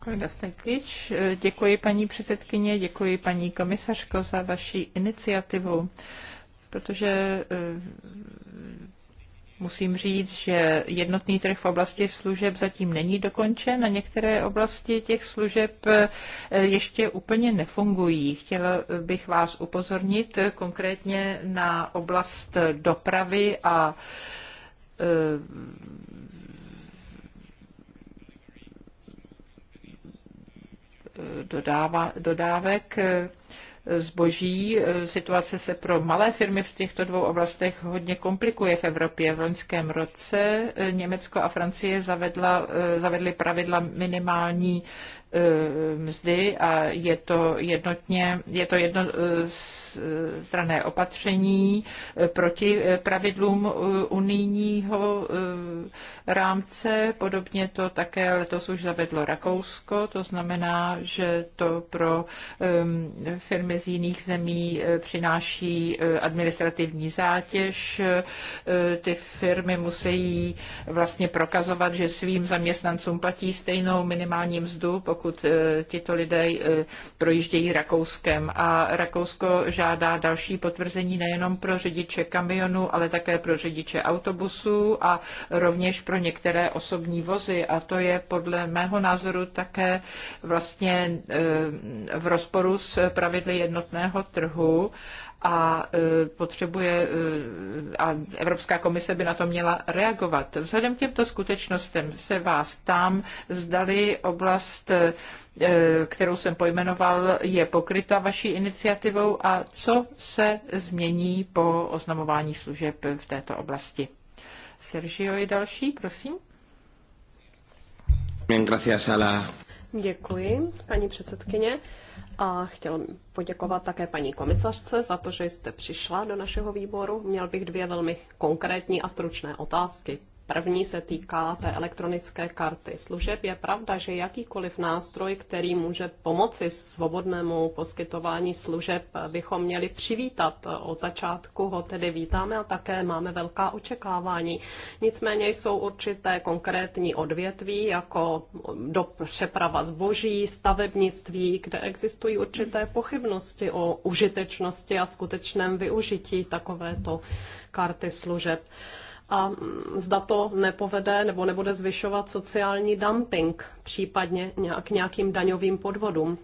Eh, děkuji paní předsedkyně, děkuji paní komisařko za vaši iniciativu protože Musím říct, že jednotný trh v oblasti služeb zatím není dokončen a některé oblasti těch služeb eh, ještě úplně nefungují. Chtěla bych vás upozornit konkrétně na oblast dopravy a eh, dodávek zboží. Eh, situace se pro malé firmy v těchto dvou oblastech hodně komplikuje v Evropě. V loňském roce eh, Německo a Francie zavedla, eh, zavedly pravidla minimální mzdy a je to jednotně, je to strané opatření proti pravidlům unijního rámce. Podobně to také letos už zavedlo Rakousko, to znamená, že to pro firmy z jiných zemí eh, přináší eh, administrativní zátěž. Eh, ty firmy musí vlastně prokazovat, že svým zaměstnancům platí stejnou minimální mzdu, pokud tito lidé projíždějí Rakouskem. A Rakousko žádá další potvrzení nejenom pro řidiče kamionů, ale také pro řidiče autobusů a rovněž pro některé osobní vozy. A to je podle mého názoru také vlastně v rozporu s pravidly jednotného trhu a e, potřebuje, e, a Evropská komise by na to měla reagovat. Vzhledem k těmto skutečnostem se vás ptám, zdali oblast, e, kterou jsem pojmenoval, je pokryta vaší iniciativou a co se změní po oznamování služeb v této oblasti. Sergio je další, prosím. Děkuji, paní předsedkyně. A chtěl poděkovat také paní komisařce za to, že jste přišla do našeho výboru. Měl bych dvě velmi konkrétní a stručné otázky. První se týká té elektronické karty služeb. Je pravda, že jakýkoliv nástroj, který může pomoci svobodnému poskytování služeb, bychom měli přivítat. Od začátku ho tedy vítáme a také máme velká očekávání. Nicméně jsou určité konkrétní odvětví, jako do přeprava zboží, stavebnictví, kde existují určité pochybnosti o užitečnosti a skutečném využití takovéto karty služeb a zda to nepovede nebo nebude zvyšovat sociální dumping, případně k nějakým daňovým podvodům.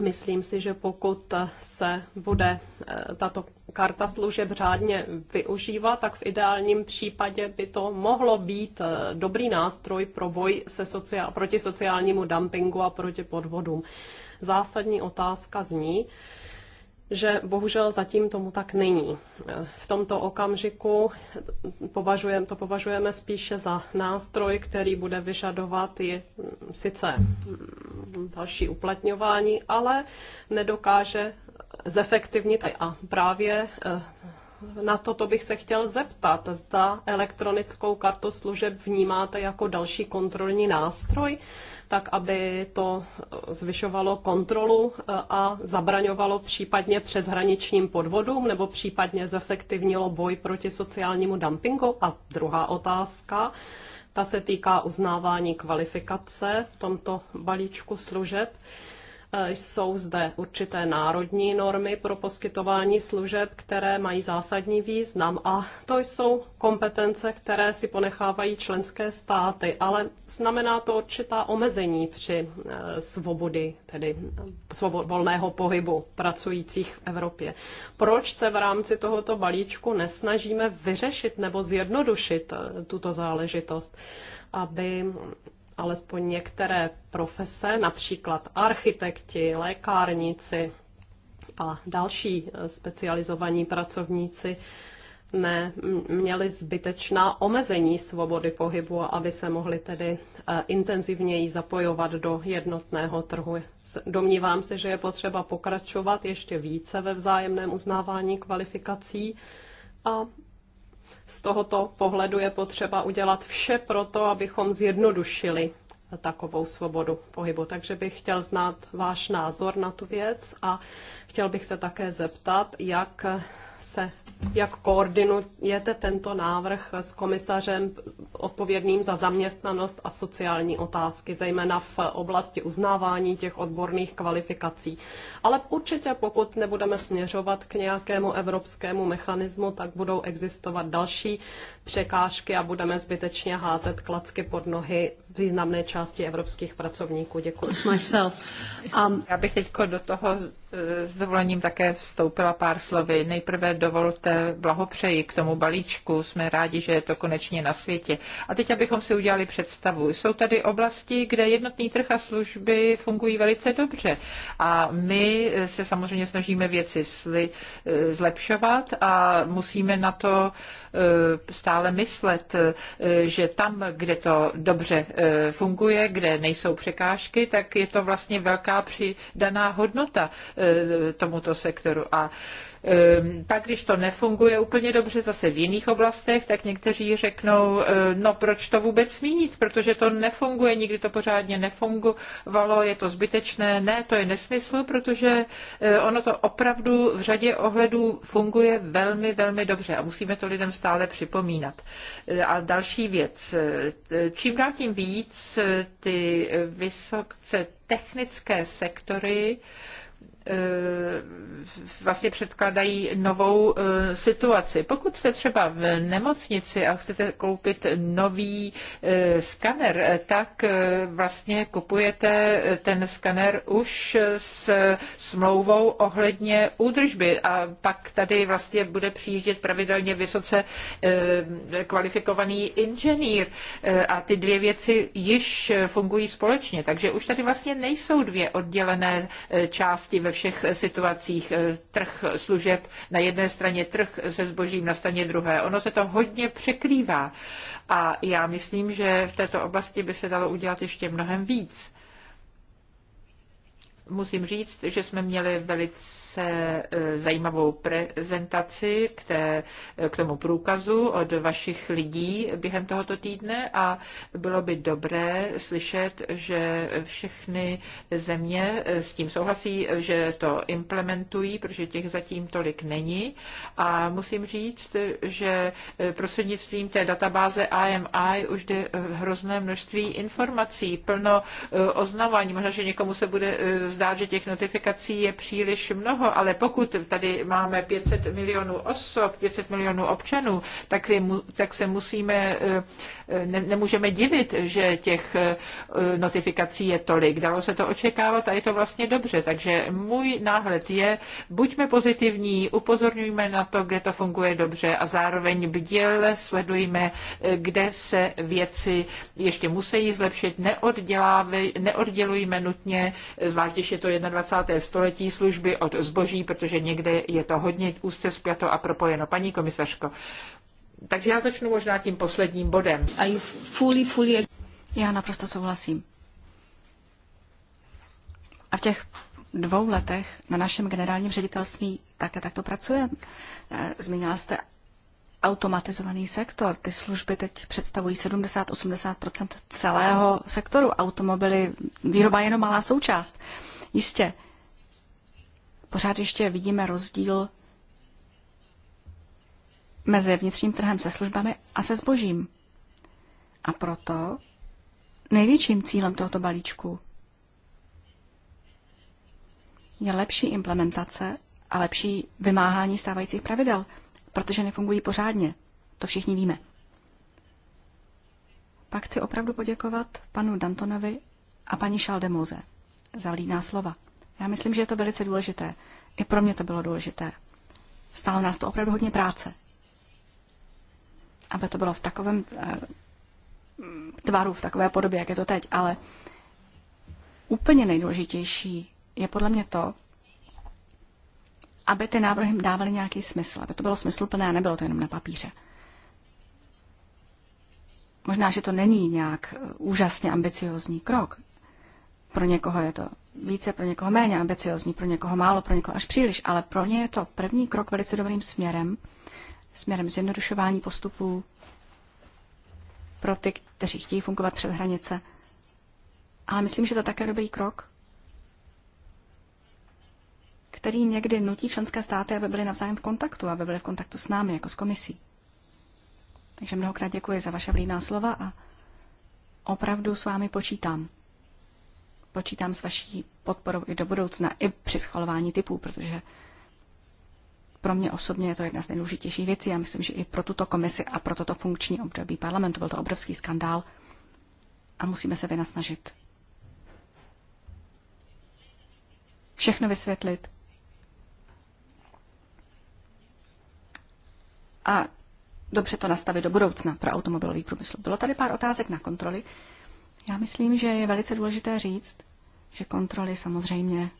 Myslím si, že pokud se bude eh, tato karta služeb řádně využívat, tak v ideálním případě by to mohlo být eh, dobrý nástroj pro boj se sociál, proti sociálnímu dumpingu a proti podvodům. Zásadní otázka zní, že bohužel zatím tomu tak není. V tomto okamžiku považujem, to považujeme spíše za nástroj, který bude vyžadovat i mm, sice mm, další uplatňování, ale nedokáže zefektivnit a právě eh, na toto bych se chtěl zeptat. Zda elektronickou kartu služeb vnímáte jako další kontrolní nástroj, tak aby to eh, zvyšovalo kontrolu eh, a zabraňovalo případně přeshraničním podvodům nebo případně zefektivnilo boj proti sociálnímu dumpingu? A druhá otázka, ta se týká uznávání kvalifikace v tomto balíčku služeb. Eh, jsou zde určité národní normy pro poskytování služeb, které mají zásadní význam a to jsou kompetence, které si ponechávají členské státy, ale znamená to určitá omezení při eh, svobody, tedy svobod, volného pohybu pracujících v Evropě. Proč se v rámci tohoto balíčku nesnažíme vyřešit nebo zjednodušit eh, tuto záležitost, aby alespoň některé profese, například architekti, lékárníci a další eh, specializovaní pracovníci, ne, měli zbytečná omezení svobody pohybu, aby se mohli tedy eh, intenzivněji zapojovat do jednotného trhu. Domnívám se, že je potřeba pokračovat ještě více ve vzájemném uznávání kvalifikací a z tohoto pohledu je potřeba udělat vše pro to, abychom zjednodušili takovou svobodu pohybu. Takže bych chtěl znát váš názor na tu věc a chtěl bych se také zeptat, jak se, jak koordinujete tento návrh s komisařem odpovědným za zaměstnanost a sociální otázky, zejména v oblasti uznávání těch odborných kvalifikací. Ale určitě, pokud nebudeme směřovat k nějakému evropskému mechanismu, tak budou existovat další překážky a budeme zbytečně házet klacky pod nohy významné části evropských pracovníků. Děkuji. Um, Já bych teď do toho eh, s dovolením také vstoupila pár slovy. Nejprve dovolte, blahopřeji k tomu balíčku. Jsme rádi, že je to konečně na světě. A teď, abychom si udělali představu. Jsou tady oblasti, kde jednotný trh a služby fungují velice dobře. A my se samozřejmě snažíme věci eh, zlepšovat a musíme na to eh, stále myslet, eh, že tam, kde to dobře funguje, kde nejsou překážky, tak je to vlastně velká přidaná hodnota tomuto sektoru. A pak, ehm, když to nefunguje úplně dobře zase v jiných oblastech, tak někteří řeknou, ehm, no proč to vůbec mínit, protože to nefunguje, nikdy to pořádně nefungovalo, je to zbytečné. Ne, to je nesmysl, protože ehm, ono to opravdu v řadě ohledů funguje velmi, velmi dobře a musíme to lidem stále připomínat. A další věc, čím dál tím víc ty vysokce technické sektory, Eh, vlastně předkládají novou eh, situaci. Pokud jste třeba v nemocnici a chcete koupit nový eh, skaner, tak vlastně kupujete ten skaner už s smlouvou ohledně údržby a pak tady vlastně bude přijíždět pravidelně vysoce kvalifikovaný inženýr a ty dvě věci již fungují společně, takže už tady vlastně nejsou dvě oddělené části ve všech situacích eh, trh služeb, na jedné straně trh se zbožím, na straně druhé. Ono se to hodně překrývá a já myslím, že v této oblasti by se dalo udělat ještě mnohem víc musím říct, že jsme měli velice e, zajímavou prezentaci k, té, e, k tomu průkazu od vašich lidí během tohoto týdne a bylo by dobré slyšet, že všechny země e, s tím souhlasí, že to implementují, protože těch zatím tolik není. A musím říct, že prostřednictvím té databáze IMI už jde hrozné množství informací, plno oznávání. Možná, že někomu se bude zdát, že těch notifikací je příliš mnoho, ale pokud tady máme 500 milionů osob, 500 milionů občanů, tak, je, tak se musíme, eh, ne, nemůžeme divit, že těch eh, notifikací je tolik. Dalo se to očekávat a je to vlastně dobře. Takže můj náhled je, buďme pozitivní, upozorňujme na to, kde to funguje dobře a zároveň bděle sledujme, eh, kde se věci ještě musí zlepšit, neoddělujme nutně, zvláště když je to 21. století, služby od zboží, protože někde je to hodně úzce spjato a propojeno. Paní komisařko, takže já začnu možná tím posledním bodem. fully, fully... Já naprosto souhlasím. A v těch dvou letech na našem generálním ředitelství také takto pracuje. Eh, zmínila jste automatizovaný sektor. Ty služby teď představují 70-80 celého sektoru. Automobily, výroba je jenom malá součást. Jistě, pořád ještě vidíme rozdíl mezi vnitřním trhem se službami a se zbožím. A proto největším cílem tohoto balíčku je lepší implementace a lepší vymáhání stávajících pravidel, protože nefungují pořádně. To všichni víme. Pak chci opravdu poděkovat panu Dantonovi a paní Šaldemoze zavlídná slova. Já myslím, že je to velice důležité. I pro mě to bylo důležité. Stálo nás to opravdu hodně práce. Aby to bylo v takovém eh, tvaru, v takové podobě, jak je to teď, ale úplně nejdůležitější je podle mě to, aby ty návrhy dávaly nějaký smysl, aby to bylo smysluplné a nebylo to jenom na papíře. Možná, že to není nějak eh, úžasně ambiciozní krok, pro někoho je to více, pro někoho méně ambiciozní, pro někoho málo, pro někoho až příliš, ale pro ně je to první krok velice dobrým směrem, směrem zjednodušování postupů pro ty, kteří chtějí fungovat přes hranice. Ale myslím, že to je také dobrý krok, který někdy nutí členské státy, aby byly navzájem v kontaktu, aby byly v kontaktu s námi, jako s komisí. Takže mnohokrát děkuji za vaše vlídná slova a opravdu s vámi počítám počítám s vaší podporou i do budoucna, i při schvalování typů, protože pro mě osobně je to jedna z nejdůležitějších věcí. Já myslím, že i pro tuto komisi a pro toto funkční období parlamentu byl to obrovský skandál a musíme se vynasnažit. Všechno vysvětlit. A dobře to nastavit do budoucna pro automobilový průmysl. Bylo tady pár otázek na kontroly. Já myslím, že je velice důležité říct, že kontroly samozřejmě.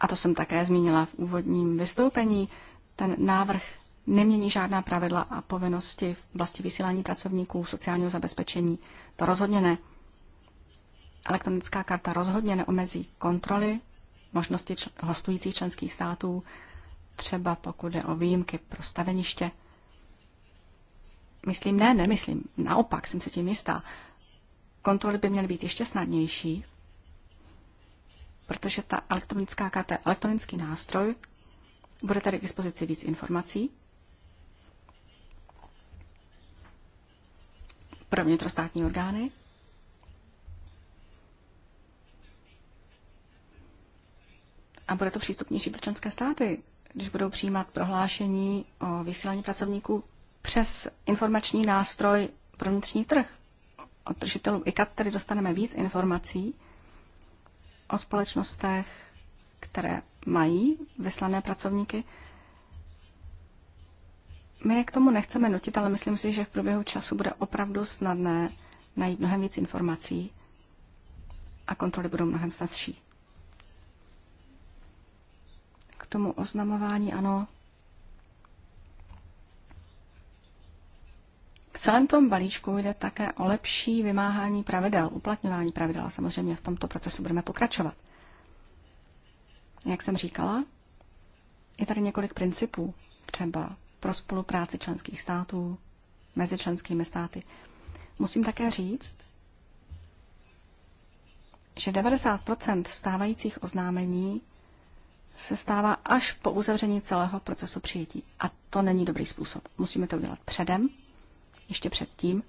A to jsem také zmínila v úvodním vystoupení. Ten návrh nemění žádná pravidla a povinnosti v oblasti vysílání pracovníků sociálního zabezpečení. To rozhodně ne. Elektronická karta rozhodně neomezí kontroly, možnosti čl- hostujících členských států, třeba pokud jde o výjimky pro staveniště Myslím ne, nemyslím. Naopak jsem si tím jistá. Kontroly by měly být ještě snadnější, protože ta elektronická karta, elektronický nástroj, bude tady k dispozici víc informací. Pro vnitrostátní orgány. A bude to přístupnější pro členské státy, když budou přijímat prohlášení o vysílání pracovníků přes informační nástroj pro vnitřní trh. Od držitelů ICAT tedy dostaneme víc informací o společnostech, které mají vyslané pracovníky. My je k tomu nechceme nutit, ale myslím si, že v průběhu času bude opravdu snadné najít mnohem víc informací a kontroly budou mnohem snadší. K tomu oznamování, ano, celém tom balíčku jde také o lepší vymáhání pravidel, uplatňování pravidel a samozřejmě v tomto procesu budeme pokračovat. Jak jsem říkala, je tady několik principů, třeba pro spolupráci členských států, mezi členskými státy. Musím také říct, že 90 stávajících oznámení se stává až po uzavření celého procesu přijetí. A to není dobrý způsob. Musíme to udělat předem, ještě předtím.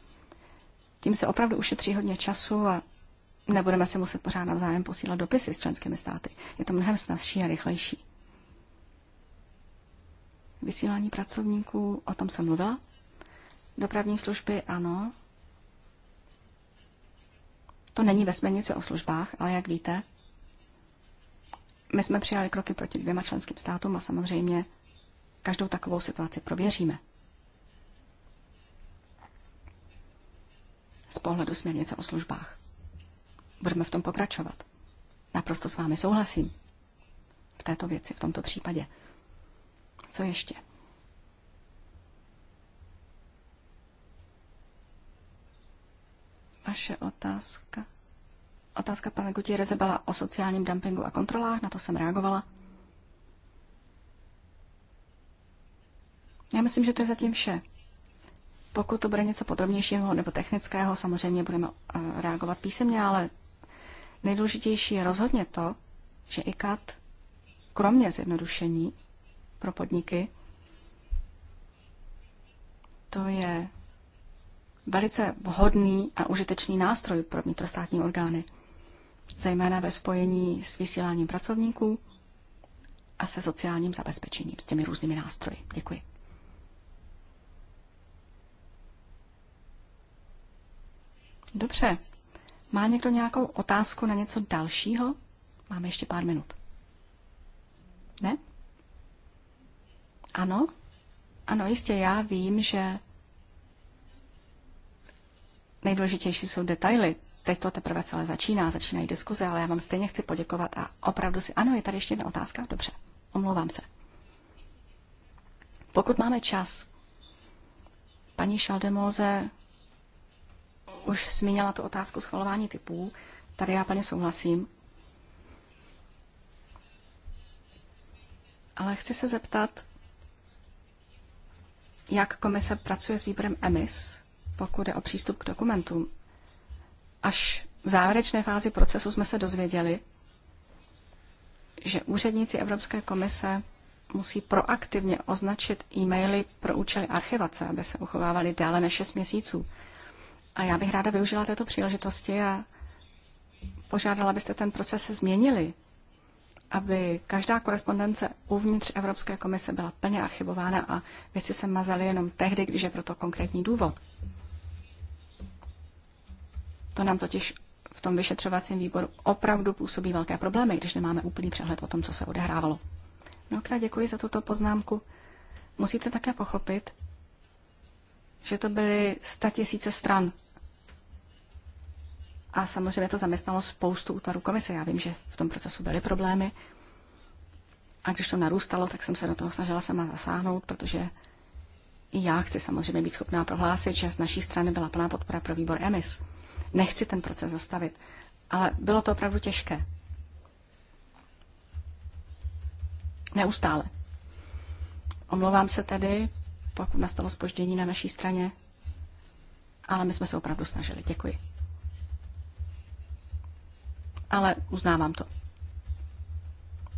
Tím se opravdu ušetří hodně času a nebudeme se muset pořád navzájem posílat dopisy s členskými státy. Je to mnohem snazší a rychlejší. Vysílání pracovníků, o tom jsem mluvila. Dopravní služby, ano. To není ve směrnici o službách, ale jak víte, my jsme přijali kroky proti dvěma členským státům a samozřejmě každou takovou situaci prověříme. z pohledu směrnice o službách. Budeme v tom pokračovat. Naprosto s vámi souhlasím v této věci, v tomto případě. Co ještě? Vaše otázka. Otázka pana Gutiereze byla o sociálním dumpingu a kontrolách, na to jsem reagovala. Já myslím, že to je zatím vše. Pokud to bude něco podrobnějšího nebo technického, samozřejmě budeme eh, reagovat písemně, ale nejdůležitější je rozhodně to, že IKAT, kromě zjednodušení pro podniky, to je velice vhodný a užitečný nástroj pro vnitrostátní orgány, zejména ve spojení s vysíláním pracovníků a se sociálním zabezpečením, s těmi různými nástroji. Děkuji. Dobře. Má někdo nějakou otázku na něco dalšího? Máme ještě pár minut. Ne? Ano? Ano, jistě já vím, že nejdůležitější jsou detaily. Teď to teprve celé začíná, začínají diskuze, ale já vám stejně chci poděkovat a opravdu si... Ano, je tady ještě jedna otázka? Dobře, omlouvám se. Pokud máme čas, paní Šaldemóze už zmínila tu otázku schvalování typů. Tady já plně souhlasím. Ale chci se zeptat, jak komise pracuje s výběrem EMIS, pokud je o přístup k dokumentům. Až v závěrečné fázi procesu jsme se dozvěděli, že úředníci Evropské komise musí proaktivně označit e-maily pro účely archivace, aby se uchovávaly déle než 6 měsíců. A já bych ráda využila této příležitosti a požádala, abyste ten proces změnili, aby každá korespondence uvnitř Evropské komise byla plně archivována a věci se mazaly jenom tehdy, když je proto konkrétní důvod. To nám totiž v tom vyšetřovacím výboru opravdu působí velké problémy, když nemáme úplný přehled o tom, co se odehrávalo. Mnohokrát děkuji za tuto poznámku. Musíte také pochopit, že to byly tisíce stran. A samozřejmě to zaměstnalo spoustu útvarů komise. Já vím, že v tom procesu byly problémy. A když to narůstalo, tak jsem se do toho snažila sama zasáhnout, protože i já chci samozřejmě být schopná prohlásit, že z naší strany byla plná podpora pro výbor EMIS. Nechci ten proces zastavit, ale bylo to opravdu těžké. Neustále. Omlouvám se tedy, pokud nastalo spoždění na naší straně, ale my jsme se opravdu snažili. Děkuji. Ale uznávám to.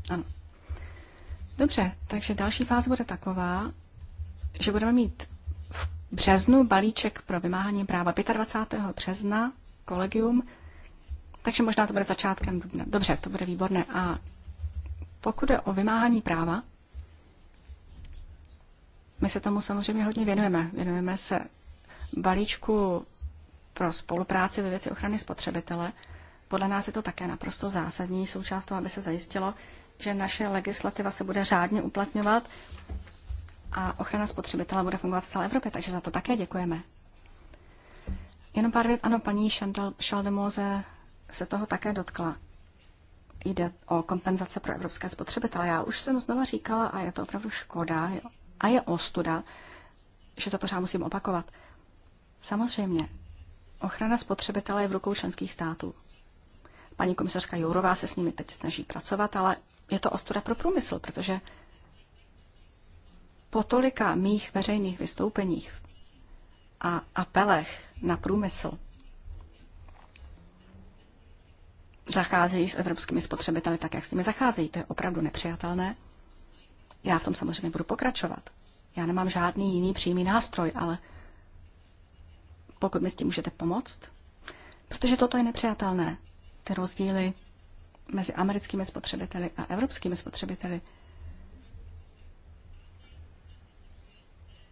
Ano. Dobře, takže další fáze bude taková, že budeme mít v březnu balíček pro vymáhání práva 25. března kolegium, takže možná to bude začátkem dubna. Dobře, to bude výborné. A pokud je o vymáhání práva, my se tomu samozřejmě hodně věnujeme. Věnujeme se balíčku pro spolupráci ve věci ochrany spotřebitele. Podle nás je to také naprosto zásadní součást toho, aby se zajistilo, že naše legislativa se bude řádně uplatňovat a ochrana spotřebitele bude fungovat v celé Evropě, takže za to také děkujeme. Jenom pár věc, ano, paní Šaldemoze se toho také dotkla. Jde o kompenzace pro evropské spotřebitele. Já už jsem znova říkala, a je to opravdu škoda, a je ostuda, že to pořád musím opakovat. Samozřejmě, ochrana spotřebitele je v rukou členských států. Paní komisařka Jourová se s nimi teď snaží pracovat, ale je to ostuda pro průmysl, protože po tolika mých veřejných vystoupeních a apelech na průmysl zacházejí s evropskými spotřebiteli tak, jak s nimi zacházejí. To je opravdu nepřijatelné. Já v tom samozřejmě budu pokračovat. Já nemám žádný jiný přímý nástroj, ale pokud mi s tím můžete pomoct, protože toto je nepřijatelné. Ty rozdíly mezi americkými spotřebiteli a evropskými spotřebiteli.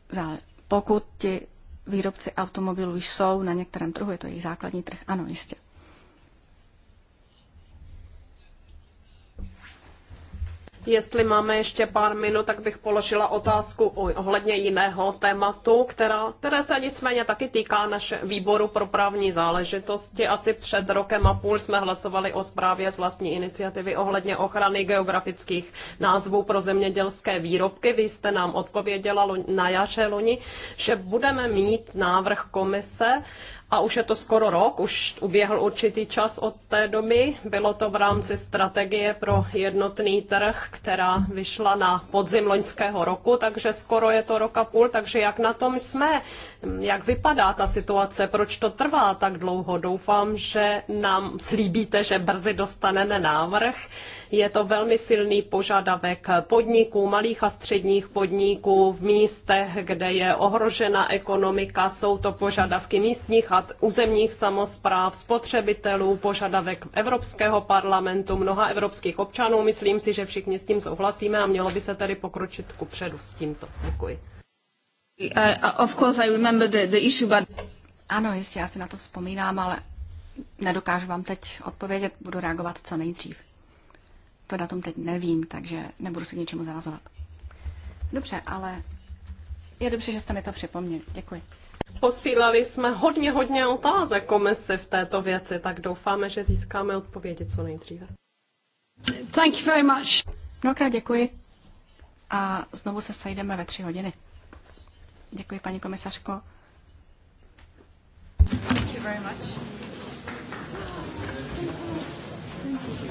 Zále. Pokud ti výrobci automobilů jsou na některém trhu, je to jejich základní trh, ano, jistě. Jestli máme ještě pár minut, tak bych položila otázku ohledně jiného tématu, která, které se nicméně taky týká naše výboru pro právní záležitosti. Asi před rokem a půl jsme hlasovali o zprávě z vlastní iniciativy ohledně ochrany geografických názvů pro zemědělské výrobky. Vy jste nám odpověděla na jaře loni, že budeme mít návrh komise a už je to skoro rok, už uběhl určitý čas od té doby. Bylo to v rámci strategie pro jednotný trh, která vyšla na podzim loňského roku, takže skoro je to rok a půl. Takže jak na tom jsme? Jak vypadá ta situace? Proč to trvá tak dlouho? Doufám, že nám slíbíte, že brzy dostaneme návrh. Je to velmi silný požadavek podniků, malých a středních podniků v místech, kde je ohrožena ekonomika. Jsou to požadavky místních a týkat územních samozpráv, spotřebitelů, požadavek Evropského parlamentu, mnoha evropských občanů. Myslím si, že všichni s tím souhlasíme a mělo by se tedy pokročit ku předu s tímto. Děkuji. of course I remember the, issue, but... Ano, jistě, já si na to vzpomínám, ale nedokážu vám teď odpovědět, budu reagovat co nejdřív. To datum teď nevím, takže nebudu se k něčemu zavazovat. Dobře, ale je dobře, že jste mi to připomněl. Děkuji. Posílali jsme hodně, hodně otázek komise v této věci, tak doufáme, že získáme odpovědi co nejdříve. Thank you very much. Mnohokrát děkuji a znovu se sejdeme ve tři hodiny. Děkuji, paní komisařko. Thank you very much.